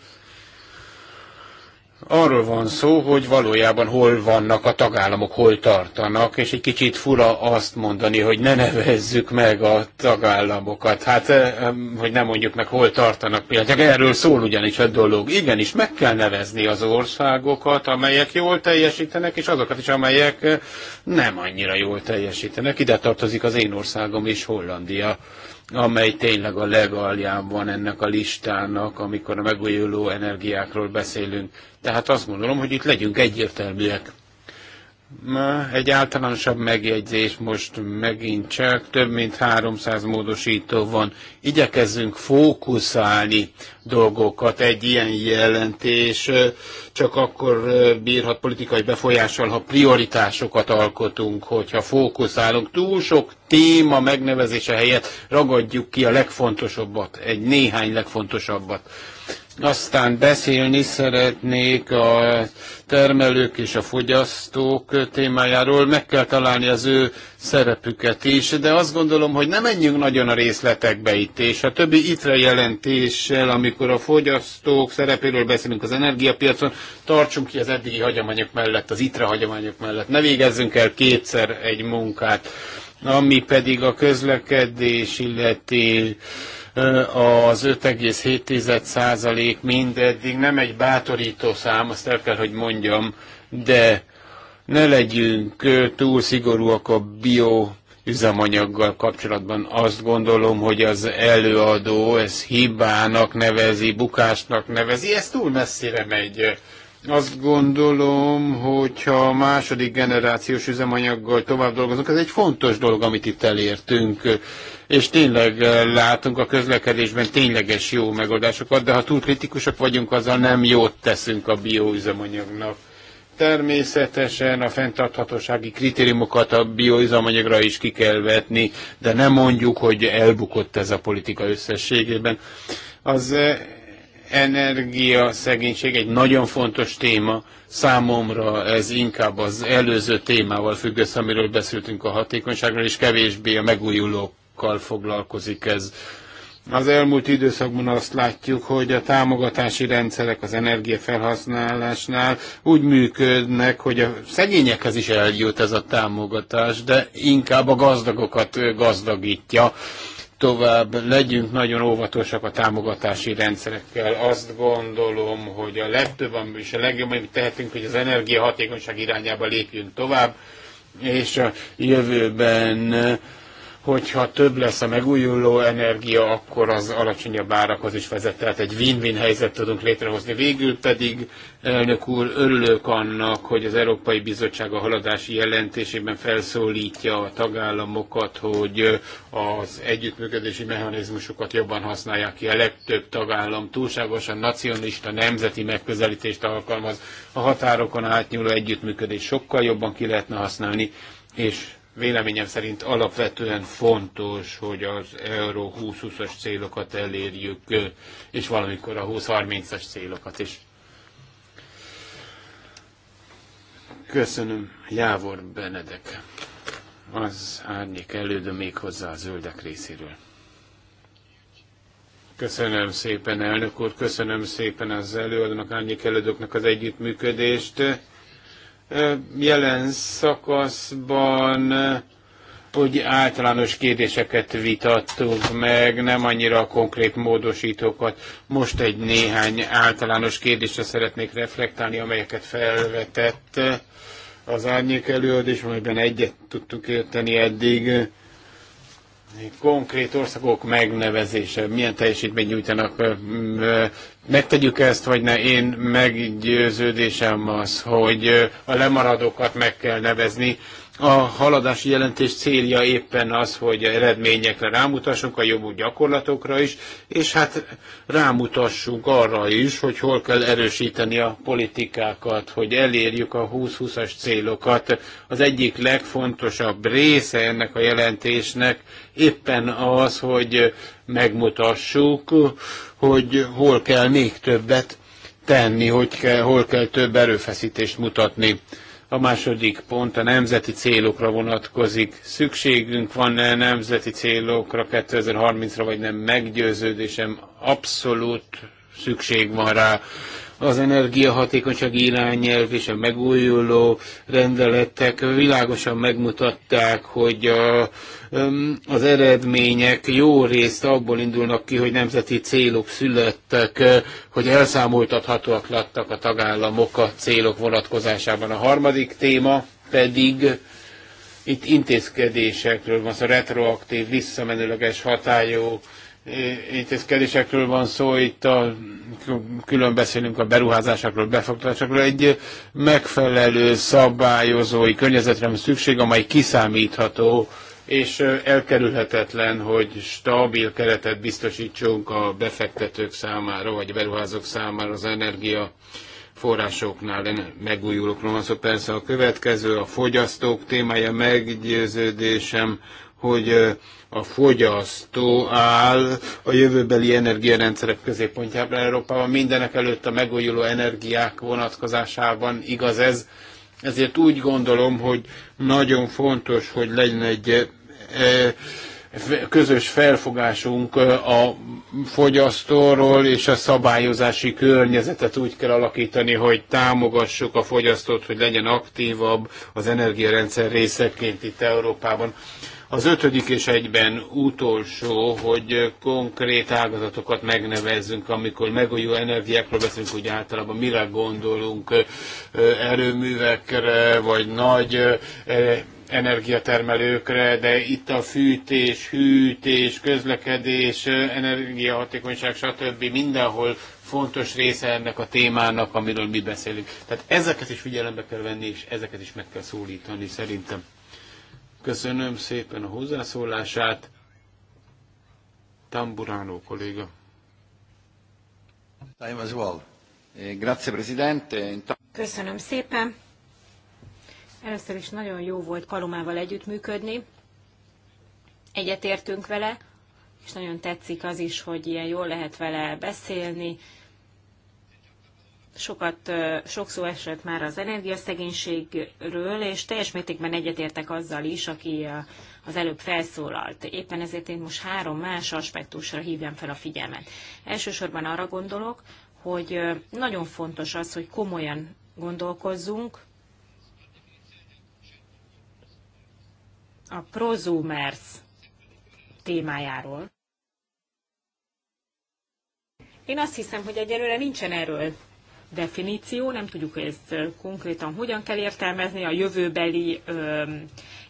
arról van szó, hogy valójában hol vannak a tagállamok, hol tartanak, és egy kicsit fura azt mondani, hogy ne nevezzük meg a tagállamokat. Hát, eh, hogy nem mondjuk meg, hol tartanak például. Erről szól ugyanis a dolog. Igenis, meg kell nevezni az országokat, amelyek jól teljesítenek, és azokat is, amelyek eh, nem annyira jól teljesítenek. Ide tartozik az én országom is, Hollandia amely tényleg a legalján van ennek a listának, amikor a megújuló energiákról beszélünk. Tehát azt gondolom, hogy itt legyünk egyértelműek. Egy általánosabb megjegyzés most megint csak, több mint 300 módosító van. Igyekezzünk fókuszálni dolgokat. Egy ilyen jelentés csak akkor bírhat politikai befolyással, ha prioritásokat alkotunk, hogyha fókuszálunk. Túl sok téma megnevezése helyett ragadjuk ki a legfontosabbat, egy néhány legfontosabbat aztán beszélni szeretnék a termelők és a fogyasztók témájáról. Meg kell találni az ő szerepüket is, de azt gondolom, hogy nem menjünk nagyon a részletekbe itt, és a többi itre jelentéssel, amikor a fogyasztók szerepéről beszélünk az energiapiacon, tartsunk ki az eddigi hagyományok mellett, az itre hagyományok mellett. Ne végezzünk el kétszer egy munkát, ami pedig a közlekedés illeti az 5,7% mindeddig nem egy bátorító szám, azt el kell, hogy mondjam, de ne legyünk túl szigorúak a bio üzemanyaggal kapcsolatban. Azt gondolom, hogy az előadó ez hibának nevezi, bukásnak nevezi, ez túl messzire megy azt gondolom, hogyha a második generációs üzemanyaggal tovább dolgozunk, ez egy fontos dolog, amit itt elértünk, és tényleg látunk a közlekedésben tényleges jó megoldásokat, de ha túl kritikusak vagyunk, azzal nem jót teszünk a bioüzemanyagnak. Természetesen a fenntarthatósági kritériumokat a bioüzemanyagra is ki kell vetni, de nem mondjuk, hogy elbukott ez a politika összességében. Az energia egy nagyon fontos téma. Számomra ez inkább az előző témával függ össze, amiről beszéltünk a hatékonyságról, és kevésbé a megújulókkal foglalkozik ez. Az elmúlt időszakban azt látjuk, hogy a támogatási rendszerek az energiafelhasználásnál úgy működnek, hogy a szegényekhez is eljut ez a támogatás, de inkább a gazdagokat gazdagítja tovább, legyünk nagyon óvatosak a támogatási rendszerekkel. Azt gondolom, hogy a legtöbb és a legjobb, amit tehetünk, hogy az energiahatékonyság irányába lépjünk tovább, és a jövőben hogyha több lesz a megújuló energia, akkor az alacsonyabb árakhoz is vezet, tehát egy win-win helyzet tudunk létrehozni. Végül pedig, elnök úr, örülök annak, hogy az Európai Bizottság a haladási jelentésében felszólítja a tagállamokat, hogy az együttműködési mechanizmusokat jobban használják ki. A legtöbb tagállam túlságosan nacionalista, nemzeti megközelítést alkalmaz. A határokon átnyúló együttműködés sokkal jobban ki lehetne használni, és véleményem szerint alapvetően fontos, hogy az Euró 2020-as célokat elérjük, és valamikor a 2030-as célokat is. Köszönöm, Jávor Benedek. Az árnyék elődöm még hozzá a zöldek részéről. Köszönöm szépen, elnök úr, köszönöm szépen az előadónak, árnyék elődöknek az együttműködést jelen szakaszban hogy általános kérdéseket vitattunk meg, nem annyira a konkrét módosítókat. Most egy néhány általános kérdésre szeretnék reflektálni, amelyeket felvetett az árnyék előadás, amelyben egyet tudtuk érteni eddig konkrét országok megnevezése, milyen teljesítményt nyújtanak, megtegyük ezt, vagy ne, én meggyőződésem az, hogy a lemaradókat meg kell nevezni. A haladási jelentés célja éppen az, hogy eredményekre rámutassunk, a jobb gyakorlatokra is, és hát rámutassunk arra is, hogy hol kell erősíteni a politikákat, hogy elérjük a 2020-as célokat. Az egyik legfontosabb része ennek a jelentésnek, éppen az, hogy megmutassuk, hogy hol kell még többet tenni, hogy kell, hol kell több erőfeszítést mutatni. A második pont a nemzeti célokra vonatkozik. Szükségünk van -e nemzeti célokra 2030-ra, vagy nem meggyőződésem, abszolút szükség van rá az energiahatékonyság irányelv és a megújuló rendeletek világosan megmutatták, hogy a, az eredmények jó részt abból indulnak ki, hogy nemzeti célok születtek, hogy elszámoltathatóak lettek a tagállamok a célok vonatkozásában. A harmadik téma pedig itt intézkedésekről van a retroaktív, visszamenőleges hatályok intézkedésekről van szó, itt a, külön beszélünk a beruházásokról, befoglalásokról, egy megfelelő szabályozói környezetre van szükség, amely kiszámítható, és elkerülhetetlen, hogy stabil keretet biztosítsunk a befektetők számára, vagy a beruházók számára az energia forrásoknál megújulókról van szó. Szóval persze a következő, a fogyasztók témája meggyőződésem, hogy a fogyasztó áll a jövőbeli energiarendszerek középpontjában Európában, mindenek előtt a megújuló energiák vonatkozásában igaz ez. Ezért úgy gondolom, hogy nagyon fontos, hogy legyen egy közös felfogásunk a fogyasztóról, és a szabályozási környezetet úgy kell alakítani, hogy támogassuk a fogyasztót, hogy legyen aktívabb az energiarendszer részeként itt Európában. Az ötödik és egyben utolsó, hogy konkrét ágazatokat megnevezzünk, amikor megújuló energiákról beszélünk, hogy általában mire gondolunk, erőművekre, vagy nagy energiatermelőkre, de itt a fűtés, hűtés, közlekedés, energiahatékonyság, stb. mindenhol fontos része ennek a témának, amiről mi beszélünk. Tehát ezeket is figyelembe kell venni, és ezeket is meg kell szólítani szerintem. Köszönöm szépen a hozzászólását. Tamburano kolléga. Time as well. Eh, grazie, Presidente. Köszönöm szépen. Először is nagyon jó volt Palomával együttműködni. Egyetértünk vele, és nagyon tetszik az is, hogy ilyen jól lehet vele beszélni, sokat, sok szó esett már az energiaszegénységről, és teljes mértékben egyetértek azzal is, aki az előbb felszólalt. Éppen ezért én most három más aspektusra hívjam fel a figyelmet. Elsősorban arra gondolok, hogy nagyon fontos az, hogy komolyan gondolkozzunk a prozumers témájáról. Én azt hiszem, hogy egyelőre nincsen erről definíció, nem tudjuk, hogy ezt konkrétan hogyan kell értelmezni a jövőbeli ö,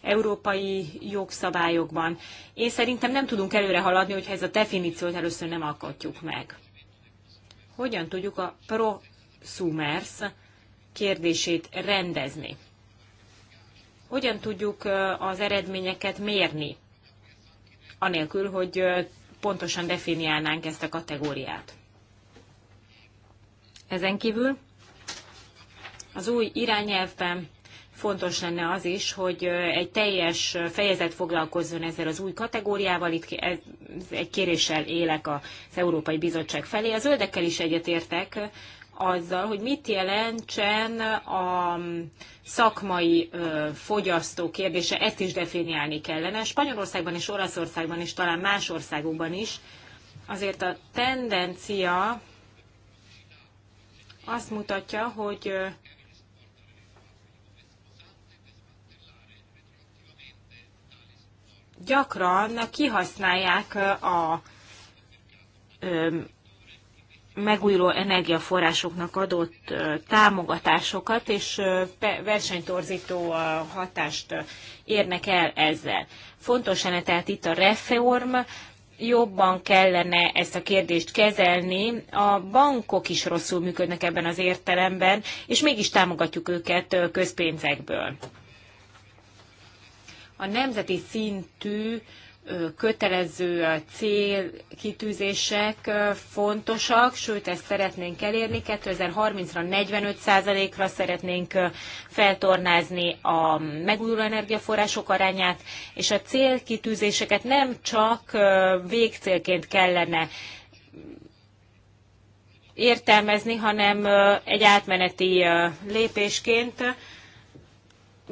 európai jogszabályokban. Én szerintem nem tudunk előre haladni, hogyha ez a definíciót először nem alkotjuk meg. Hogyan tudjuk a prosumers kérdését rendezni? Hogyan tudjuk az eredményeket mérni, anélkül, hogy pontosan definiálnánk ezt a kategóriát? Ezen kívül az új irányelvben fontos lenne az is, hogy egy teljes fejezet foglalkozzon ezzel az új kategóriával. Itt egy kéréssel élek az Európai Bizottság felé. A zöldekkel is egyetértek azzal, hogy mit jelentsen a szakmai fogyasztó kérdése, ezt is definiálni kellene. Spanyolországban és Olaszországban és talán más országokban is azért a tendencia azt mutatja, hogy gyakran kihasználják a megújuló energiaforrásoknak adott támogatásokat, és versenytorzító hatást érnek el ezzel. Fontos lenne tehát itt a reform, jobban kellene ezt a kérdést kezelni. A bankok is rosszul működnek ebben az értelemben, és mégis támogatjuk őket közpénzekből. A nemzeti szintű kötelező célkitűzések fontosak, sőt ezt szeretnénk elérni. 2030-ra 45%-ra szeretnénk feltornázni a megújuló energiaforrások arányát, és a célkitűzéseket nem csak végcélként kellene értelmezni, hanem egy átmeneti lépésként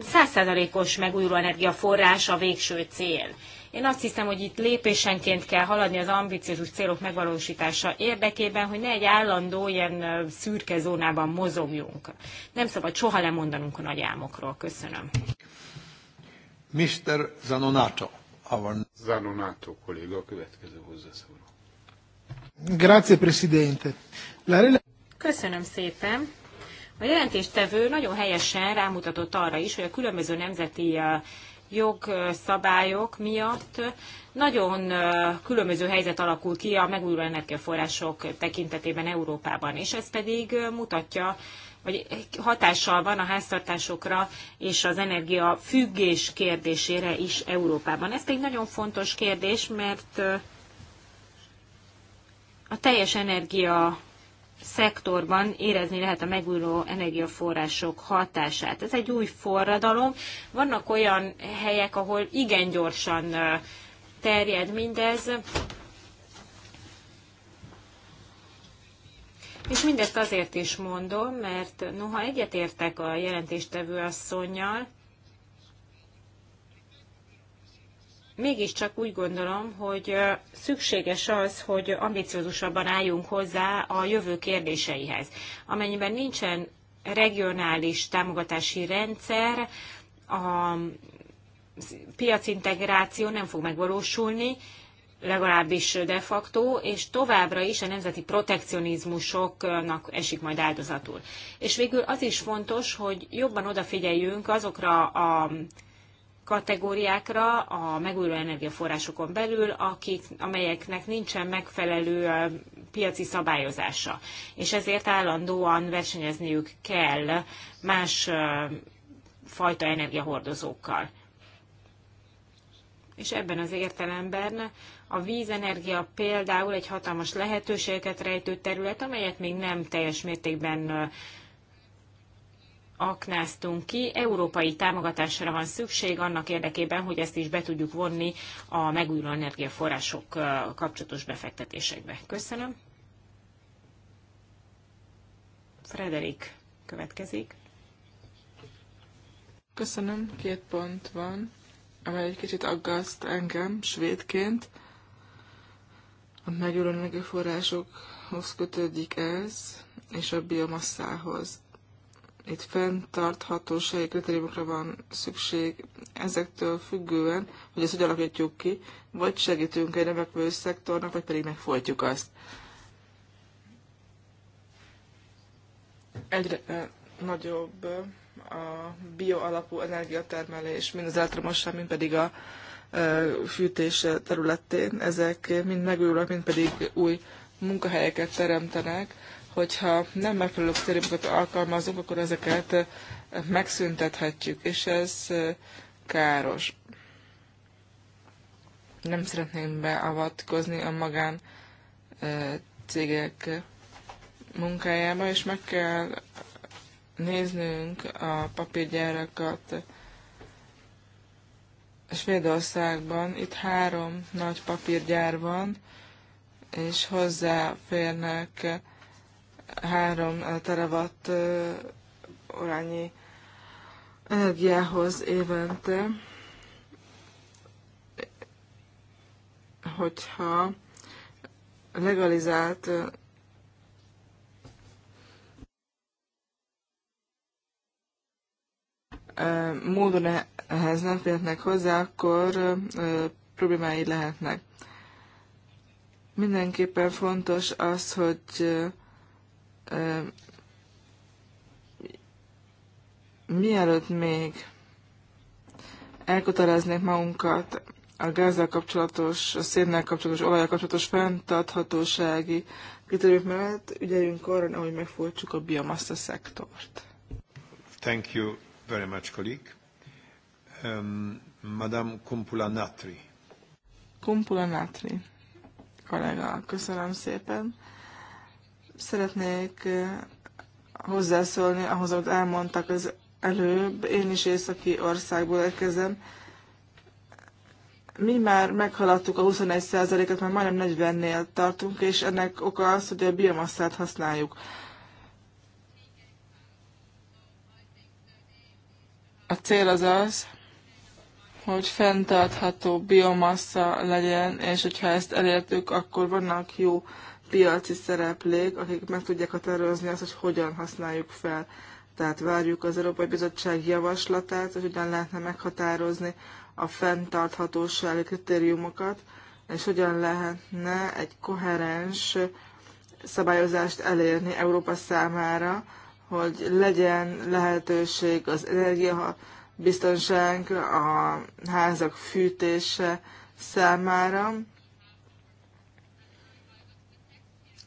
100%-os megújuló energiaforrás a végső cél. Én azt hiszem, hogy itt lépésenként kell haladni az ambiciózus célok megvalósítása érdekében, hogy ne egy állandó ilyen szürke zónában mozogjunk. Nem szabad soha lemondanunk a nagy álmokról. Köszönöm. Mr. Zanonato. Our... Zanonato kolléga a következő hozzászóló. Grazie, Presidente. La... Köszönöm szépen. A jelentéstevő nagyon helyesen rámutatott arra is, hogy a különböző nemzeti jogszabályok miatt nagyon különböző helyzet alakul ki a megújuló energiaforrások tekintetében Európában, és ez pedig mutatja, vagy hatással van a háztartásokra és az energia függés kérdésére is Európában. Ez pedig nagyon fontos kérdés, mert a teljes energia szektorban érezni lehet a megújuló energiaforrások hatását. Ez egy új forradalom. Vannak olyan helyek, ahol igen gyorsan terjed mindez, És mindezt azért is mondom, mert noha egyetértek a jelentéstevő asszonynal, mégiscsak úgy gondolom, hogy szükséges az, hogy ambiciózusabban álljunk hozzá a jövő kérdéseihez. Amennyiben nincsen regionális támogatási rendszer, a piacintegráció nem fog megvalósulni, legalábbis de facto, és továbbra is a nemzeti protekcionizmusoknak esik majd áldozatul. És végül az is fontos, hogy jobban odafigyeljünk azokra a kategóriákra a megújuló energiaforrásokon belül, akik, amelyeknek nincsen megfelelő piaci szabályozása. És ezért állandóan versenyezniük kell más fajta energiahordozókkal. És ebben az értelemben a vízenergia például egy hatalmas lehetőséget rejtő terület, amelyet még nem teljes mértékben aknáztunk ki. Európai támogatásra van szükség annak érdekében, hogy ezt is be tudjuk vonni a megújuló energiaforrások kapcsolatos befektetésekbe. Köszönöm. Frederik következik. Köszönöm, két pont van, amely egy kicsit aggaszt engem svédként. A megújuló energiaforrásokhoz kötődik ez, és a biomasszához itt fenntarthatósági kritériumokra van szükség ezektől függően, hogy ezt hogy alakítjuk ki, vagy segítünk egy növekvő szektornak, vagy pedig megfolytjuk azt. Egyre eh, nagyobb a bioalapú energiatermelés, mind az elektromosság, mind pedig a eh, fűtés területén. Ezek mind megújulnak, mind pedig új munkahelyeket teremtenek hogyha nem megfelelő kritériumokat alkalmazunk, akkor ezeket eh, megszüntethetjük, és ez eh, káros. Nem szeretném beavatkozni a magán eh, cégek munkájába, és meg kell néznünk a papírgyárakat Svédországban. Itt három nagy papírgyár van, és hozzáférnek 3 eh, terawatt eh, orányi energiához évente, hogyha legalizált eh, módon ehhez nem férnek hozzá, akkor problémái lehetnek. Mindenképpen fontos az, hogy mielőtt még elköteleznék magunkat a gázzal kapcsolatos, a szénnel kapcsolatos, olajjal kapcsolatos fenntarthatósági kritériumok mellett ügyeljünk arra, hogy megfordítsuk a biomassa szektort. Thank you very much, colleague. Um, Madame Kumpula Natri. Kumpula Natri. Kollega, köszönöm szépen. Szeretnék hozzászólni ahhoz, amit elmondtak az előbb. Én is északi országból érkezem. Mi már meghaladtuk a 21%-et, már majdnem 40-nél tartunk, és ennek oka az, hogy a biomasszát használjuk. A cél az az, hogy fenntartható biomassa legyen, és hogyha ezt elértük, akkor vannak jó uh, piaci szereplők, akik meg tudják határozni azt, hogy hogyan használjuk fel. Tehát várjuk az Európai Bizottság javaslatát, hogy hogyan lehetne meghatározni a fenntarthatósági kritériumokat, és hogyan lehetne egy koherens szabályozást elérni Európa számára, hogy legyen lehetőség az energiabiztonság, a házak fűtése számára,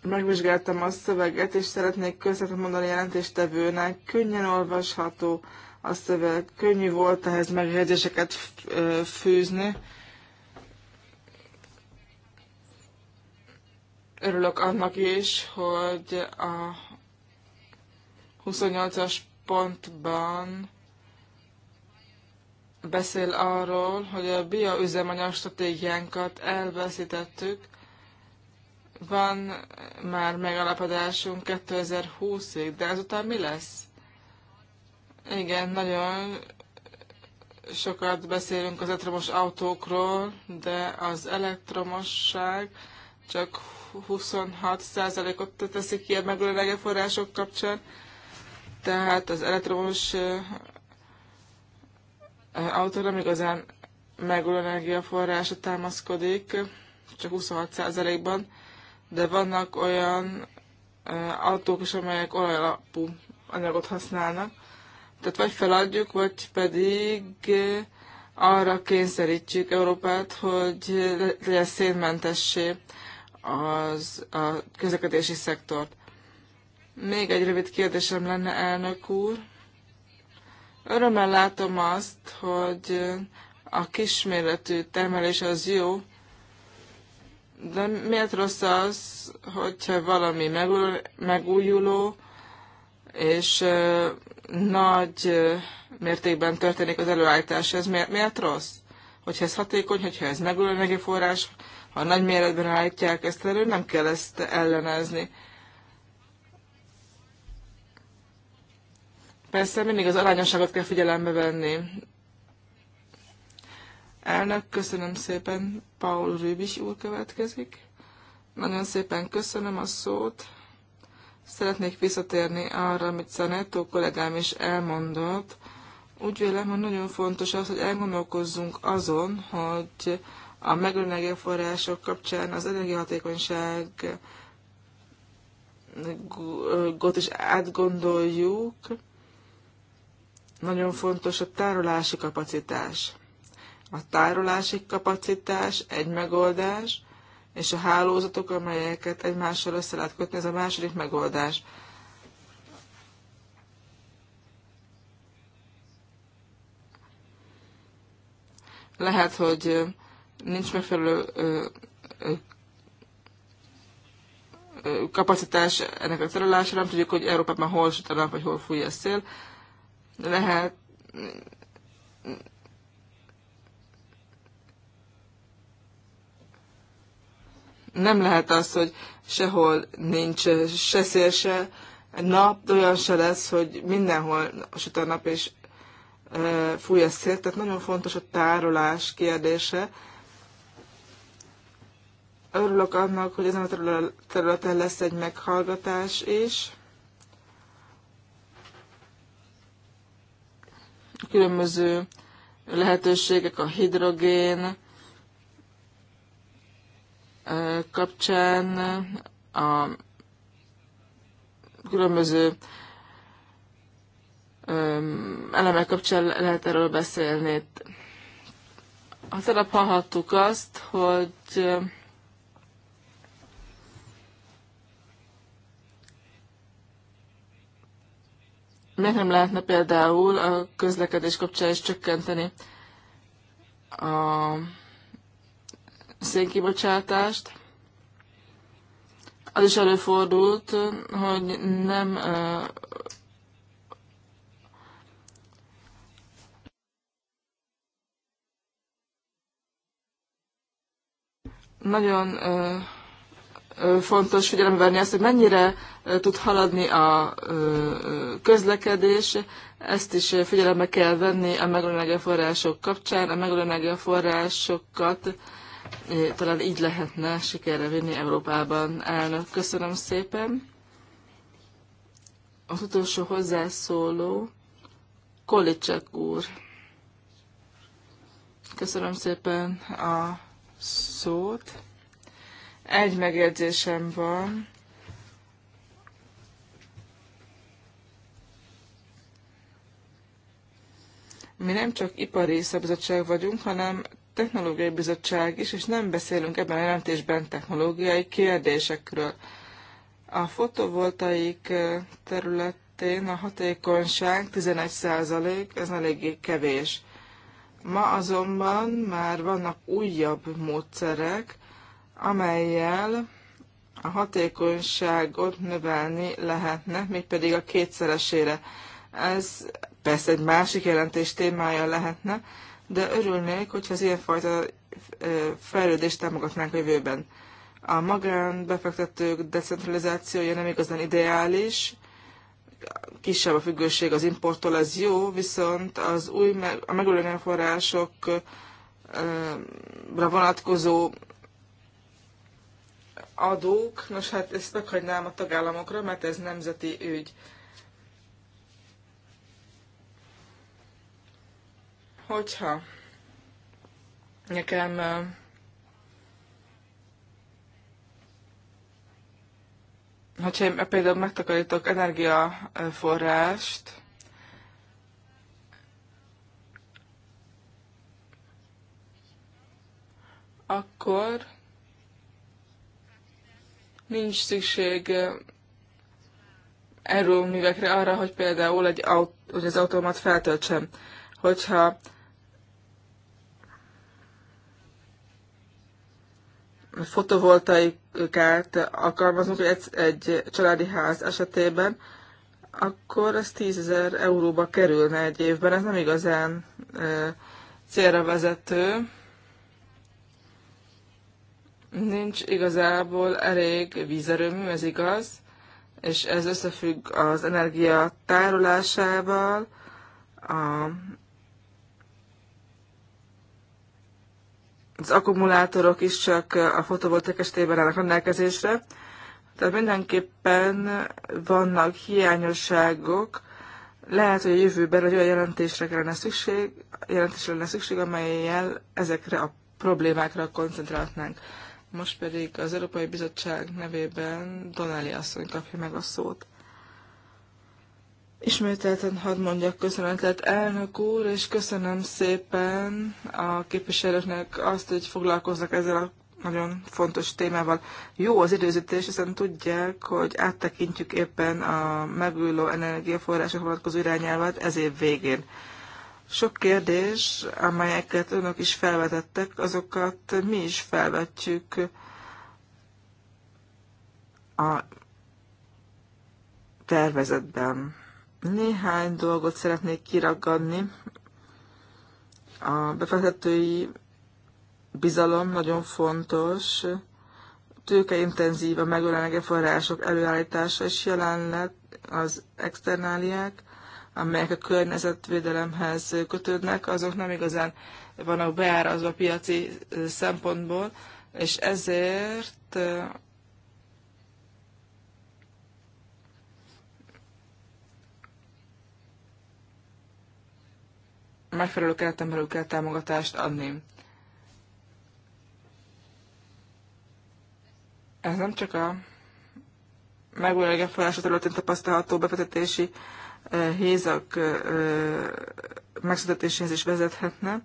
megvizsgáltam a szöveget, és szeretnék köszönetet mondani a jelentéstevőnek. Könnyen olvasható a szöveg, könnyű volt ehhez megjegyzéseket fűzni. Örülök annak is, hogy a 28-as pontban beszél arról, hogy a bioüzemanyag stratégiánkat elveszítettük, van már megalapodásunk 2020-ig, de azután mi lesz? Igen, nagyon sokat beszélünk az elektromos autókról, de az elektromosság csak 26%-ot teszik ki a megújuló energiaforrások kapcsán, tehát az elektromos autó nem igazán megújuló energiaforrása támaszkodik, csak 26%-ban de vannak olyan autók is, amelyek olajlapú anyagot használnak. Tehát vagy feladjuk, vagy pedig arra kényszerítjük Európát, hogy legyen szénmentessé az, a közlekedési szektort. Még egy rövid kérdésem lenne, elnök úr. Örömmel látom azt, hogy a kisméretű termelés az jó, de miért rossz az, hogyha valami megújuló, megújuló és nagy mértékben történik az előállítás? Ez miért, miért rossz? Hogyha ez hatékony, hogyha ez megújuló energiaforrás, ha nagy méretben állítják ezt elő, nem kell ezt ellenezni. Persze mindig az arányosságot kell figyelembe venni. Elnök, köszönöm szépen, Paul Rübis úr következik. Nagyon szépen köszönöm a szót. Szeretnék visszatérni arra, amit Szanettó kollégám is elmondott. Úgy vélem, hogy nagyon fontos az, hogy elgondolkozzunk azon, hogy a megújuló források kapcsán az energiahatékonyság gót is átgondoljuk. Nagyon fontos a tárolási kapacitás. A tárolási kapacitás egy megoldás, és a hálózatok, amelyeket egymással össze lehet kötni, ez a második megoldás. Lehet, hogy nincs megfelelő kapacitás ennek a tárolására, nem tudjuk, hogy Európában hol süt a nap, vagy hol fúj a szél. Lehet, Nem lehet az, hogy sehol nincs se szél, se nap, de olyan se lesz, hogy mindenhol süt a nap és e, fúj a szél. Tehát nagyon fontos a tárolás kérdése. Örülök annak, hogy ezen a területen lesz egy meghallgatás is. különböző lehetőségek, a hidrogén, kapcsán a különböző elemek kapcsán lehet erről beszélni. Az előbb hallhattuk azt, hogy miért nem lehetne például a közlekedés kapcsán is csökkenteni a szénkibocsátást. Az is előfordult, hogy nem nagyon fontos figyelembe venni azt, hogy mennyire tud haladni a közlekedés, ezt is figyelembe kell venni a megújuló energiaforrások kapcsán, a megújuló energiaforrásokat forrásokat talán így lehetne sikerre vinni Európában. Elnök, köszönöm szépen. Az utolsó hozzászóló Kolicsek úr. Köszönöm szépen a szót. Egy megjegyzésem van. Mi nem csak ipari szabadság vagyunk, hanem technológiai bizottság is, és nem beszélünk ebben a jelentésben technológiai kérdésekről. A fotovoltaik területén a hatékonyság 11%, százalék ez eléggé kevés. Ma azonban már vannak újabb módszerek, amelyel a hatékonyságot növelni lehetne, mégpedig a kétszeresére. Ez persze egy másik jelentés témája lehetne, de örülnék, hogyha az ilyenfajta fejlődést támogatnánk a jövőben. A magánbefektetők decentralizációja nem igazán ideális, kisebb a függőség az importtól, ez jó, viszont az új, a megújuló forrásokra vonatkozó adók, nos hát ezt meghagynám a tagállamokra, mert ez nemzeti ügy. Hogyha nekem hogyha én például megtakarítok energiaforrást, akkor nincs szükség erőművekre arra, hogy például egy aut- hogy az automat feltöltsem. Hogyha fotovoltaikát alkalmazunk egy, egy családi ház esetében, akkor ez 10 ezer euróba kerülne egy évben. Ez nem igazán e, célra vezető. Nincs igazából elég vízerőmű, ez igaz, és ez összefügg az energia tárolásával, a az akkumulátorok is csak a fotovoltaik esetében állnak rendelkezésre. Tehát mindenképpen vannak hiányosságok, lehet, hogy a jövőben egy olyan jelentésre kellene szükség, jelentésre lenne szükség, amelyel ezekre a problémákra koncentrálhatnánk. Most pedig az Európai Bizottság nevében Donelli asszony kapja meg a szót. Ismételten hadd mondjak köszönetet elnök úr, és köszönöm szépen a képviselőknek azt, hogy foglalkoznak ezzel a nagyon fontos témával. Jó az időzítés, hiszen tudják, hogy áttekintjük éppen a megújuló energiaforrások vonatkozó irányelvet ez év végén. Sok kérdés, amelyeket önök is felvetettek, azokat mi is felvetjük a tervezetben. Néhány dolgot szeretnék kiragadni. A befektetői bizalom nagyon fontos, tőkeintenzív a megölelege források előállítása, és jelenleg az externáliák, amelyek a környezetvédelemhez kötődnek, azok nem igazán vannak beárazva piaci szempontból, és ezért megfelelő kereten belül kell támogatást adni. Ez nem csak a megújuló energiaforrású területén tapasztalható befektetési hézak megszületéséhez is vezethetne.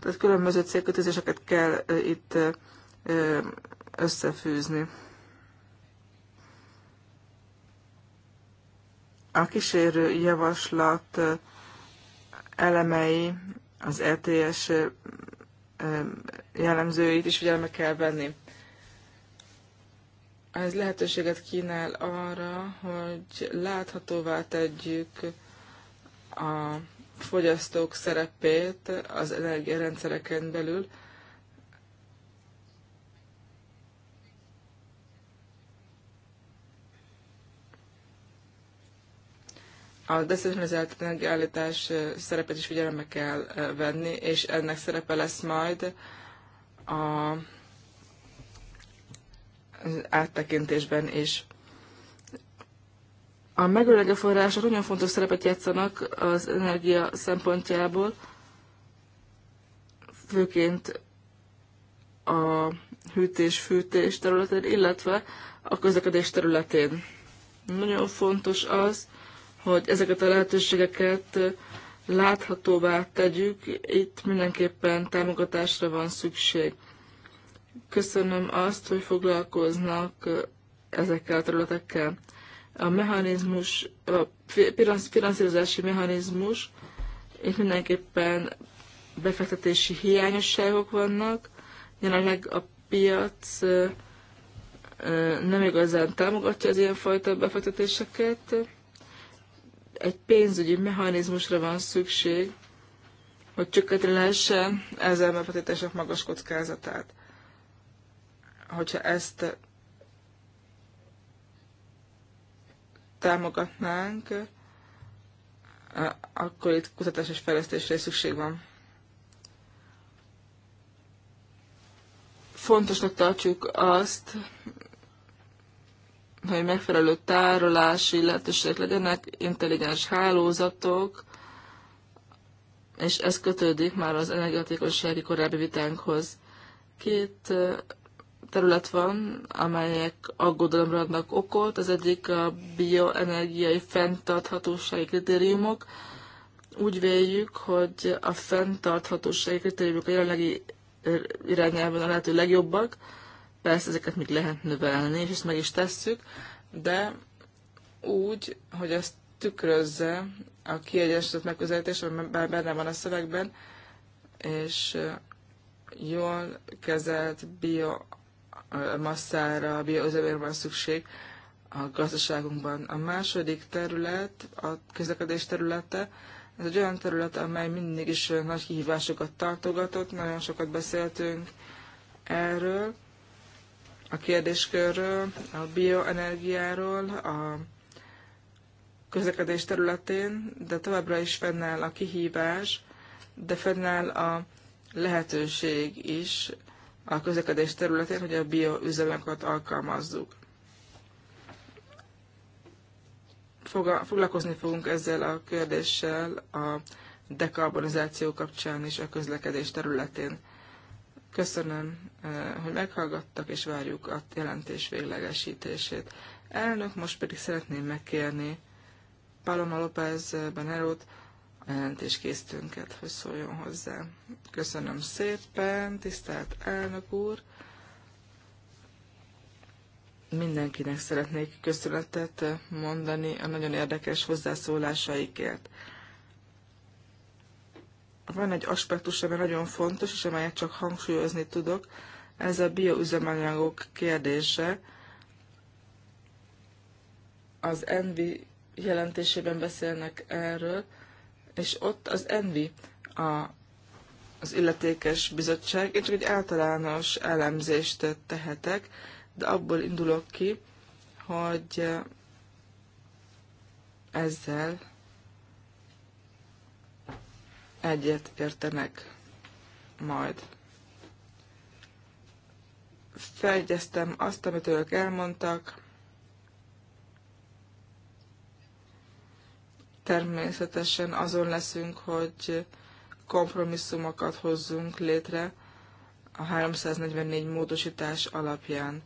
Tehát különböző célkötőzéseket kell itt összefűzni. A kísérő javaslat elemei, az ETS jellemzőit is figyelme kell venni. Ez lehetőséget kínál arra, hogy láthatóvá tegyük a fogyasztók szerepét az energiarendszereken belül, a decentralizált energiállítás szerepet is figyelembe kell venni, és ennek szerepe lesz majd a áttekintésben is. A megújuló források nagyon fontos szerepet játszanak az energia szempontjából, főként a hűtés-fűtés területén, illetve a közlekedés területén. Nagyon fontos az, hogy ezeket a lehetőségeket láthatóvá tegyük, itt mindenképpen támogatásra van szükség. Köszönöm azt, hogy foglalkoznak ezekkel a területekkel. A mechanizmus, a finanszírozási mechanizmus, itt mindenképpen befektetési hiányosságok vannak, jelenleg a piac nem igazán támogatja az ilyenfajta befektetéseket egy pénzügyi mechanizmusra van szükség, hogy csökkenteni lehessen ezzel befektetések magas kockázatát. Hogyha ezt támogatnánk, akkor itt kutatás és fejlesztésre szükség van. Fontosnak tartjuk azt, hogy megfelelő tárolási lehetőségek legyenek, intelligens hálózatok, és ez kötődik már az energiatékonysági korábbi vitánkhoz. Két terület van, amelyek aggodalomra adnak okot. Az egyik a bioenergiai fenntarthatósági kritériumok. Úgy véljük, hogy a fenntarthatósági kritériumok a jelenlegi irányában a lehető legjobbak, Persze ezeket még lehet növelni, és ezt meg is tesszük, de úgy, hogy ezt tükrözze a kiegyensúlyozott megközelítés, ami már benne van a szövegben, és jól kezelt biomasszára, bioüzemére van szükség a gazdaságunkban. A második terület, a közlekedés területe, ez egy olyan terület, amely mindig is nagy kihívásokat tartogatott, nagyon sokat beszéltünk erről, a kérdéskörről, a bioenergiáról, a közlekedés területén, de továbbra is fennáll a kihívás, de fennáll a lehetőség is a közlekedés területén, hogy a bioüzemeket alkalmazzuk. Foglalkozni fogunk ezzel a kérdéssel a dekarbonizáció kapcsán is a közlekedés területén. Köszönöm, eh, hogy meghallgattak, és várjuk a jelentés véglegesítését. Elnök, most pedig szeretném megkérni Paloma López eh, Benerót, a jelentéskészítőnket, hogy szóljon hozzá. Köszönöm szépen, tisztelt elnök úr! Mindenkinek szeretnék köszönetet eh, mondani a nagyon érdekes hozzászólásaikért van egy aspektus, ami nagyon fontos, és amelyet csak hangsúlyozni tudok, ez a bioüzemanyagok kérdése. Az Envi jelentésében beszélnek erről, és ott az Envi a, az illetékes bizottság. Én csak egy általános elemzést tehetek, de abból indulok ki, hogy ezzel egyet értenek majd. Feljegyeztem azt, amit ők elmondtak. Természetesen azon leszünk, hogy kompromisszumokat hozzunk létre a 344 módosítás alapján.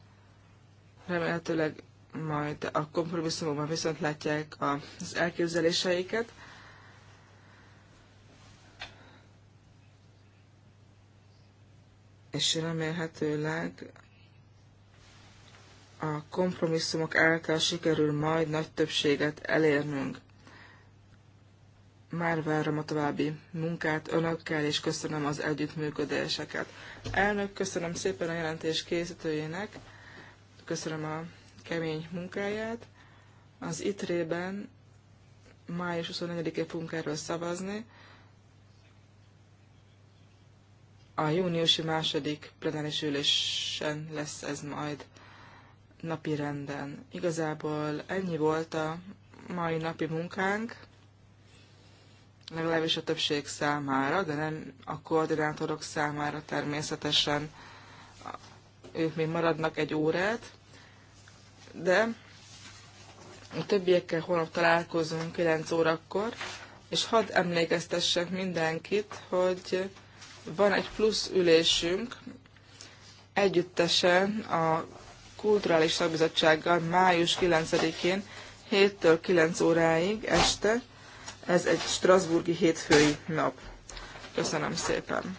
Remélhetőleg majd a kompromisszumokban viszont látják az elképzeléseiket. és remélhetőleg a kompromisszumok által sikerül majd nagy többséget elérnünk. Már várom a további munkát önökkel, és köszönöm az együttműködéseket. Elnök, köszönöm szépen a jelentés készítőjének, köszönöm a kemény munkáját. Az ITRE-ben május 24-én fogunk erről szavazni, A júniusi második plenáris ülésen lesz ez majd napi renden. Igazából ennyi volt a mai napi munkánk, legalábbis a többség számára, de nem a koordinátorok számára természetesen. Ők még maradnak egy órát, de a többiekkel holnap találkozunk 9 órakor, és hadd emlékeztessek mindenkit, hogy van egy plusz ülésünk együttesen a Kulturális Szakbizottsággal május 9-én 7-től 9 óráig este. Ez egy Strasburgi hétfői nap. Köszönöm szépen.